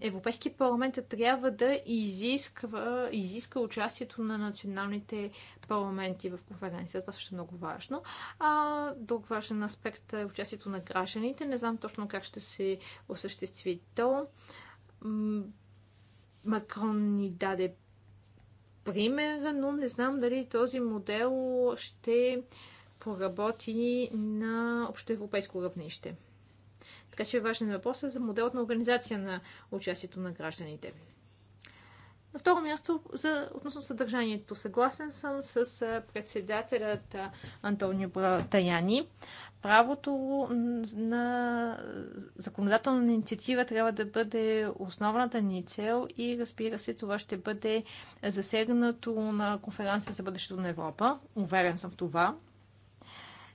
Европейския парламент трябва да изисква, изиска участието на националните парламенти в конференцията. Това също е много важно. А, друг важен аспект е участието на гражданите. Не знам точно как ще се осъществи то. Макрон ни даде пример, но не знам дали този модел ще проработи на общоевропейско равнище. Така че е важен въпрос е за моделът на организация на участието на гражданите. На второ място, за, относно съдържанието, съгласен съм с председателят Антонио Таяни. Правото на законодателна инициатива трябва да бъде основната ни цел и разбира се, това ще бъде засегнато на конференция за бъдещето на Европа. Уверен съм в това.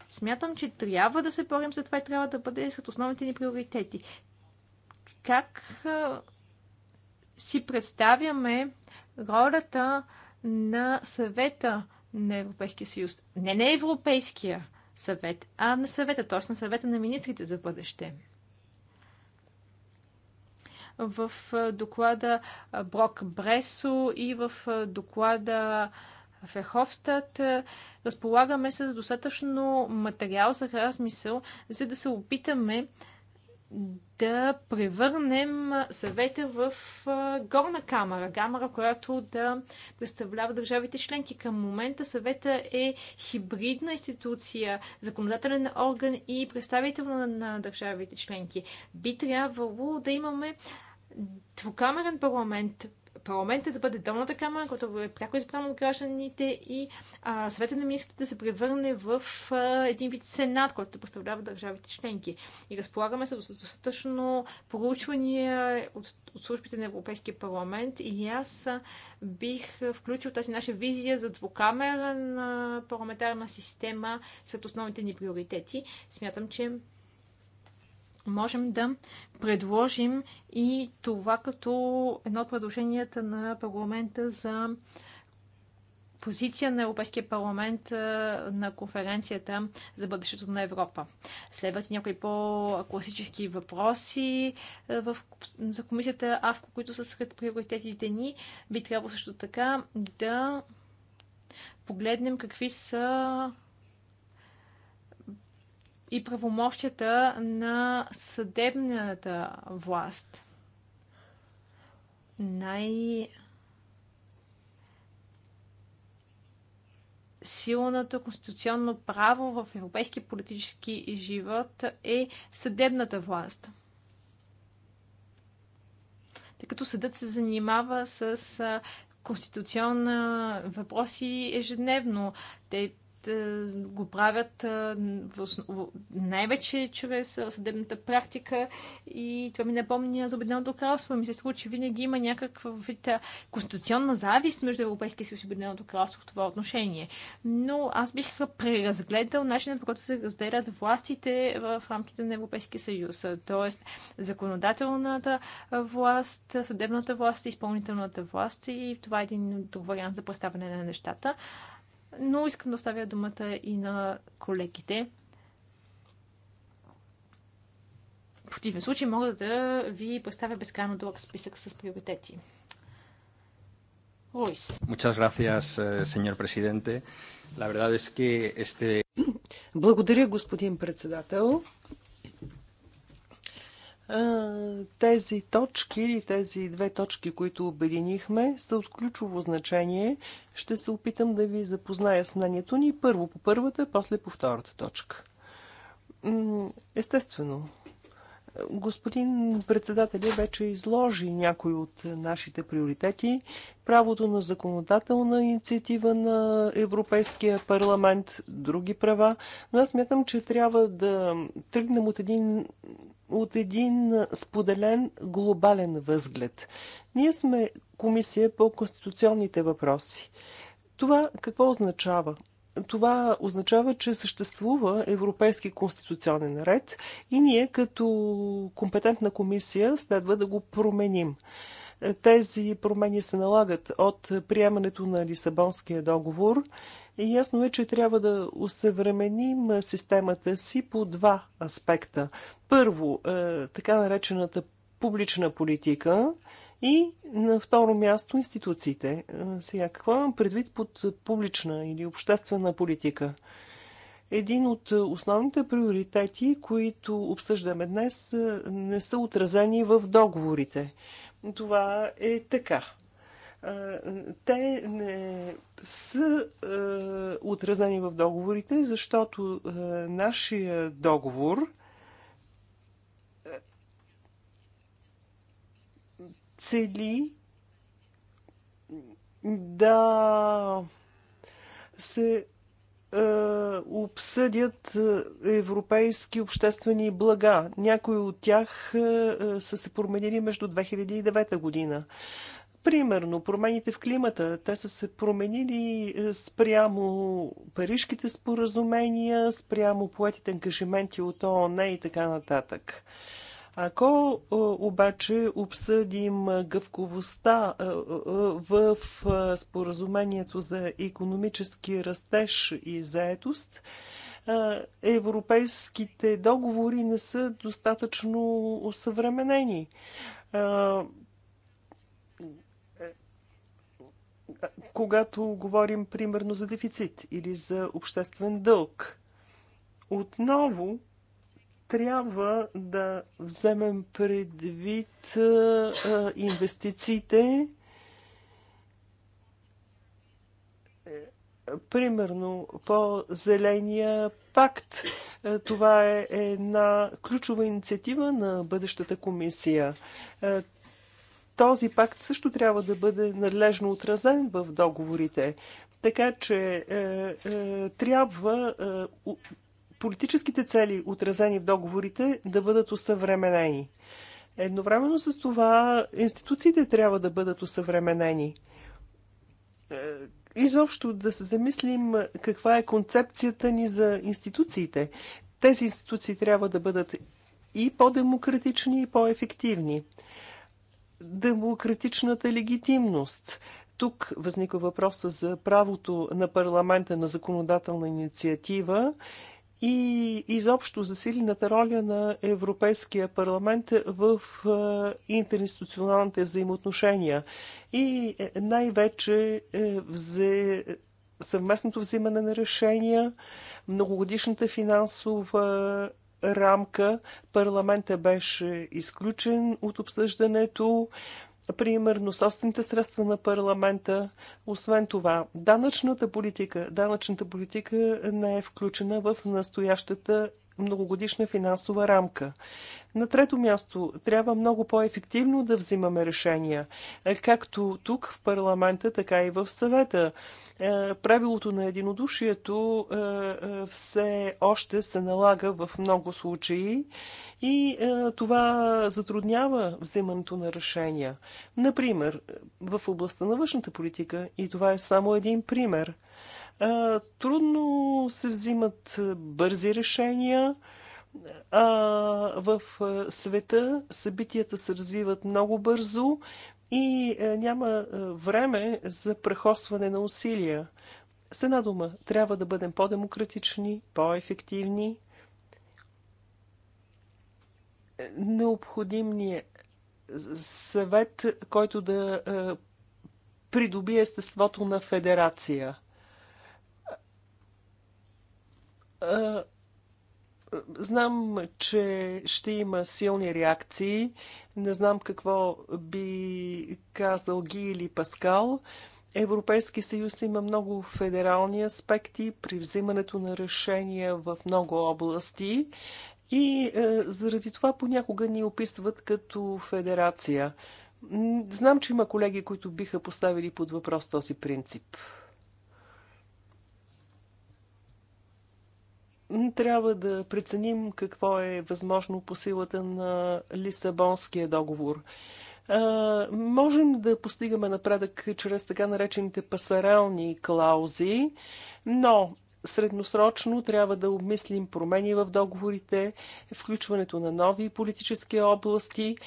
Смятам, че трябва да се борим за това и трябва да бъде сред основните ни приоритети. Как си представяме ролята на съвета на Европейския съюз? Не на Европейския съвет, а на съвета, т.е. на съвета на министрите за бъдеще в доклада Брок Бресо и в доклада Ферховстат, е, разполагаме с достатъчно материал за размисъл, за да се опитаме да превърнем съвета в е, горна камера, камера, която да представлява държавите членки. Към момента съвета е хибридна институция, законодателен орган и представител на държавите членки. Би трябвало да имаме двукамерен парламент, парламента да бъде долната камера, която е пряко избрана от гражданите и а, съвета на министрите да се превърне в а, един вид сенат, който да представлява държавите членки. И разполагаме се достатъчно проучвания от, от службите на Европейския парламент и аз бих включил тази наша визия за двукамера на парламентарна система сред основните ни приоритети. Смятам, че можем да предложим и това като едно от предложенията на парламента за позиция на Европейския парламент на конференцията за бъдещето на Европа. Следват и някои по-класически въпроси в, за комисията АВКО, които са сред приоритетите ни. Би трябвало също така да погледнем какви са и правомощията на съдебната власт. Най- силното конституционно право в европейски политически живот е съдебната власт. Тъй като съдът се занимава с конституционни въпроси ежедневно. Те е, го правят е, най-вече чрез е, съдебната практика и това ми напомня за Обединеното кралство. Ми се случи, че винаги има някаква вид конституционна завист между Европейския съюз и Обединеното кралство в това отношение. Но аз бих преразгледал начинът по който се разделят властите в рамките на Европейския съюз. Тоест законодателната власт, съдебната власт, изпълнителната власт и това е един друг вариант за представяне на нещата но искам да оставя думата и на колегите. В противен случай мога да ви представя безкрайно дълъг списък с приоритети. Луис. Muchas gracias, eh, señor presidente. La verdad es que este... Благодаря, господин председател. Тези точки или тези две точки, които обединихме, са от ключово значение. Ще се опитам да ви запозная с мнението ни първо по първата, после по втората точка. Естествено, господин председателя вече изложи някои от нашите приоритети. Правото на законодателна инициатива на Европейския парламент, други права. Но аз мятам, че трябва да тръгнем от един от един споделен глобален възглед. Ние сме комисия по конституционните въпроси. Това какво означава? Това означава, че съществува европейски конституционен ред и ние като компетентна комисия следва да го променим. Тези промени се налагат от приемането на Лисабонския договор – Ясно е, че трябва да усъвременим системата си по два аспекта. Първо, е, така наречената публична политика и на второ място институциите. Е, сега, какво имам предвид под публична или обществена политика? Един от основните приоритети, които обсъждаме днес, е, не са отразени в договорите. Това е така. Те не са е, отразени в договорите, защото е, нашия договор е, цели да се е, обсъдят е, европейски обществени блага. Някои от тях са се променили между 2009 година. Примерно, промените в климата, те са се променили е, спрямо парижките споразумения, спрямо поетите ангажименти от ООН и така нататък. Ако е, обаче обсъдим гъвковостта е, в споразумението за економически растеж и заетост, европейските договори не са достатъчно осъвременени. когато говорим примерно за дефицит или за обществен дълг. Отново трябва да вземем предвид инвестициите, примерно по Зеления пакт. Това е една ключова инициатива на бъдещата комисия. Този пакт също трябва да бъде надлежно отразен в договорите. Така че е, е, трябва е, политическите цели, отразени в договорите, да бъдат усъвременени. Едновременно с това институциите трябва да бъдат усъвременени. Е, изобщо да се замислим каква е концепцията ни за институциите. Тези институции трябва да бъдат и по-демократични, и по-ефективни демократичната легитимност. Тук възниква въпроса за правото на парламента на законодателна инициатива и изобщо засилената роля на Европейския парламент в интернационалните взаимоотношения и е, най-вече е, взе съвместното взимане на решения, многогодишната финансова рамка. Парламента беше изключен от обсъждането примерно собствените средства на парламента. Освен това, данъчната политика, данъчната политика не е включена в настоящата многогодишна финансова рамка. На трето място, трябва много по-ефективно да взимаме решения, е, както тук в парламента, така и в съвета. Е, правилото на единодушието е, все още се налага в много случаи и това затруднява взимането на решения. Например, в областта на външната политика, и това е само един пример – Трудно се взимат бързи решения. А, в света събитията се развиват много бързо и няма време за прехосване на усилия. С една дума, трябва да бъдем по-демократични, по-ефективни. Необходим ни е съвет, който да придобие естеството на федерация. Знам, че ще има силни реакции. Не знам какво би казал Ги или Паскал. Европейски съюз има много федерални аспекти при взимането на решения в много области и е, заради това понякога ни описват като федерация. Знам, че има колеги, които биха поставили под въпрос този принцип. трябва да преценим какво е възможно по силата на Лисабонския договор. Можем да постигаме напредък чрез така наречените пасарални клаузи, но средносрочно трябва да обмислим промени в договорите, включването на нови политически области,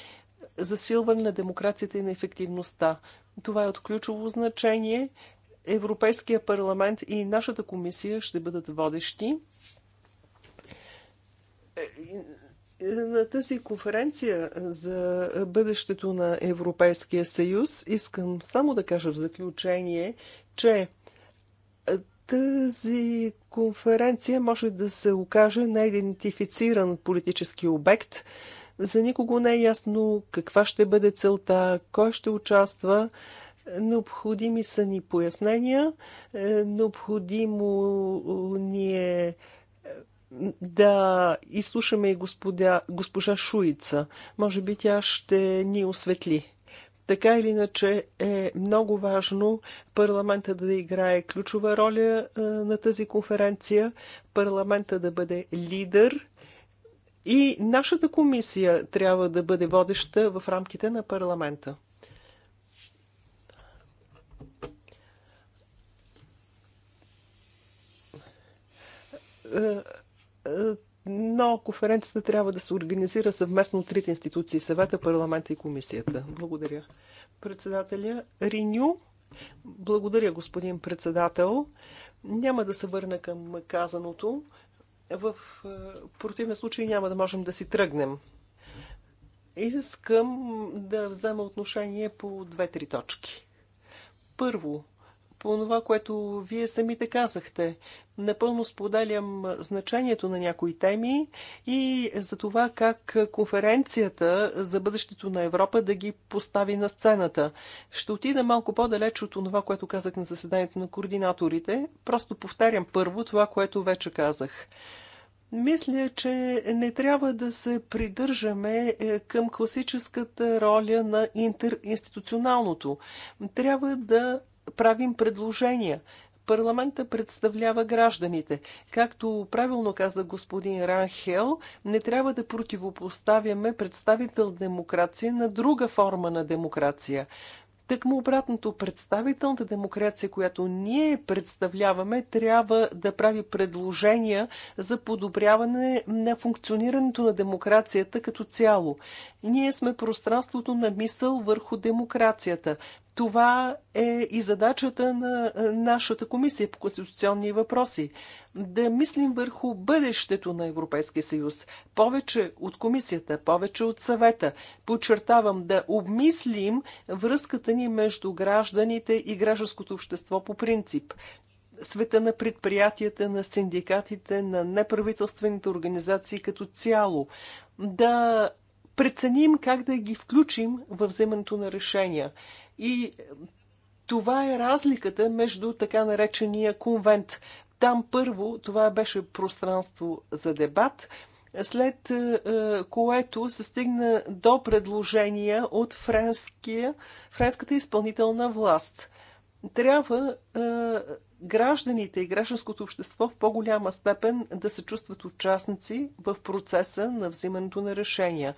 засилване на демокрацията и на ефективността. Това е от ключово значение. Европейския парламент и нашата комисия ще бъдат водещи. Е, е, на тази конференция за бъдещето на Европейския съюз искам само да кажа в заключение, че е, тази конференция може да се окаже на идентифициран политически обект. За никого не е ясно каква ще бъде целта, кой ще участва. Необходими са ни пояснения, необходимо ни е да изслушаме и господя, госпожа Шуица. Може би тя ще ни осветли. Така или иначе е много важно парламента да играе ключова роля е, на тази конференция, парламента да бъде лидер и нашата комисия трябва да бъде водеща в рамките на парламента. Uh но конференцията трябва да се организира съвместно от трите институции съвета, парламента и комисията. Благодаря. Председателя Риню. Благодаря, господин председател. Няма да се върна към казаното. В е, противен случай няма да можем да си тръгнем. Искам да взема отношение по две-три точки. Първо, по това, което вие самите казахте. Напълно споделям значението на някои теми и за това как конференцията за бъдещето на Европа да ги постави на сцената. Ще отида малко по-далеч от това, което казах на заседанието на координаторите. Просто повтарям първо това, което вече казах. Мисля, че не трябва да се придържаме е, към класическата роля на интеринституционалното. Трябва да правим предложения. Парламента представлява гражданите. Както правилно каза господин Ранхел, не трябва да противопоставяме представител демокрация на друга форма на демокрация. Тъкмо обратното, представителната демокрация, която ние представляваме, трябва да прави предложения за подобряване на функционирането на демокрацията като цяло. Ние сме пространството на мисъл върху демокрацията. Това е и задачата на е, нашата комисия по конституционни въпроси. Да мислим върху бъдещето на Европейския съюз. Повече от комисията, повече от съвета. Подчертавам да обмислим връзката ни между гражданите и гражданското общество по принцип света на предприятията, на синдикатите, на неправителствените организации като цяло. Да преценим как да ги включим във вземането на решения. И това е разликата между така наречения конвент. Там първо това беше пространство за дебат, след е, е, което се стигна до предложения от френския, френската изпълнителна власт. Трябва е, гражданите и гражданското общество в по-голяма степен да се чувстват участници в процеса на взимането на решения.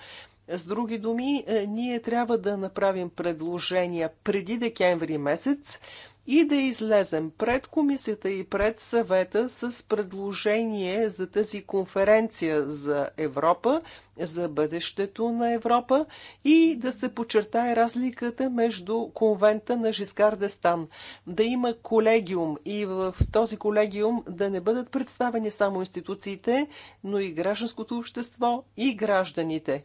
С други думи, е, ние трябва да направим предложения преди декември месец и да излезем пред комисията и пред съвета с предложение за тази конференция за Европа, за бъдещето на Европа и да се подчертае разликата между конвента на Жискар Дестан. Да има колегиум и в този колегиум да не бъдат представени само институциите, но и гражданското общество и гражданите.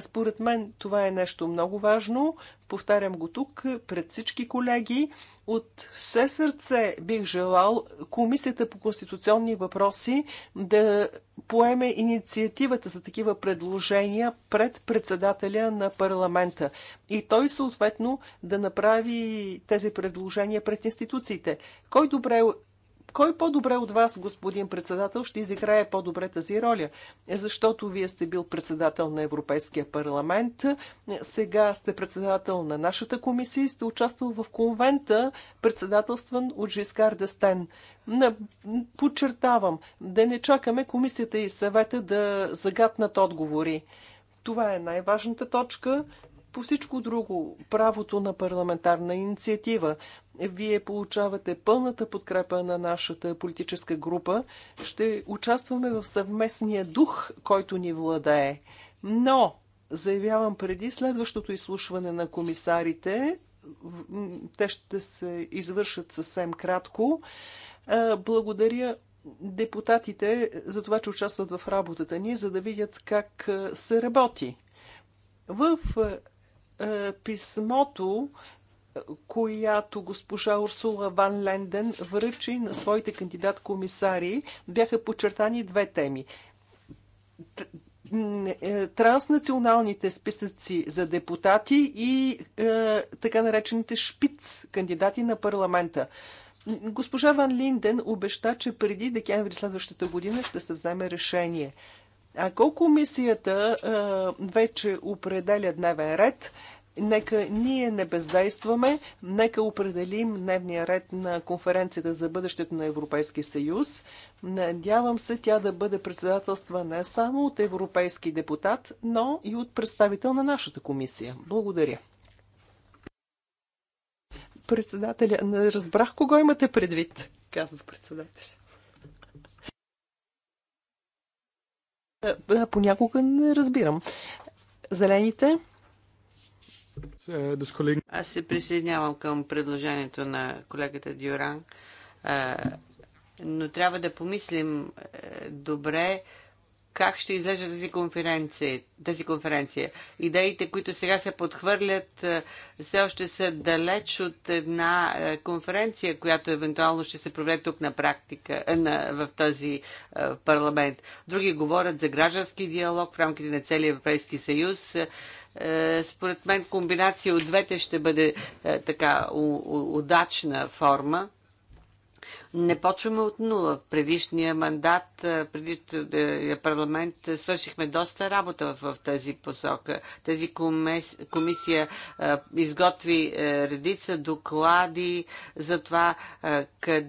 Според мен това е нещо много важно. Повтарям го тук пред всички колеги. От все сърце бих желал Комисията по конституционни въпроси да поеме инициативата за такива предложения пред председателя на парламента. И той съответно да направи тези предложения пред институциите. Кой добре кой е по-добре от вас, господин председател, ще изиграе по-добре тази роля? Е, защото вие сте бил председател на Европейския парламент, е, сега сте председател на нашата комисия и сте участвал в конвента, председателстван от Жискар Дестен. Подчертавам, да не чакаме комисията и съвета да загатнат отговори. Това е най-важната точка. По всичко друго, правото на парламентарна инициатива, вие получавате пълната подкрепа на нашата политическа група. Ще участваме в съвместния дух, който ни владее. Но, заявявам преди следващото изслушване на комисарите, те ще се извършат съвсем кратко. Благодаря депутатите за това, че участват в работата ни, за да видят как се работи. В е, писмото, която госпожа Урсула Ван Ленден връчи на своите кандидат-комисари, бяха подчертани две теми. Е, транснационалните списъци за депутати и е, така наречените шпиц кандидати на парламента. Госпожа Ван Линден обеща, че преди декември следващата година ще се вземе решение. Ако комисията е, вече определя дневен ред, е, Нека ние не бездействаме, нека определим дневния ред на конференцията за бъдещето на Европейския съюз. Надявам се тя да бъде председателства не само от европейски депутат, но и от представител на нашата комисия. Благодаря. Председателя, не разбрах кого имате предвид, казва председателя. Е, е, понякога не разбирам. Зелените. Аз се присъединявам към предложението на колегата Дюран, но трябва да помислим добре как ще излежа тази конференция, тази конференция. Идеите, които сега се подхвърлят, все още са далеч от една конференция, която евентуално ще се проведе тук на практика, на, в този в парламент. Други говорят за граждански диалог в рамките на целия Европейски съюз. Е, според мен комбинация от двете ще бъде е, така удачна форма. Не почваме от нула. В предишния мандат, е, предишния парламент, свършихме доста работа в тази посока. Тази комисия изготви редица доклади за това как,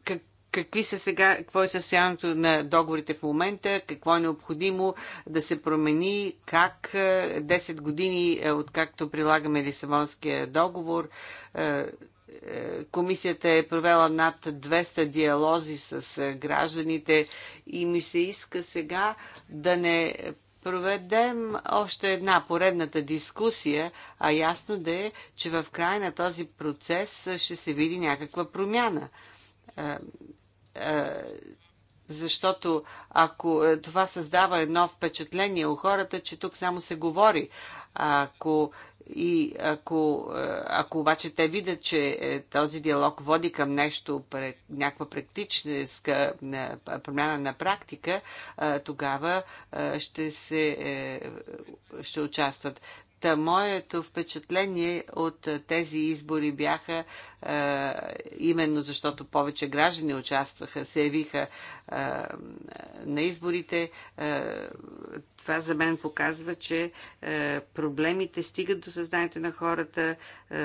как какви са сега, какво е състоянието на договорите в момента, какво е необходимо да се промени, как 10 е, години, е, откакто прилагаме Лисабонския договор, е, Комисията е провела над 200 диалози с гражданите и ми се иска сега да не проведем още една поредната дискусия, а ясно да е, че в края на този процес ще се види някаква промяна е, защото ако е, това създава едно впечатление у хората, че тук само се говори, ако и ако, е, ако обаче те видят, че този диалог води към нещо, някаква практическа промяна на практика, тогава ще, се, ще участват. Та моето впечатление от тези избори бяха е, именно защото повече граждани участваха, се явиха е, на изборите. Е, това за мен показва, че е, проблемите стигат до съзнанието на хората. Е,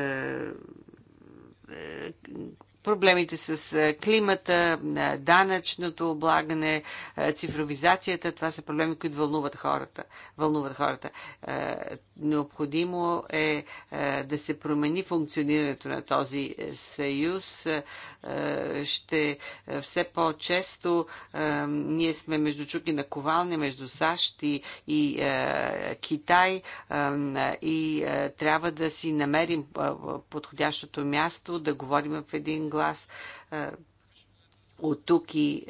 е проблемите с е, климата, е, данъчното облагане, е, цифровизацията, това са проблеми, които вълнуват хората. Вълнуват хората. Необходимо е, е да се промени функционирането на този е, съюз. Е, ще все по-често ние сме между чуки на ковални, между САЩ и, и Китай и трябва да си намерим подходящото място, да говорим в един глас от тук и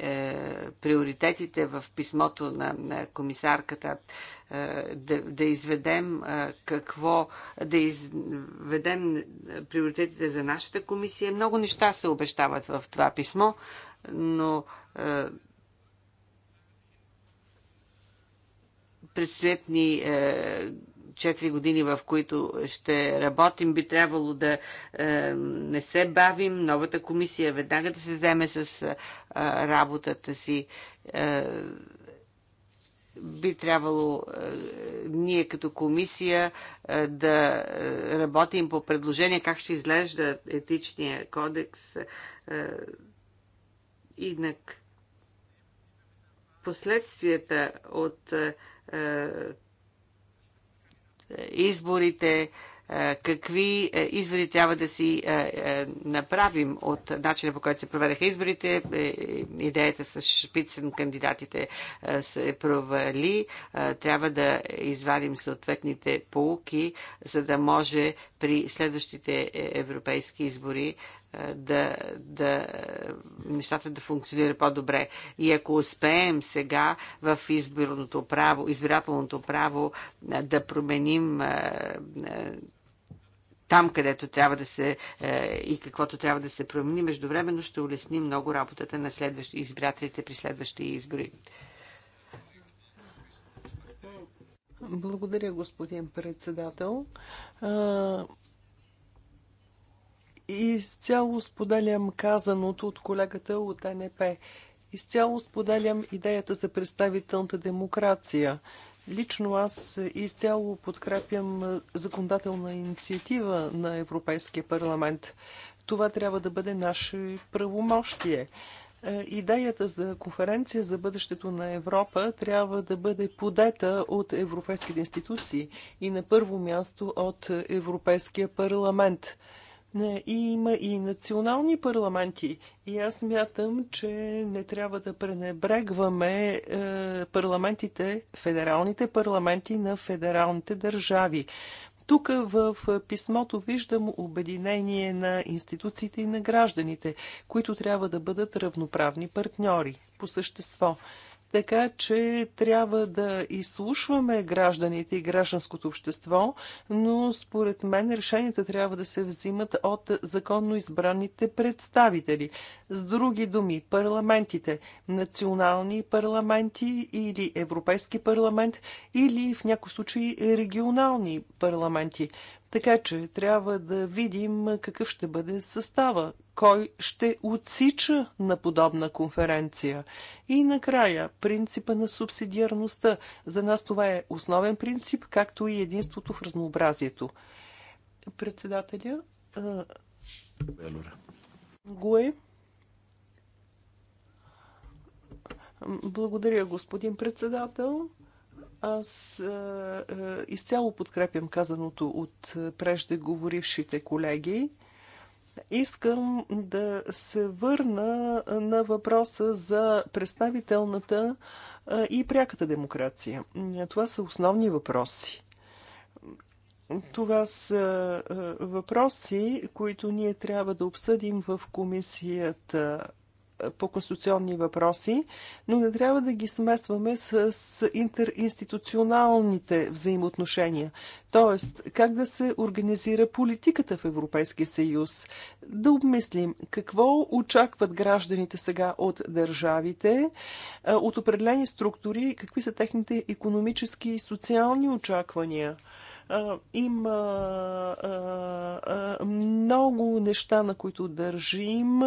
приоритетите в писмото на комисарката е, да, да изведем е, какво, да изведем приоритетите за нашата комисия. Много неща се обещават в това писмо, но е, предстоят ни 4 години, в които ще работим, би трябвало да е, не се бавим. Новата комисия веднага да се вземе с е, работата си. Е, би трябвало е, ние като комисия е, да е, работим по предложение как ще изглежда етичния кодекс е, и на последствията от е, е, изборите е, какви е, изводи трябва да си е, направим от начина по който се проведаха изборите. Идеята с шпицен кандидатите се провали. Трябва да извадим съответните полуки, за да може при следващите европейски избори да, да, нещата да функционира по-добре. И ако успеем сега в изборното право, избирателното право да променим там, където трябва да се е, и каквото трябва да се промени, междувременно ще улесни много работата на следващите избирателите при следващи избори. Благодаря, господин председател. Изцяло споделям казаното от колегата от НП. Изцяло споделям идеята за представителната демокрация. Лично аз изцяло подкрепям законодателна инициатива на Европейския парламент. Това трябва да бъде наше правомощие. Идеята за конференция за бъдещето на Европа трябва да бъде подета от европейските институции и на първо място от Европейския парламент. И има и национални парламенти. И аз мятам, че не трябва да пренебрегваме е, парламентите, федералните парламенти на федералните държави. Тук в писмото виждам обединение на институциите и на гражданите, които трябва да бъдат равноправни партньори по същество. Така че трябва да изслушваме гражданите и гражданското общество, но според мен решенията трябва да се взимат от законно избраните представители. С други думи, парламентите, национални парламенти или Европейски парламент или в някои случаи регионални парламенти. Така че трябва да видим какъв ще бъде състава, кой ще отсича на подобна конференция. И накрая, принципа на субсидиарността. За нас това е основен принцип, както и единството в разнообразието. Председателя. Велора. Гуе. Благодаря, господин председател. Аз а, е, а, е, изцяло подкрепям казаното от преждеговорившите колеги. Искам да се върна на въпроса за представителната е, и пряката демокрация. Това са основни въпроси. Това са въпроси, които ние трябва да обсъдим в комисията по конституционни въпроси, но не трябва да ги смесваме с, с интеринституционалните взаимоотношения. Тоест, как да се организира политиката в Европейския съюз, да обмислим какво очакват гражданите сега от държавите, от определени структури, какви са техните економически и социални очаквания – има много неща, на които държим.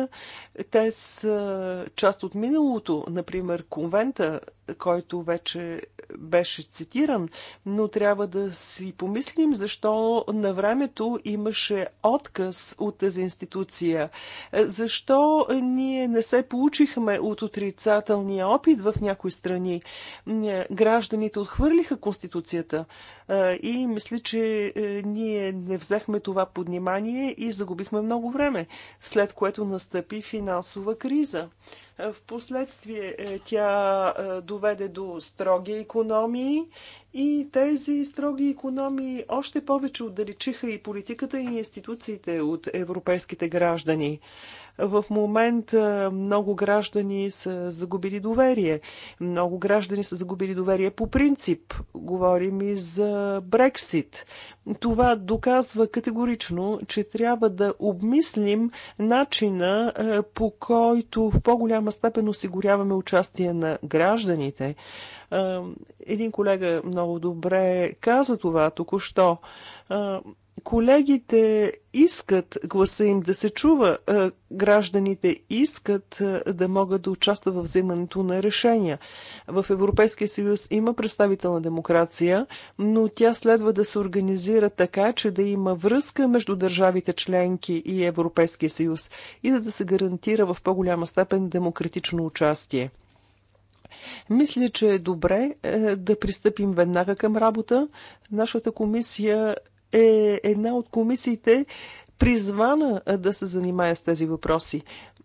Те са част от миналото, например, конвента който вече беше цитиран, но трябва да си помислим защо на времето имаше отказ от тази институция. Защо ние не се получихме от отрицателния опит в някои страни? Гражданите отхвърлиха Конституцията и мисля, че е, ние не взехме това под внимание и загубихме много време, след което настъпи финансова криза. В последствие е, тя е, доведе до строги економии и тези строги економии още повече отдалечиха и политиката и институциите от европейските граждани. В момента много граждани са загубили доверие. Много граждани са загубили доверие по принцип. Говорим и за Брексит. Това доказва категорично, че трябва да обмислим начина по който в по-голяма степен осигуряваме участие на гражданите. Един колега много добре каза това току-що Колегите искат гласа им да се чува, гражданите искат да могат да участват в вземането на решения. В Европейския съюз има представителна демокрация, но тя следва да се организира така, че да има връзка между държавите членки и Европейския съюз и да се гарантира в по-голяма степен демократично участие. Мисля, че е добре е, да пристъпим веднага към работа. Нашата комисия е една от комисиите призвана да се занимае с тези въпроси.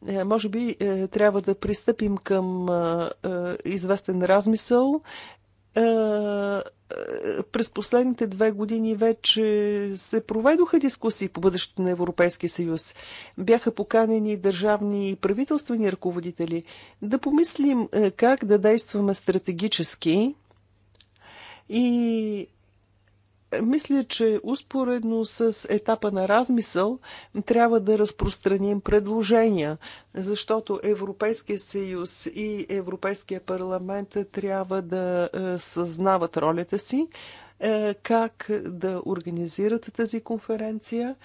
Е, може би е, трябва да пристъпим към известен размисъл е, през последните две години вече се проведоха дискусии по бъдещето на Европейския съюз. Бяха поканени държавни и правителствени ръководители да помислим как да действаме стратегически и мисля, че успоредно с етапа на размисъл трябва да разпространим предложения, защото Европейския съюз и Европейския парламент трябва да е, съзнават ролята си, е, как да организират тази конференция.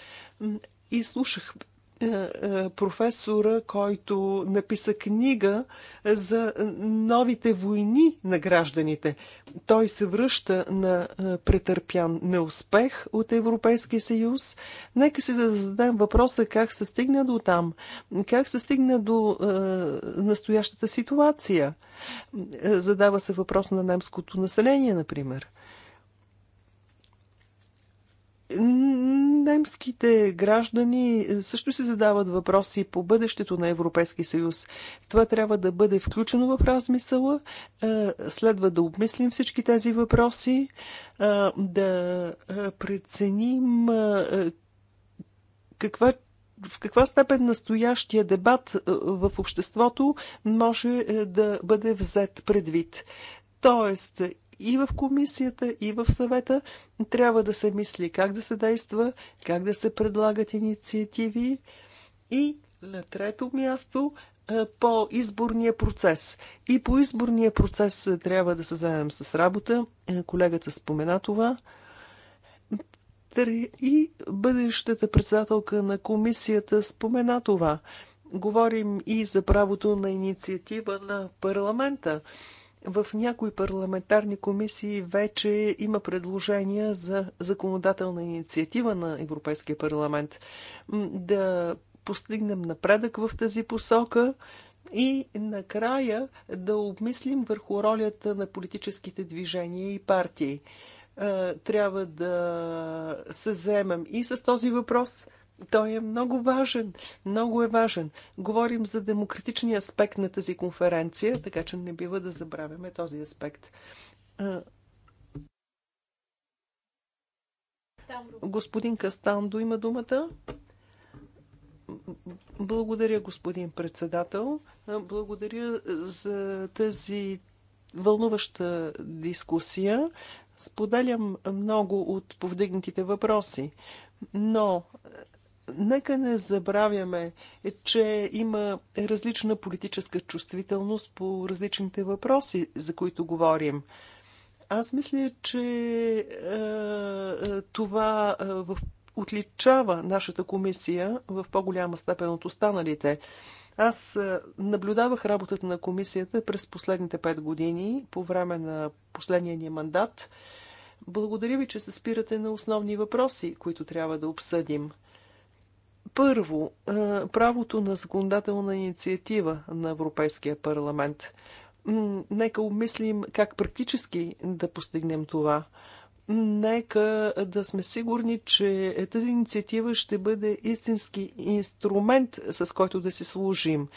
И слушах е, е, професора, който написа книга за новите войни на гражданите. Той се връща на е, претърпян неуспех от Европейския съюз. Нека си да зададем въпроса как се стигна до там, как се стигна до е, настоящата ситуация. Задава се въпрос на немското население, например – Немските граждани също се задават въпроси по бъдещето на Европейски съюз. Това трябва да бъде включено в размисъла. Е, следва да обмислим всички тези въпроси, е, да е, преценим каква в каква степен настоящия дебат в обществото може да бъде взет предвид. Тоест, и в комисията, и в съвета трябва да се мисли как да се действа, как да се предлагат инициативи и на трето място е, по изборния процес. И по изборния процес е, трябва да се заемем с работа. Е, колегата спомена това. И бъдещата председателка на комисията спомена това. Говорим и за правото на инициатива на парламента. В някои парламентарни комисии вече има предложения за законодателна инициатива на Европейския парламент да постигнем напредък в тази посока и накрая да обмислим върху ролята на политическите движения и партии. Е, трябва да се заемем и с този въпрос – той е много важен. Много е важен. Говорим за демократичния аспект на тази конференция, така че не бива да забравяме този аспект. Господин Кастандо има думата. Благодаря, господин председател. Благодаря за тази вълнуваща дискусия. Споделям много от повдигнатите въпроси, но Нека не забравяме, че има различна политическа чувствителност по различните въпроси, за които говорим. Аз мисля, че е, е това е, в, отличава нашата комисия в по-голяма степен от останалите. Аз е, наблюдавах работата на комисията през последните пет години, по време на последния ни мандат. Благодаря ви, че се спирате на основни въпроси, които трябва да обсъдим. Първо, е, правото на законодателна инициатива на Европейския парламент. Нека обмислим как практически да постигнем това. Нека да сме сигурни, че тази инициатива ще бъде истински инструмент, с който да си служим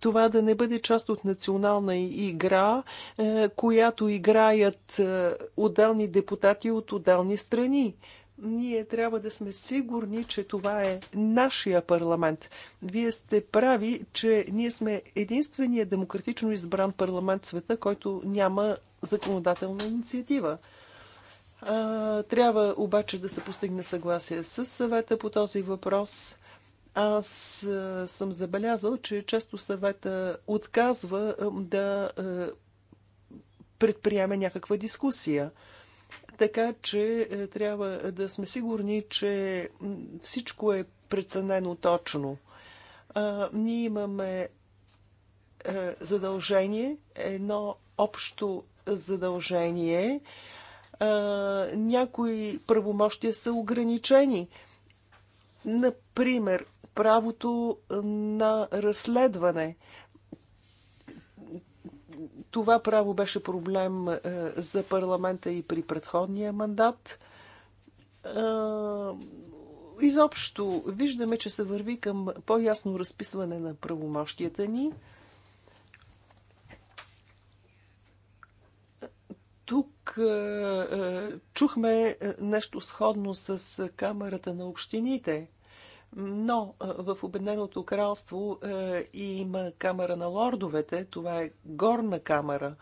това да не бъде част от национална игра, е, която играят е, отделни депутати от отделни страни ние трябва да сме сигурни, че това е нашия парламент. Вие сте прави, че ние сме единствения демократично избран парламент в света, който няма законодателна инициатива. Трябва обаче да се постигне съгласие с съвета по този въпрос. Аз съм забелязал, че често съвета отказва да предприеме някаква дискусия така че е, трябва е, да сме сигурни, че всичко е преценено точно. Ние имаме е, задължение, едно общо задължение. Някои правомощия са ограничени. Например, правото на разследване това право беше проблем е, за парламента и при предходния мандат. Е, изобщо виждаме, че се върви към по-ясно разписване на правомощията ни. тук е, чухме нещо сходно с Камерата на общините. Но в Обединеното кралство има камера на лордовете, това е горна камера.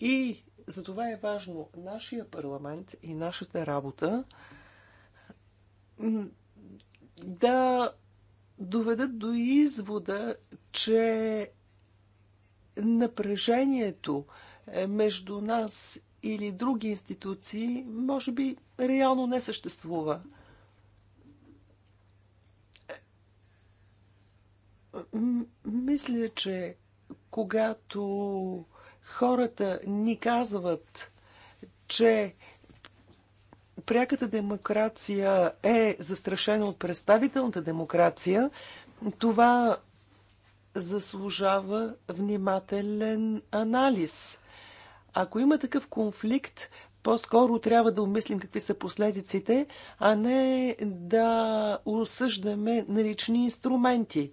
И за това е важно нашия парламент и нашата работа да доведат до извода, че напрежението е, между нас или други институции може би реално не съществува. Мисля, че когато хората ни казват, че пряката демокрация е застрашена от представителната демокрация, това заслужава внимателен анализ. Ако има такъв конфликт, по-скоро трябва да умислим какви са последиците, а не да осъждаме налични инструменти.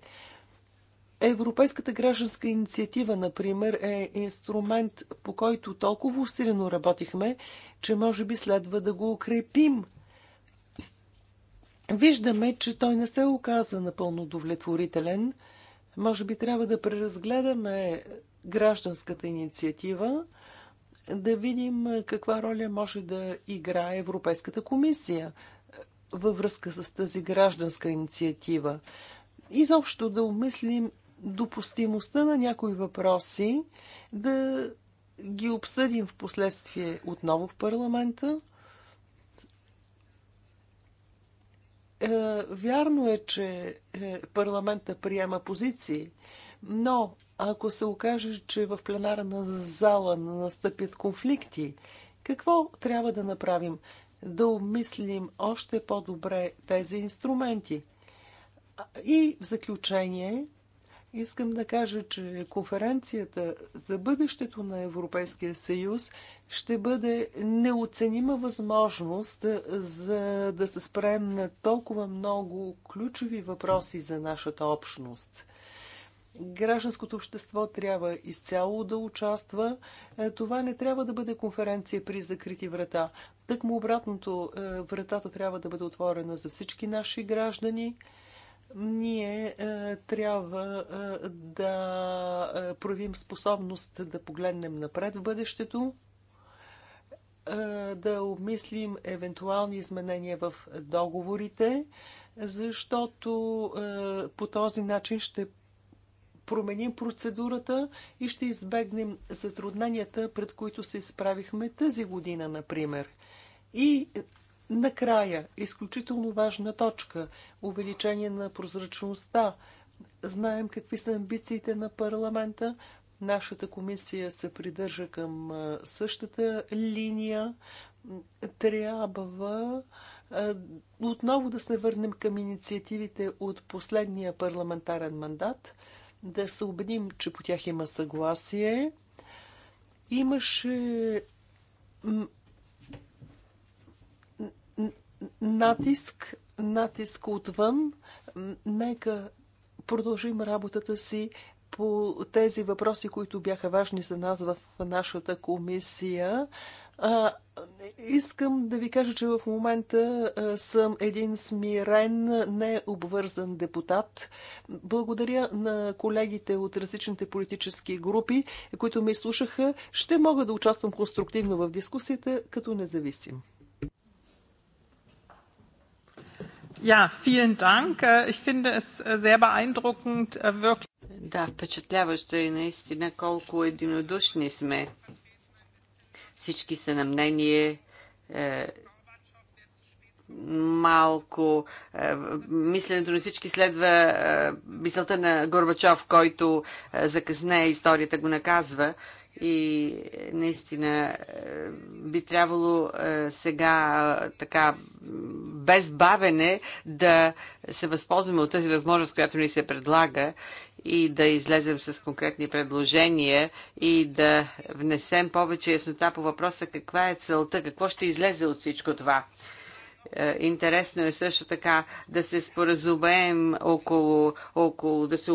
Европейската гражданска инициатива, например, е инструмент, по който толкова усилено работихме, че може би следва да го укрепим. Виждаме, че той не се оказа напълно удовлетворителен. Може би трябва да преразгледаме гражданската инициатива, да видим каква роля може да играе Европейската комисия във връзка с тази гражданска инициатива. Изобщо да умислим допустимостта на някои въпроси, да ги обсъдим в последствие отново в парламента. Е, вярно е, че е, парламента приема позиции, но ако се окаже, че в пленарна зала настъпят конфликти, какво трябва да направим? Да обмислим още по-добре тези инструменти. И в заключение, Искам да кажа, че конференцията за бъдещето на Европейския съюз ще бъде неоценима възможност за да се спрем на толкова много ключови въпроси за нашата общност. Гражданското общество трябва изцяло да участва. Е, това не трябва да бъде конференция при закрити врата. Тъкмо обратното, е, вратата трябва да бъде отворена за всички наши граждани – ние е, трябва е, да е, проявим способност да погледнем напред в бъдещето, е, да обмислим евентуални изменения в договорите, защото е, по този начин ще променим процедурата и ще избегнем затрудненията, пред които се изправихме тази година, например. И Накрая, изключително важна точка – увеличение на прозрачността. Знаем какви са амбициите на парламента. Нашата комисия се придържа към същата линия. Трябва отново да се върнем към инициативите от последния парламентарен мандат, да се убедим, че по тях има съгласие. Имаше натиск, натиск отвън. Нека продължим работата си по тези въпроси, които бяха важни за нас в нашата комисия. А, искам да ви кажа, че в момента а, съм един смирен, необвързан депутат. Благодаря на колегите от различните политически групи, които ме слушаха. Ще мога да участвам конструктивно в дискусията като независим. Ja, vielen Dank. Äh, ich finde es äh, sehr beeindruckend, äh, wirklich. Да, впечатляващо е наистина колко единодушни сме. Всички са на мнение, е, малко. Е, мисленето на всички следва е, мисълта на Горбачов, който е, закъсне, историята го наказва и е, наистина е, би трябвало е, сега така без бавене да се възползваме от тази възможност, която ни се предлага и да излезем с конкретни предложения и да внесем повече яснота по въпроса каква е целта, какво ще излезе от всичко това. Е, интересно е също така да се споразумеем около, около да се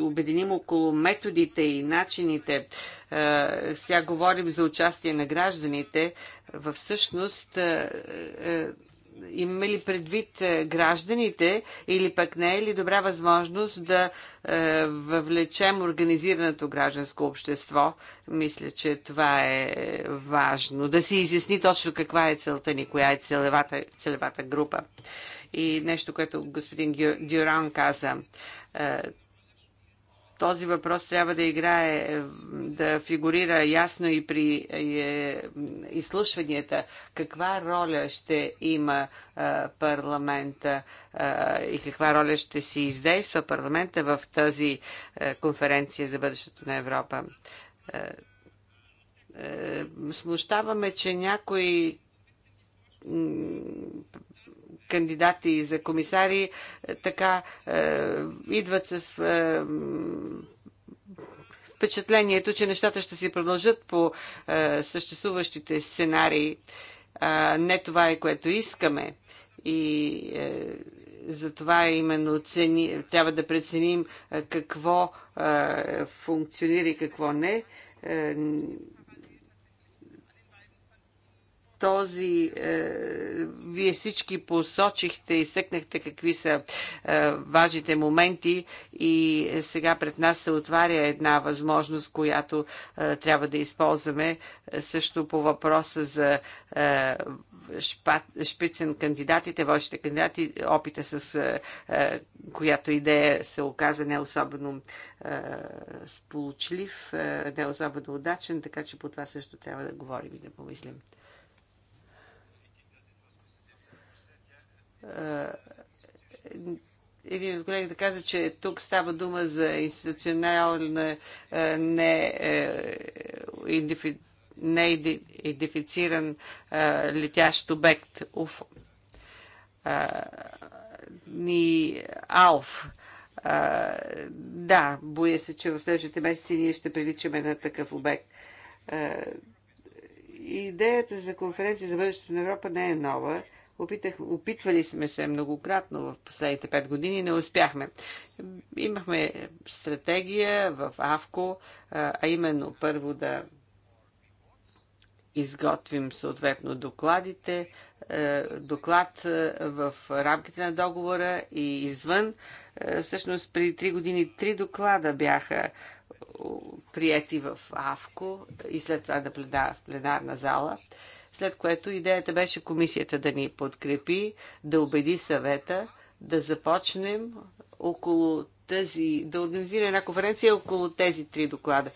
обединим около методите и начините. Е, сега говорим за участие на гражданите. Всъщност е, имаме ли предвид е, гражданите или пък не е ли добра възможност да е, въвлечем организираното гражданско общество? Мисля, че това е важно. Да се изясни точно каква е целта ни, коя е целевата, целевата група. И нещо, което господин Дюран каза е, този въпрос трябва да играе, е, да фигурира ясно и при е, изслушванията. Каква роля ще има е, парламента и каква роля ще си издейства парламента в тази конференция за бъдещето на Европа? Смущаваме, че някои кандидати за комисари е, така е, идват с е, впечатлението, че нещата ще си продължат по съществуващите сценарии. Не това е което искаме. И затова именно цени, трябва да преценим какво функционира и какво не този, е, вие всички посочихте и съкнахте какви са е, важните моменти и сега пред нас се отваря една възможност, която е, трябва да използваме е, също по въпроса за е, шпат, шпицен кандидатите, вашите кандидати, опита с е, е, която идея се оказа не особено е, сполучлив, е, не особено удачен, така че по това също трябва да говорим и да помислим. Е, един от колегите каза, че тук става дума за институционална е, не, е, не идентифициран летящ обект УФО. Ни АЛФ. Да, боя се, че в следващите месеци ние ще приличаме на такъв обект. Идеята за конференция за бъдещето на Европа не е нова Опитах, опитвали сме се многократно в последните пет години, не успяхме. Имахме стратегия в АВКО, а именно първо да изготвим съответно докладите, е, доклад е, в рамките на договора и извън. Е, всъщност преди три години три доклада бяха прияти в АВКО и след това да пледа в пленарна зала след което идеята беше комисията да ни подкрепи, да убеди съвета, да започнем около тази, да организира една конференция около тези три доклада.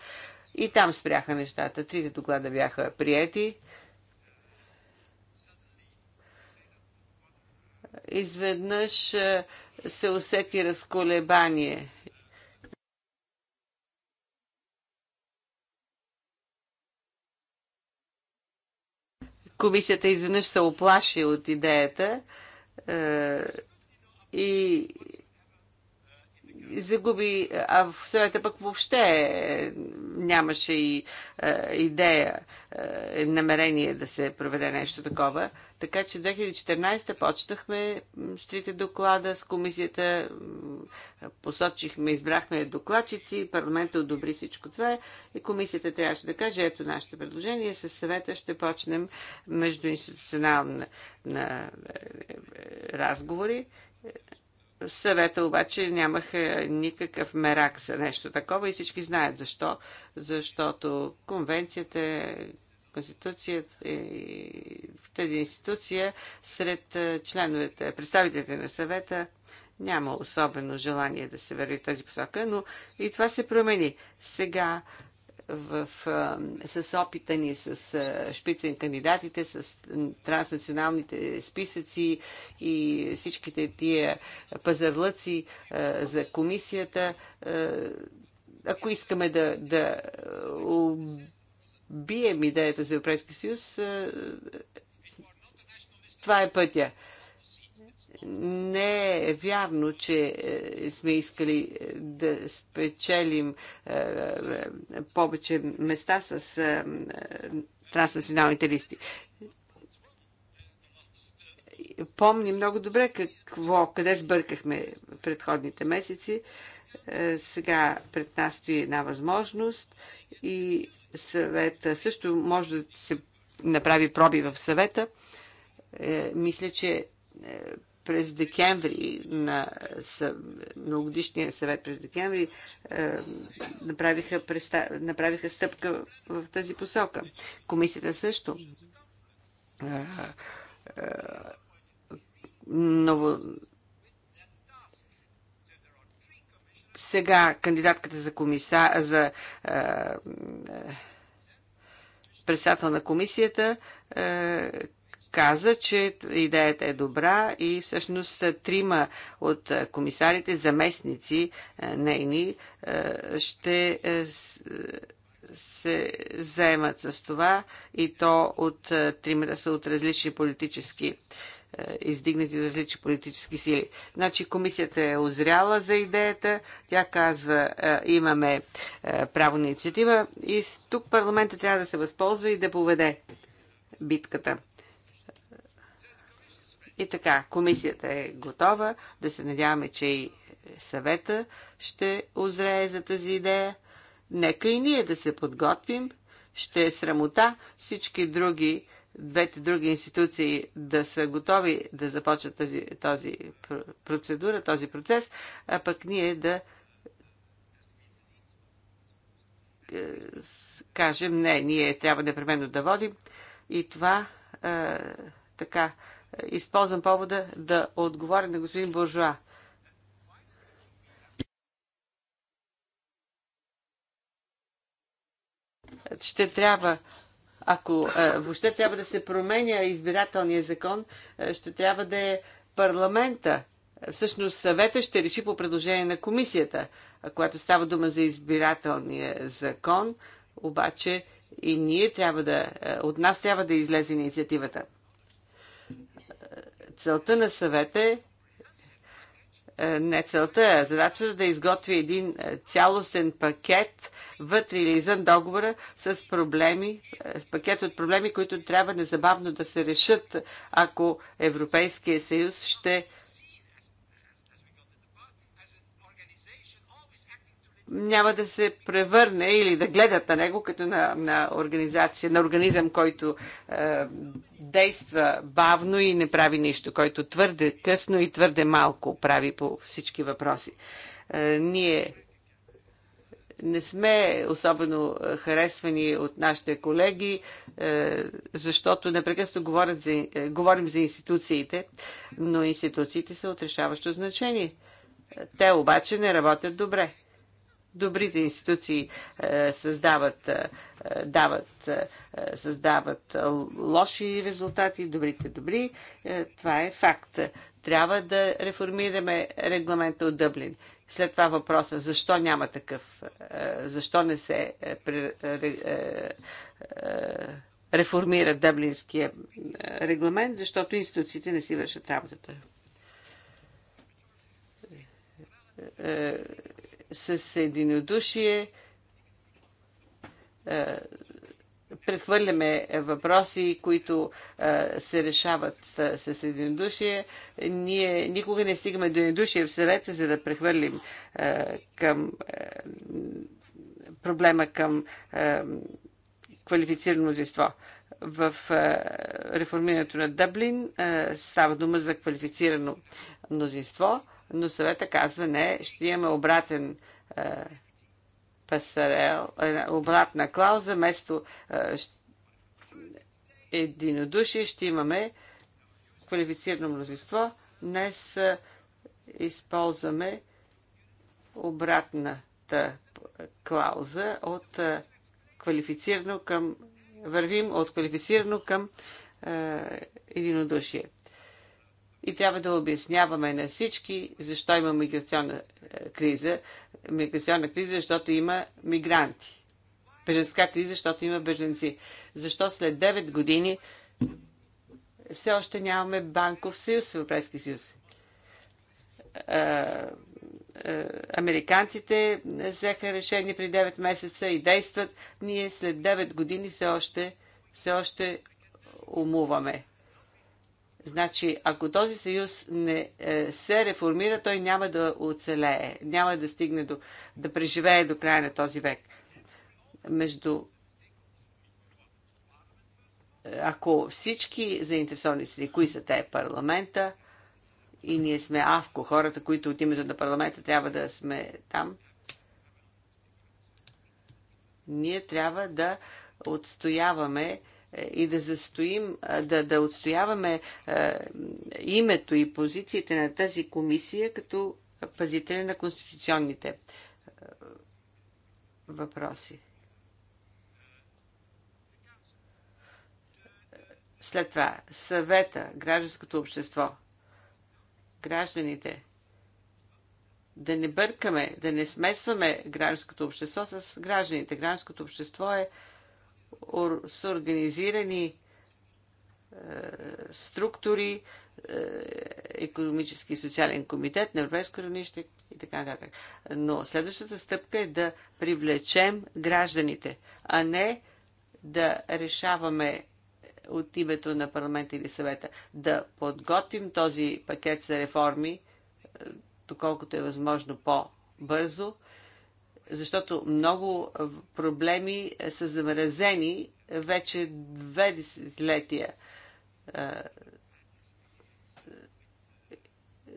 И там спряха нещата. Трите доклада бяха приети. Изведнъж е, се усети разколебание Комисията изведнъж се оплаши от идеята е, и загуби, а в съвета пък въобще нямаше и е, идея, е, намерение да се проведе нещо такова. Така че 2014 почнахме с трите доклада с комисията, посочихме, избрахме докладчици, парламента одобри всичко това и комисията трябваше да каже, ето нашите предложения, с съвета ще почнем междуинституционални е, разговори Съвета обаче нямаха никакъв мерак за нещо такова и всички знаят защо. Защото конвенцията, конституцията и в тази институция сред членовете, представителите на съвета няма особено желание да се върви в тази посока, но и това се промени. Сега в, с опита ни с шпицен кандидатите, с транснационалните списъци и всичките тия пазарлъци за комисията. Ако искаме да, да убием идеята за Европейски съюз, това е пътя не е вярно, че е, сме искали е, да спечелим е, повече места с транснационалните листи помни много добре какво, къде сбъркахме предходните месеци. Сега пред нас стои една възможност и съвета също може да се направи проби в съвета. Мисля, че през декември на многодишния съвет през декември е, направиха, направиха стъпка в тази посока. Комисията също е, е, ново... Сега кандидатката за комиса, за е, е, председател на комисията е, каза, че идеята е добра и всъщност трима от комисарите, заместници е, нейни, е, ще е, се заемат с това и то от тримата са от различни политически издигнати от различни политически сили. Значи комисията е озряла за идеята, тя казва имаме право на инициатива и тук парламента трябва да се възползва и да поведе битката. И така, комисията е готова да се надяваме, че и съвета ще озрее за тази идея. Нека и ние да се подготвим. Ще е срамота всички други, двете други институции да са готови да започнат тази, тази процедура, този процес, а пък ние да е, кажем не, ние трябва непременно да водим. И това е, така използвам повода да отговоря на господин Буржуа. Ще трябва ако е, въобще трябва да се променя избирателния закон, е, ще трябва да е парламента. Всъщност съвета ще реши по предложение на комисията, която става дума за избирателния закон, обаче и ние трябва да, е, от нас трябва да излезе инициативата. Целта на съвета е, е не целта, а задачата да изготви един е, цялостен пакет вътре или извън договора с проблеми, е, пакет от проблеми, които трябва незабавно да се решат, ако Европейския съюз ще няма да се превърне или да гледат на него като на, на организация, на организъм, който е, действа бавно и не прави нищо, който твърде късно и твърде малко прави по всички въпроси. Е, ние не сме особено харесвани от нашите колеги, е, защото непрекъсно говорят за, е, говорим за институциите, но институциите са отрешаващо значение. Те обаче не работят добре. Добрите институции е, създават, е, дават, е, създават лоши резултати, добрите добри. това е факт. Трябва да реформираме регламента от Дъблин. След това въпроса, защо няма такъв, защо не се реформира Дъблинския регламент, защото институциите не си вършат работата с единодушие е, прехвърляме въпроси, които а, е, се решават а, е, с единодушие. Ние никога не стигаме до единодушие в съвета, за да прехвърлим а, към а, проблема към а, квалифицирано мнозинство. В а, реформирането на Дъблин а, става дума за квалифицирано мнозинство. А, но съвета казва не, ще имаме обратен е, пасарел, е, обратна клауза, вместо е, единодушие ще имаме квалифицирано мнозинство. Днес е, използваме обратната клауза от е, квалифицирано към вървим от квалифицирано към е, единодушие и трябва да обясняваме на всички защо има миграционна е, криза. Миграционна криза, защото има мигранти. Беженска криза, защото има беженци. Защо след 9 години все още нямаме банков съюз в Европейския съюз? Е, е, американците взеха решение при 9 месеца и действат. Ние след 9 години все още, все още умуваме Значи, ако този съюз не е, се реформира, той няма да оцелее, няма да стигне до, да преживее до края на този век. Между е, ако всички заинтересовани страни, кои са те, парламента, и ние сме авко, хората, които от името на парламента трябва да сме там, ние трябва да отстояваме и да застоим, да, да отстояваме името и позициите на тази комисия като пазители на конституционните въпроси. След това съвета, гражданското общество, гражданите. Да не бъркаме, да не смесваме гражданското общество с гражданите. Гражданското общество е с организирани е, структури, е, економически и социален комитет на европейско равнище и така нататък. Но следващата стъпка е да привлечем гражданите, а не да решаваме от името на парламента или съвета да подготвим този пакет за реформи, е, доколкото е възможно по-бързо, защото много проблеми са замразени вече две десетилетия,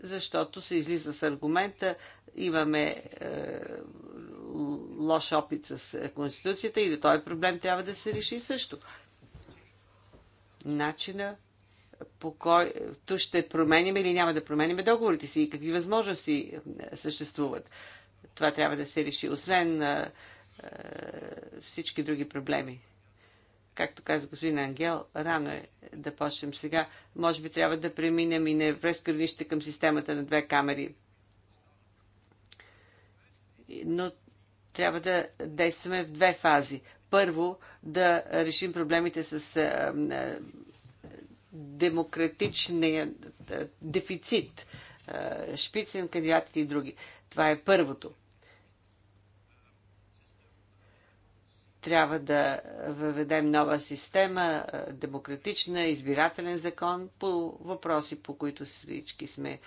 защото се излиза с аргумента, имаме лош опит с Конституцията и този проблем трябва да се реши също. Начина по който ще променим или няма да променим договорите си и какви възможности съществуват това трябва да се реши, освен а, всички други проблеми. Както каза господин Ангел, рано е да почнем сега. Може би трябва да преминем и не през равнище към системата на две камери. Но трябва да действаме в две фази. Първо, да решим проблемите с а, а, демократичния дефицит, шпицин кандидатите и други. Това е първото. Трябва да въведем нова система, е, демократична, избирателен закон по въпроси, по които всички сме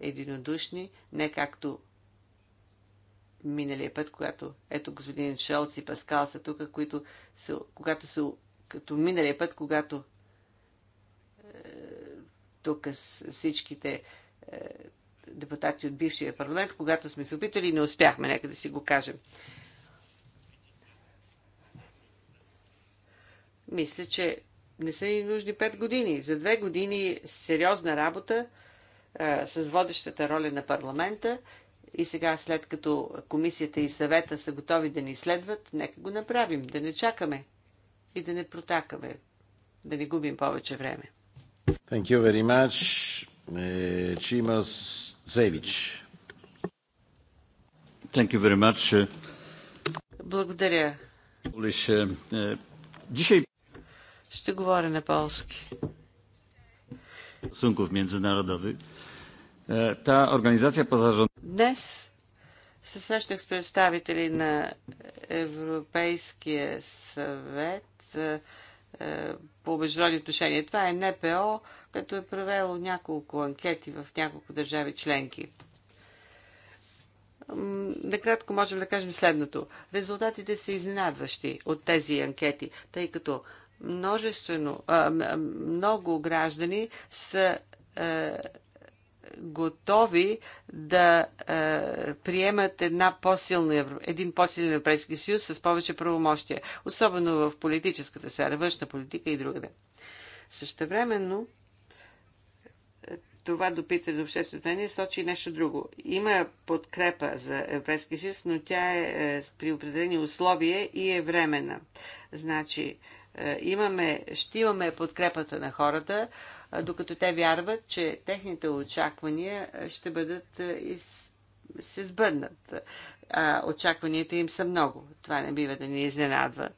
единодушни, не както миналия път, когато ето господин Шолц и Паскал са тук, които са, когато са, като миналия път, когато е, тук всичките е, депутати от бившия парламент, когато сме се опитали и не успяхме, нека да си го кажем. Е, Мисля, че не са ни нужни 5 години. За 2 години сериозна работа а, с водещата роля на парламента и сега, след като комисията и съвета са готови да ни следват, нека го направим, да не чакаме и да не протакаме, да не губим повече време. Thank you very much, е, Чимас Зевич. Thank you very much. Благодаря. Е, е, Dzisiaj ще говоря на полски. Сунков Międzynarodowy. Е, та организация пазаржон... Днес се срещах с представители на Европейския съвет е, е, по международни отношения. Това е НПО, като е провело няколко анкети в няколко държави членки. Накратко можем да кажем следното. Резултатите са изненадващи от тези анкети, тъй като множествено, много граждани са е, готови да е, приемат една по-силна, един по-силен Европейски съюз с повече правомощия, особено в политическата сфера, външна политика и другаде. Същевременно, е, това допита до общественото мнение, сочи нещо друго. Има подкрепа за Европейския съюз, но тя е, при определени условия и е времена. Значи, е, имаме, ще имаме подкрепата на хората, е, докато те вярват, че техните очаквания е, ще бъдат и се сбъднат. очакванията им са много. Това не бива да ни изненадва,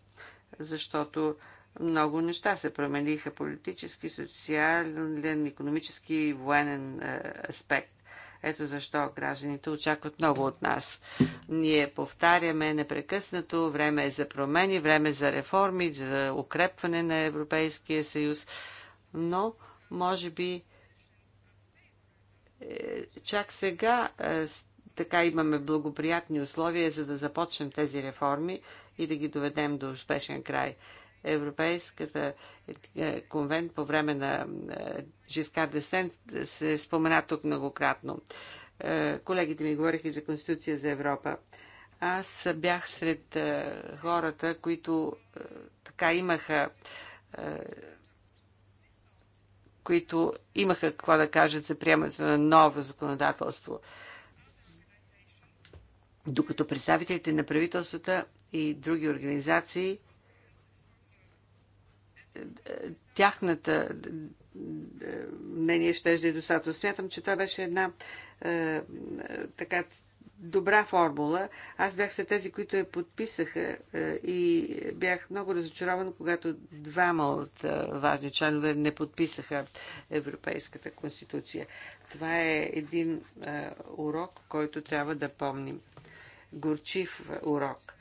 защото много неща се промениха политически, социален, економически и военен аспект. Ето защо гражданите очакват много от нас. Ние повтаряме непрекъснато време е за промени, време е за реформи, за укрепване на Европейския съюз, но може би е, чак сега е, така имаме благоприятни условия, за да започнем тези реформи и да ги доведем до успешен край. Европейската е, конвент по време на Жискар Десен се спомена тук многократно. Е, колегите ми говориха и за Конституция за Европа. Аз бях сред е, хората, които е, така имаха които имаха какво да кажат за приемането на ново законодателство. Докато представителите на правителствата и други организации тяхната, мнение ще да е достатъчно. Смятам, че това беше една е, така добра формула. Аз бях след тези, които я подписаха е, и бях много разочарован, когато двама от е, важни членове не подписаха Европейската конституция. Това е един е, урок, който трябва да помним. Горчив урок.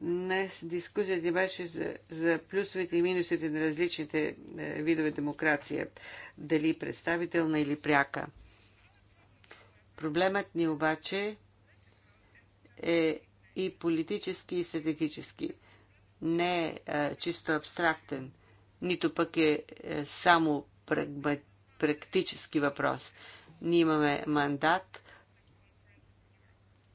Днес дискусията ни беше за, за плюсовете и минусите на различните е, видове демокрация, дали представителна или пряка. Проблемът ни обаче е и политически, и стратегически. Не е е чисто абстрактен, нито пък е, е само прагма, практически въпрос. Ние имаме мандат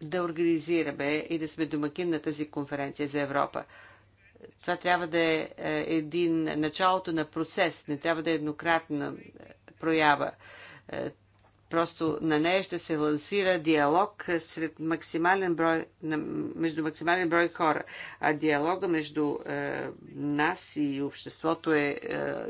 да организираме и да сме домакин на тази конференция за Европа. Това трябва да е, е един началото на процес, не трябва да е еднократна е, проява. Е, Просто на нея ще се лансира диалог сред максимален брой, между максимален брой хора. А диалога между е, нас и обществото е, е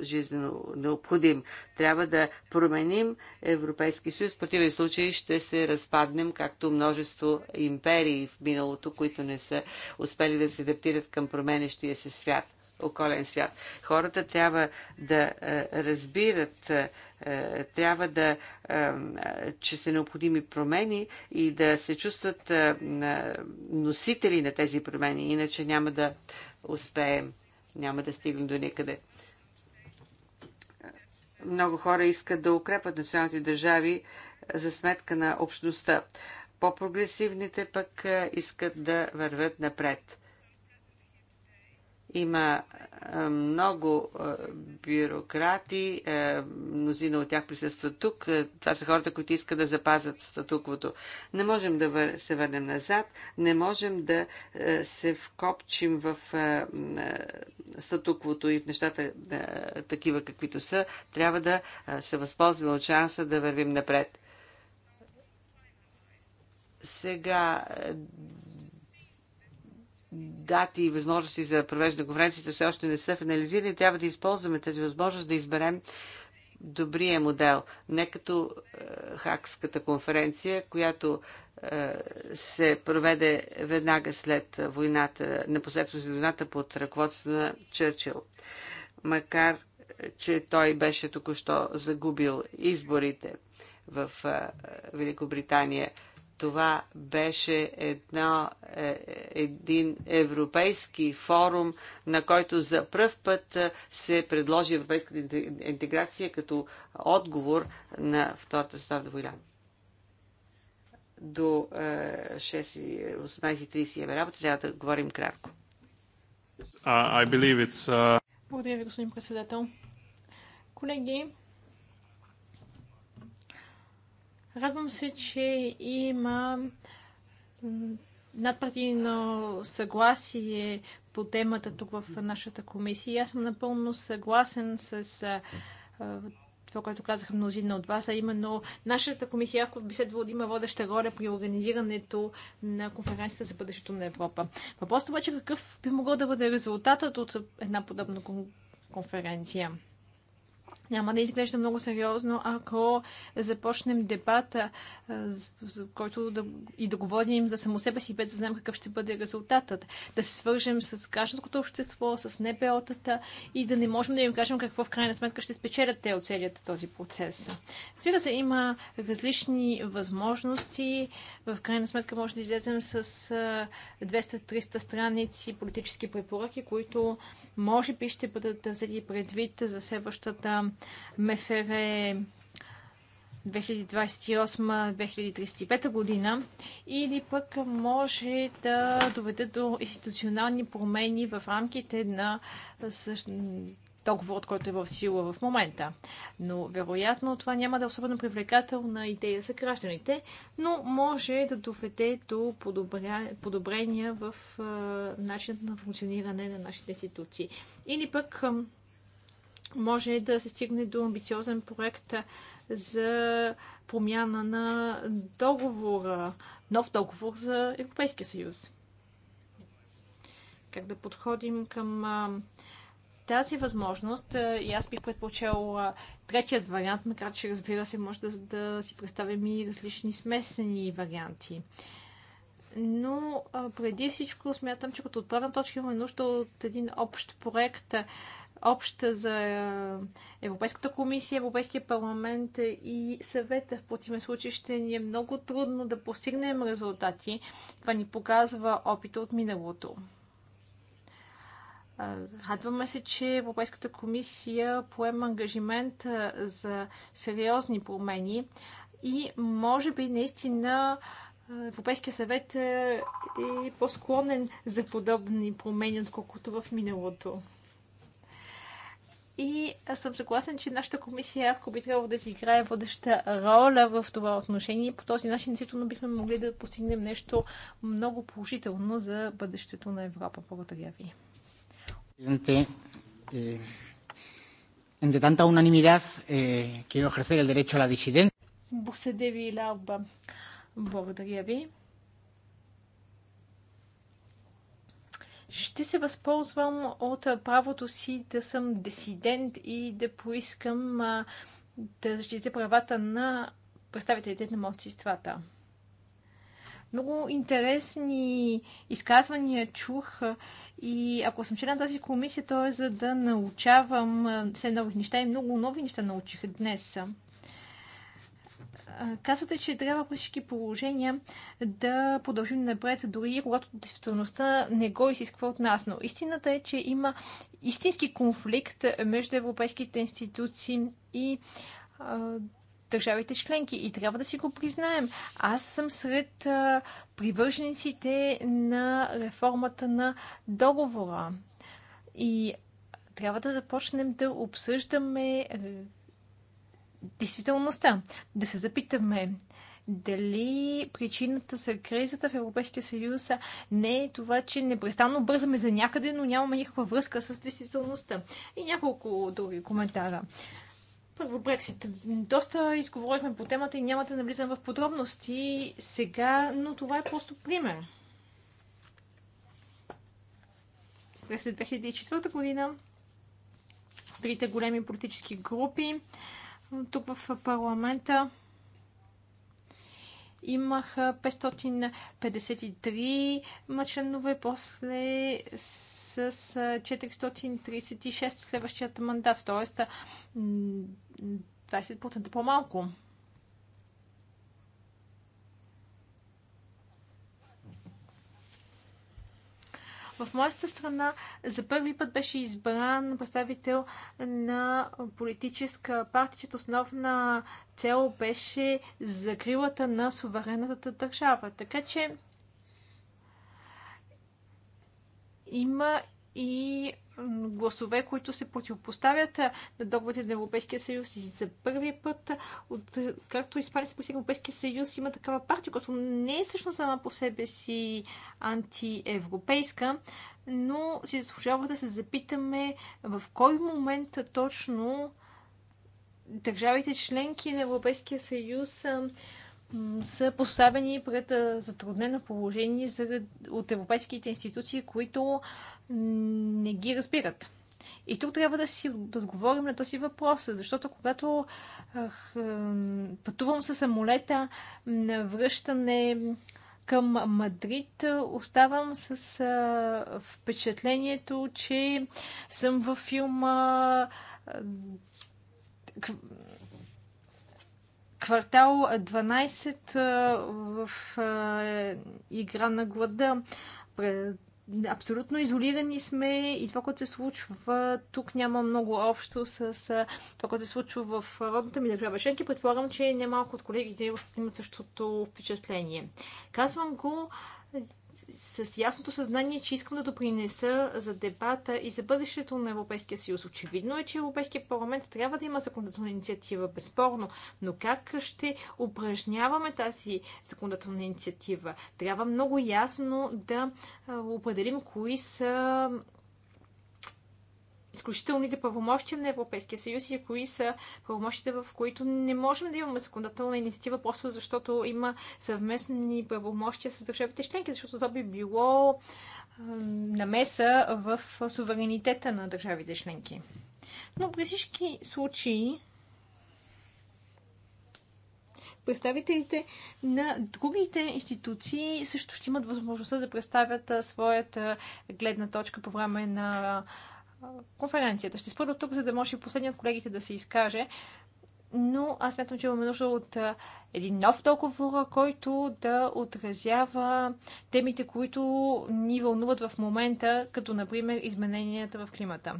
жизненно необходим. Трябва да променим Европейски съюз. В противен случай ще се разпаднем, както множество империи в миналото, които не са успели да се адаптират към променещия се свят околен свят. Хората трябва да е, разбират е, е, трябва да, е, че са необходими промени и да се чувстват е, носители на тези промени, иначе няма да успеем, няма да стигнем до никъде. Много хора искат да укрепят националните държави за сметка на общността. По-прогресивните пък искат да вървят напред. Има е, много е, бюрократи, е, мнозина от тях присъстват тук. Това са хората, които искат да запазят статуквото. Не можем да се върнем назад, не можем да се вкопчим в статуквото и в нещата такива каквито са. Трябва да се възползваме от шанса да вървим напред. Сега дати и възможности за провеждане на конференцията все още не са финализирани. Трябва да използваме тази възможност да изберем добрия модел. Не като е, Хакската конференция, която е, се проведе веднага след войната, непосредствено след войната под ръководство на Чърчил. Макар, че той беше току-що загубил изборите в е, Великобритания. Това беше едно, е, един европейски форум, на който за пръв път е, се предложи европейската интеграция като отговор на Втората световна война до 18.30 е, имаме работа, трябва да говорим кратко. Uh, uh... Благодаря ви, господин председател. Колеги, Радвам се, че има надпартийно съгласие по темата тук в нашата комисия. Аз съм напълно съгласен с това, което казаха мнозина от вас, а именно нашата комисия Авко би следвало да има водеща роля при организирането на конференцията за бъдещето на Европа. Въпросът обаче е какъв би могъл да бъде резултатът от една подобна конференция? няма да изглежда много сериозно, ако започнем дебата, който да, и да говорим за само себе си, без да знаем какъв ще бъде резултатът. Да се свържем с гражданското общество, с НПО-тата и да не можем да им кажем какво в крайна сметка ще спечелят те от целият този процес. Разбира се, има различни възможности. В крайна сметка може да излезем с 200-300 страници политически препоръки, които може би ще бъдат взети предвид за следващата МФР 2028-2035 година или пък може да доведе до институционални промени в рамките на договор, който е в сила в момента. Но вероятно това няма да е особено привлекателна идея за гражданите, но може да доведе до подобрения в начинът на функциониране на нашите институции. Или пък може да се стигне до амбициозен проект за промяна на договора, нов договор за Европейския съюз. Как да подходим към тази възможност и аз бих предпочел третият вариант, макар че разбира се може да, да си представим и различни смесени варианти. Но преди всичко смятам, че като отправна точка имаме нужда от един общ проект обща за е, Европейската комисия, Европейския парламент и съвета. В противен случай ще ни е много трудно да постигнем резултати. Това ни показва опита от миналото. Радваме се, че Европейската комисия поема ангажимент за сериозни промени и може би наистина Европейския съвет е, е по-склонен за подобни промени, отколкото в миналото. И аз съм съгласен, че нашата комисия ако би трябвало да си играе водеща роля в това отношение. По този начин действително бихме могли да постигнем нещо много положително за бъдещето на Европа. Благодаря ви. Entre eh, tanta unanimidad, eh, quiero ejercer el derecho a la disidencia. Благодаря ви. ще се възползвам от правото си да съм десидент и да поискам да защитя правата на представителите на младсинствата. Много интересни изказвания чух и ако съм член на тази комисия, то е за да научавам все нови неща и много нови неща научих днес. Съм. Казвате, че трябва при всички положения да продължим напред, дори когато действителността не го изисква от нас. Но истината е, че има истински конфликт между европейските институции и а, държавите членки и трябва да си го признаем. Аз съм сред а, привържениците на реформата на договора. И трябва да започнем да обсъждаме действителността. Да се запитаме дали причината за кризата в Европейския съюз не е това, че непрестанно бързаме за някъде, но нямаме никаква връзка с действителността. И няколко други коментара. Първо Брексит. Доста изговорихме по темата и няма да навлизам в подробности сега, но това е просто пример. През 2004 година трите големи политически групи тук в парламента имах 553 членове, после с 436 следващият мандат, т.е. 20% по-малко. В моята страна за първи път беше избран представител на политическа партия, чето основна цел беше закрилата на суверенната държава. Така че има и гласове, които се противопоставят на договорите на Европейския съюз. И за първи път, от, както Испания се присъедини Европейския съюз, има такава партия, която не е всъщност сама по себе си антиевропейска, но си заслужава да се запитаме в кой момент точно държавите членки на Европейския съюз са поставени пред затруднено положение от европейските институции, които не ги разбират. И тук трябва да си да отговорим на този въпрос, защото когато ах, пътувам с самолета на връщане към Мадрид, оставам с впечатлението, че съм във филма квартал 12 в игра на глада. Абсолютно изолирани сме и това, което се случва тук няма много общо с това, което се случва в родната ми държава Шенки. Предполагам, че немалко от колегите имат същото впечатление. Казвам го с ясното съзнание, че искам да допринеса за дебата и за бъдещето на Европейския съюз. Очевидно е, че Европейския парламент трябва да има законодателна инициатива, безспорно, но как ще упражняваме тази законодателна инициатива? Трябва много ясно да определим кои са изключителните правомощия на Европейския съюз и кои са правомощите, в които не можем да имаме законодателна инициатива, просто защото има съвместни правомощия с държавите членки, защото това би било намеса в суверенитета на държавите членки. Но при всички случаи представителите на другите институции също ще имат възможността да представят своята гледна точка по време на конференцията. Ще спра тук, за да може и последният колегите да се изкаже. Но аз смятам, че имаме нужда от един нов договор, който да отразява темите, които ни вълнуват в момента, като например измененията в климата.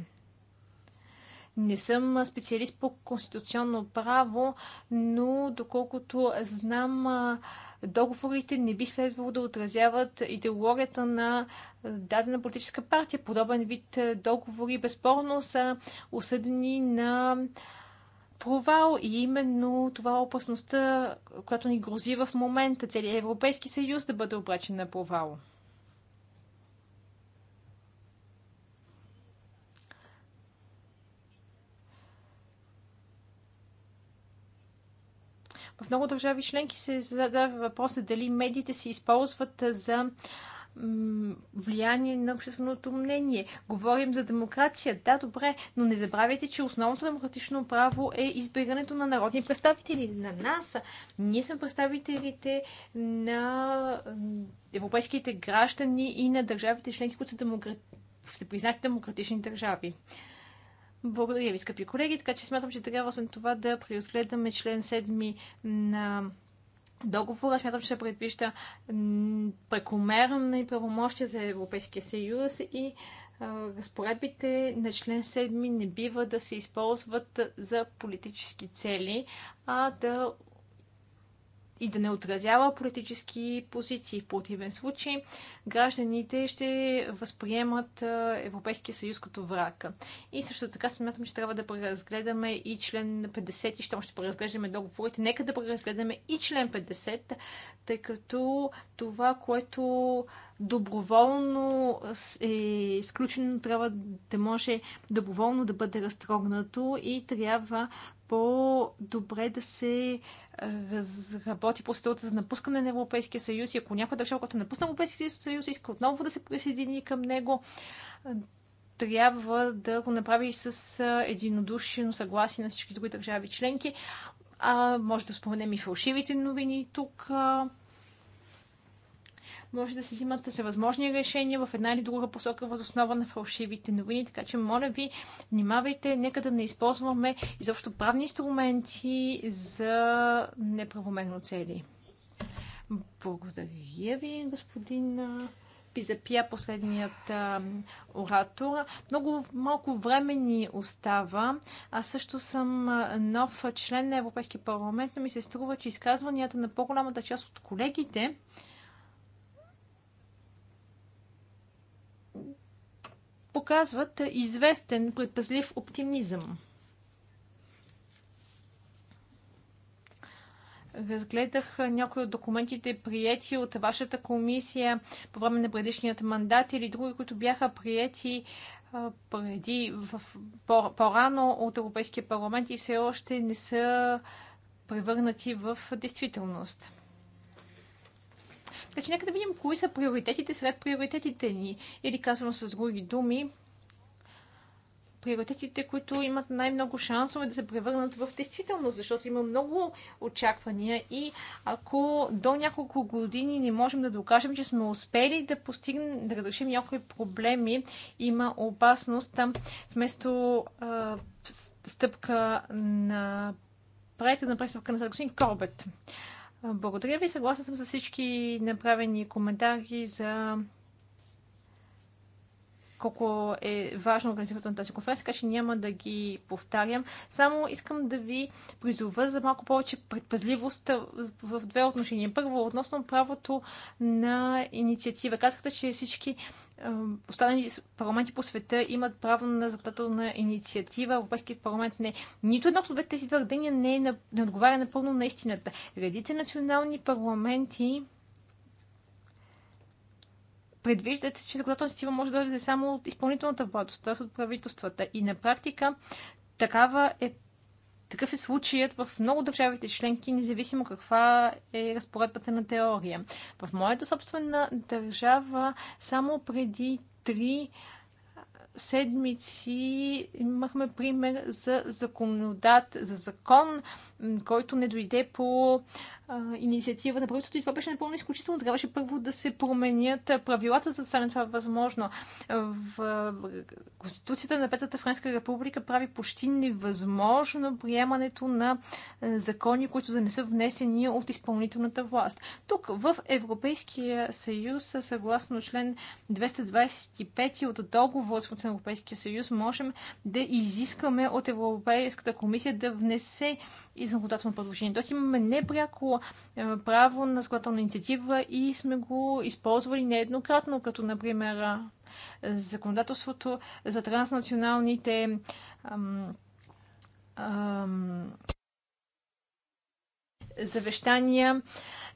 Не съм специалист по конституционно право, но доколкото знам, договорите не би следвало да отразяват идеологията на дадена политическа партия. Подобен вид е, договори безспорно са осъдени на провал и именно това е опасността, която ни грози в момента целият Европейски съюз да бъде обречен на провал. В много държави членки се задава въпроса дали медиите се използват за влияние на общественото мнение. Говорим за демокрация, да, добре, но не забравяйте, че основното демократично право е избирането на народни представители, на нас. Ние сме представителите на европейските граждани и на държавите членки, които са, демокра... са признати демократични държави. Благодаря ви, скъпи колеги, така че смятам, че трябва след това да преразгледаме член 7 на договора. Смятам, че се предвижда прекомерни правомощия за Европейския съюз и разпоредбите на член 7 не бива да се използват за политически цели, а да и да не отразява политически позиции. В противен случай гражданите ще възприемат Европейския съюз като враг. И също така смятам, че трябва да преразгледаме и член 50, и щом ще преразглеждаме договорите, нека да преразгледаме и член 50, тъй като това, което доброволно е изключено, трябва да може доброволно да бъде разтрогнато и трябва по-добре да се разработи процедурата за напускане на Европейския съюз и ако някоя държава, която напусна Европейския съюз, иска отново да се присъедини към него, трябва да го направи с единодушно съгласие на всички други държави членки. А, може да споменем и фалшивите новини тук. А, може да се взимат всевъзможни решения в една или друга посока въз основа на фалшивите новини. Така че, моля ви, внимавайте, нека да не използваме изобщо правни инструменти за неправомерно цели. Благодаря ви, господин Пизапия, последният а, оратор. Много малко време ни остава. Аз също съм нов член на Европейския парламент, но ми се струва, че изказванията на по-голямата част от колегите показват известен предпазлив оптимизъм. разгледах някои от документите, прияти от вашата комисия по време на предишният мандат или други, които бяха прияти преди, в, по, по-рано от Европейския парламент и все още не са превърнати в действителност. Така значи, че нека да видим кои са приоритетите сред приоритетите ни. Или казано с други думи, приоритетите, които имат най-много шансове да се превърнат в действителност, защото има много очаквания и ако до няколко години не можем да докажем, че сме успели да постигнем, да разрешим някои проблеми, има опасност вместо а, стъпка на проекта на преставка на следващия Корбет. Благодаря ви. Съгласна съм с всички направени коментари за колко е важно организирането на тази конференция, така че няма да ги повтарям. Само искам да ви призова за малко повече предпазливост в две отношения. Първо, относно правото на инициатива. Казахте, че всички останали парламенти по света имат право на законодателна инициатива. Европейският парламент не. Нито едно от тези твърдения не, е на, не отговаря напълно на истината. Редица национални парламенти предвиждат, че законодателната сила може да дойде само от изпълнителната власт, т.е. от правителствата. И на практика такава е такъв е случаят в много държавите членки, независимо каква е разпоредбата на теория. В моята собствена държава само преди три седмици имахме пример за, законодат, за закон, който не дойде по а, инициатива на правителството. И това беше напълно изключително. Трябваше първо да се променят правилата, за да стане това възможно. В Конституцията на Петата Френска република прави почти невъзможно приемането на закони, които да не са внесени от изпълнителната власт. Тук в Европейския съюз, съгласно член 225 от договор с Европейския съюз, можем да изискаме от Европейската комисия да внесе и законодателно предложение. Тоест имаме непряко е, право на законодателна инициатива и сме го използвали нееднократно, като например е, законодателството за транснационалните ам, ам, завещания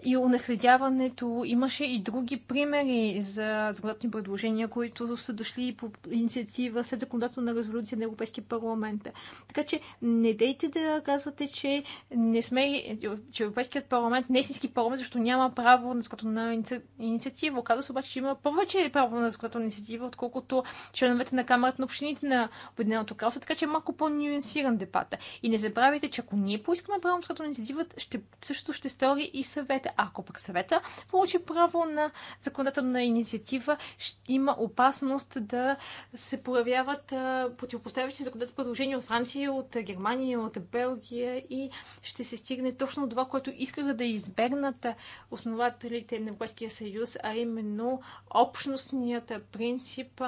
и унаследяването. Имаше и други примери за законодателни предложения, които са дошли по инициатива след законодателна резолюция на Европейския парламент. Така че не дейте да казвате, че не сме, че Европейският парламент не е истински парламент, защото няма право на законодателна инициатива. Оказва се обаче, че има повече право на законодателна инициатива, отколкото членовете на Камерата на общините на Обединеното кралство, така че е малко по-нюансиран дебата. И не забравяйте, че ако ние поискаме право на законодателна инициатива, ще, също ще стори и съвет парламента. Ако пък съвета получи право на законодателна инициатива, има опасност да се появяват противопоставящи законодателни предложения от Франция, от Германия, от Белгия и ще се стигне точно това, което искаха да избегнат основателите на Европейския съюз, а именно общностният принцип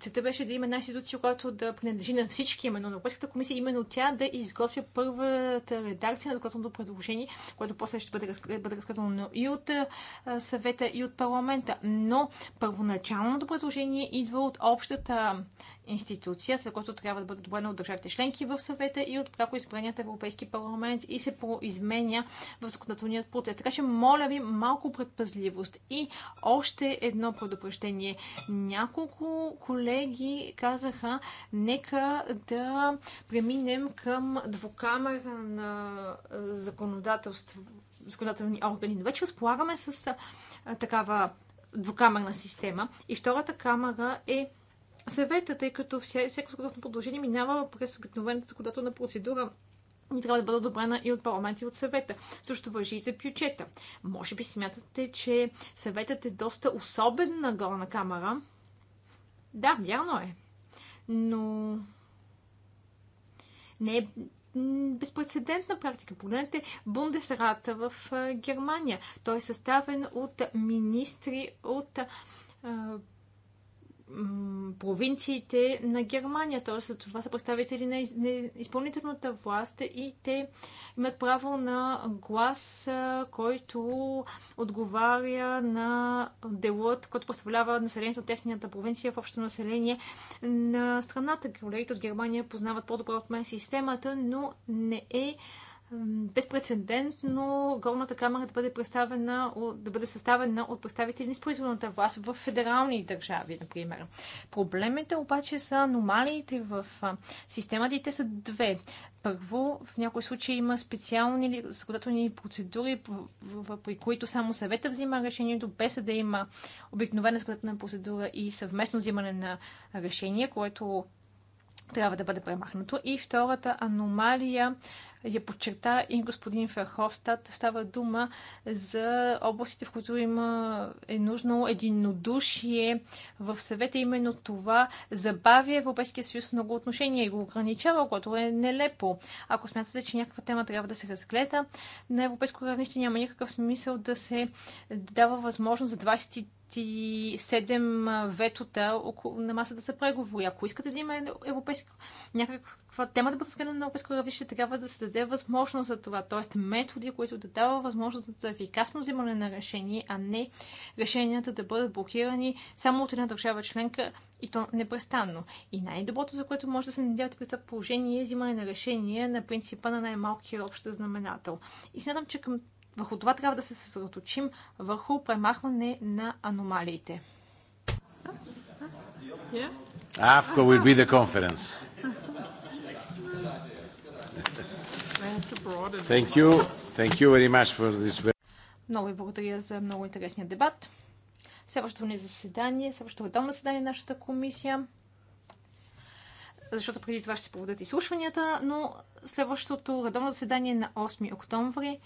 Целта беше да има една институция, която да принадлежи на всички, именно на Европейската комисия, именно тя да изготвя първата редакция на законното предложение, което после ще бъде, разкр... бъде разказано и от съвета, и от парламента. Но първоначалното предложение идва от общата институция, след което трябва да бъде одобрена от държавите членки в съвета и от пряко избраният Европейски парламент и се произменя в законодателният процес. Така че, моля ви, малко предпазливост. И още едно предупреждение. Няколко колеги колеги казаха, нека да преминем към двукамера на законодателство, законодателни органи. Но вече разполагаме с такава двукамерна система. И втората камера е съвета, тъй като всяко законодателно предложение минава през обикновената законодателна процедура и трябва да бъде одобрена и от парламент и от съвета. Също въжи и за бюджета. Може би смятате, че съветът е доста особена горна камера, да, вярно е. Но не е безпредседентна практика. Погледнете Бундесрата в Германия. Той е съставен от министри от провинциите на Германия. Т.е. това са представители на, из, на изпълнителната власт и те имат право на глас, който отговаря на делът, който представлява населението от техната провинция в общо население на страната. Колегите от Германия познават по добро от мен системата, но не е безпредседентно горната камера да бъде, представена, да бъде съставена от представители на изпълнителната власт в федерални държави, например. Проблемите обаче са аномалиите в системата и те са две. Първо, в някои случаи има специални законодателни процедури, при които само съвета взима решението, без да има обикновена законодателна процедура и съвместно взимане на решение, което трябва да бъде премахнато. И втората аномалия я подчерта и господин Ферховстат. Става дума за областите, в които има, е нужно единодушие в съвета. Именно това забавя Европейския съюз в много отношения и го ограничава, което е нелепо. Ако смятате, че някаква тема трябва да се разгледа, на европейско равнище няма никакъв смисъл да се дава възможност за 20 27 ветота на масата да са преговори. Ако искате да има европейска, някаква тема да бъде скрена на европейско равнище, трябва да се даде възможност за това. Тоест методи, които да дава възможност за ефикасно взимане на решение, а не решенията да бъдат блокирани само от една държава членка и то непрестанно. И най-доброто, за което може да се надявате при това положение е взимане на решение на принципа на най-малкия общ знаменател. И смятам, че към върху това трябва да се съсредоточим върху премахване на аномалиите. Афка will be the conference. Thank you. Thank you very much for this. Много ви благодаря за много интересния дебат. Следващото ни заседание, следващото редовно заседание на нашата комисия защото преди това ще се проведат изслушванията, но следващото редовно заседание е на 8 октомври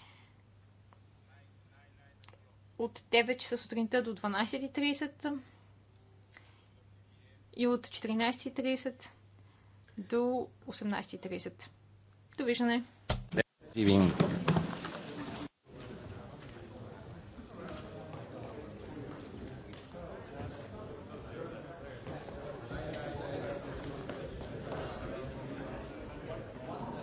от 9 часа сутринта до 12.30 и от 14.30 до 18.30. Довиждане!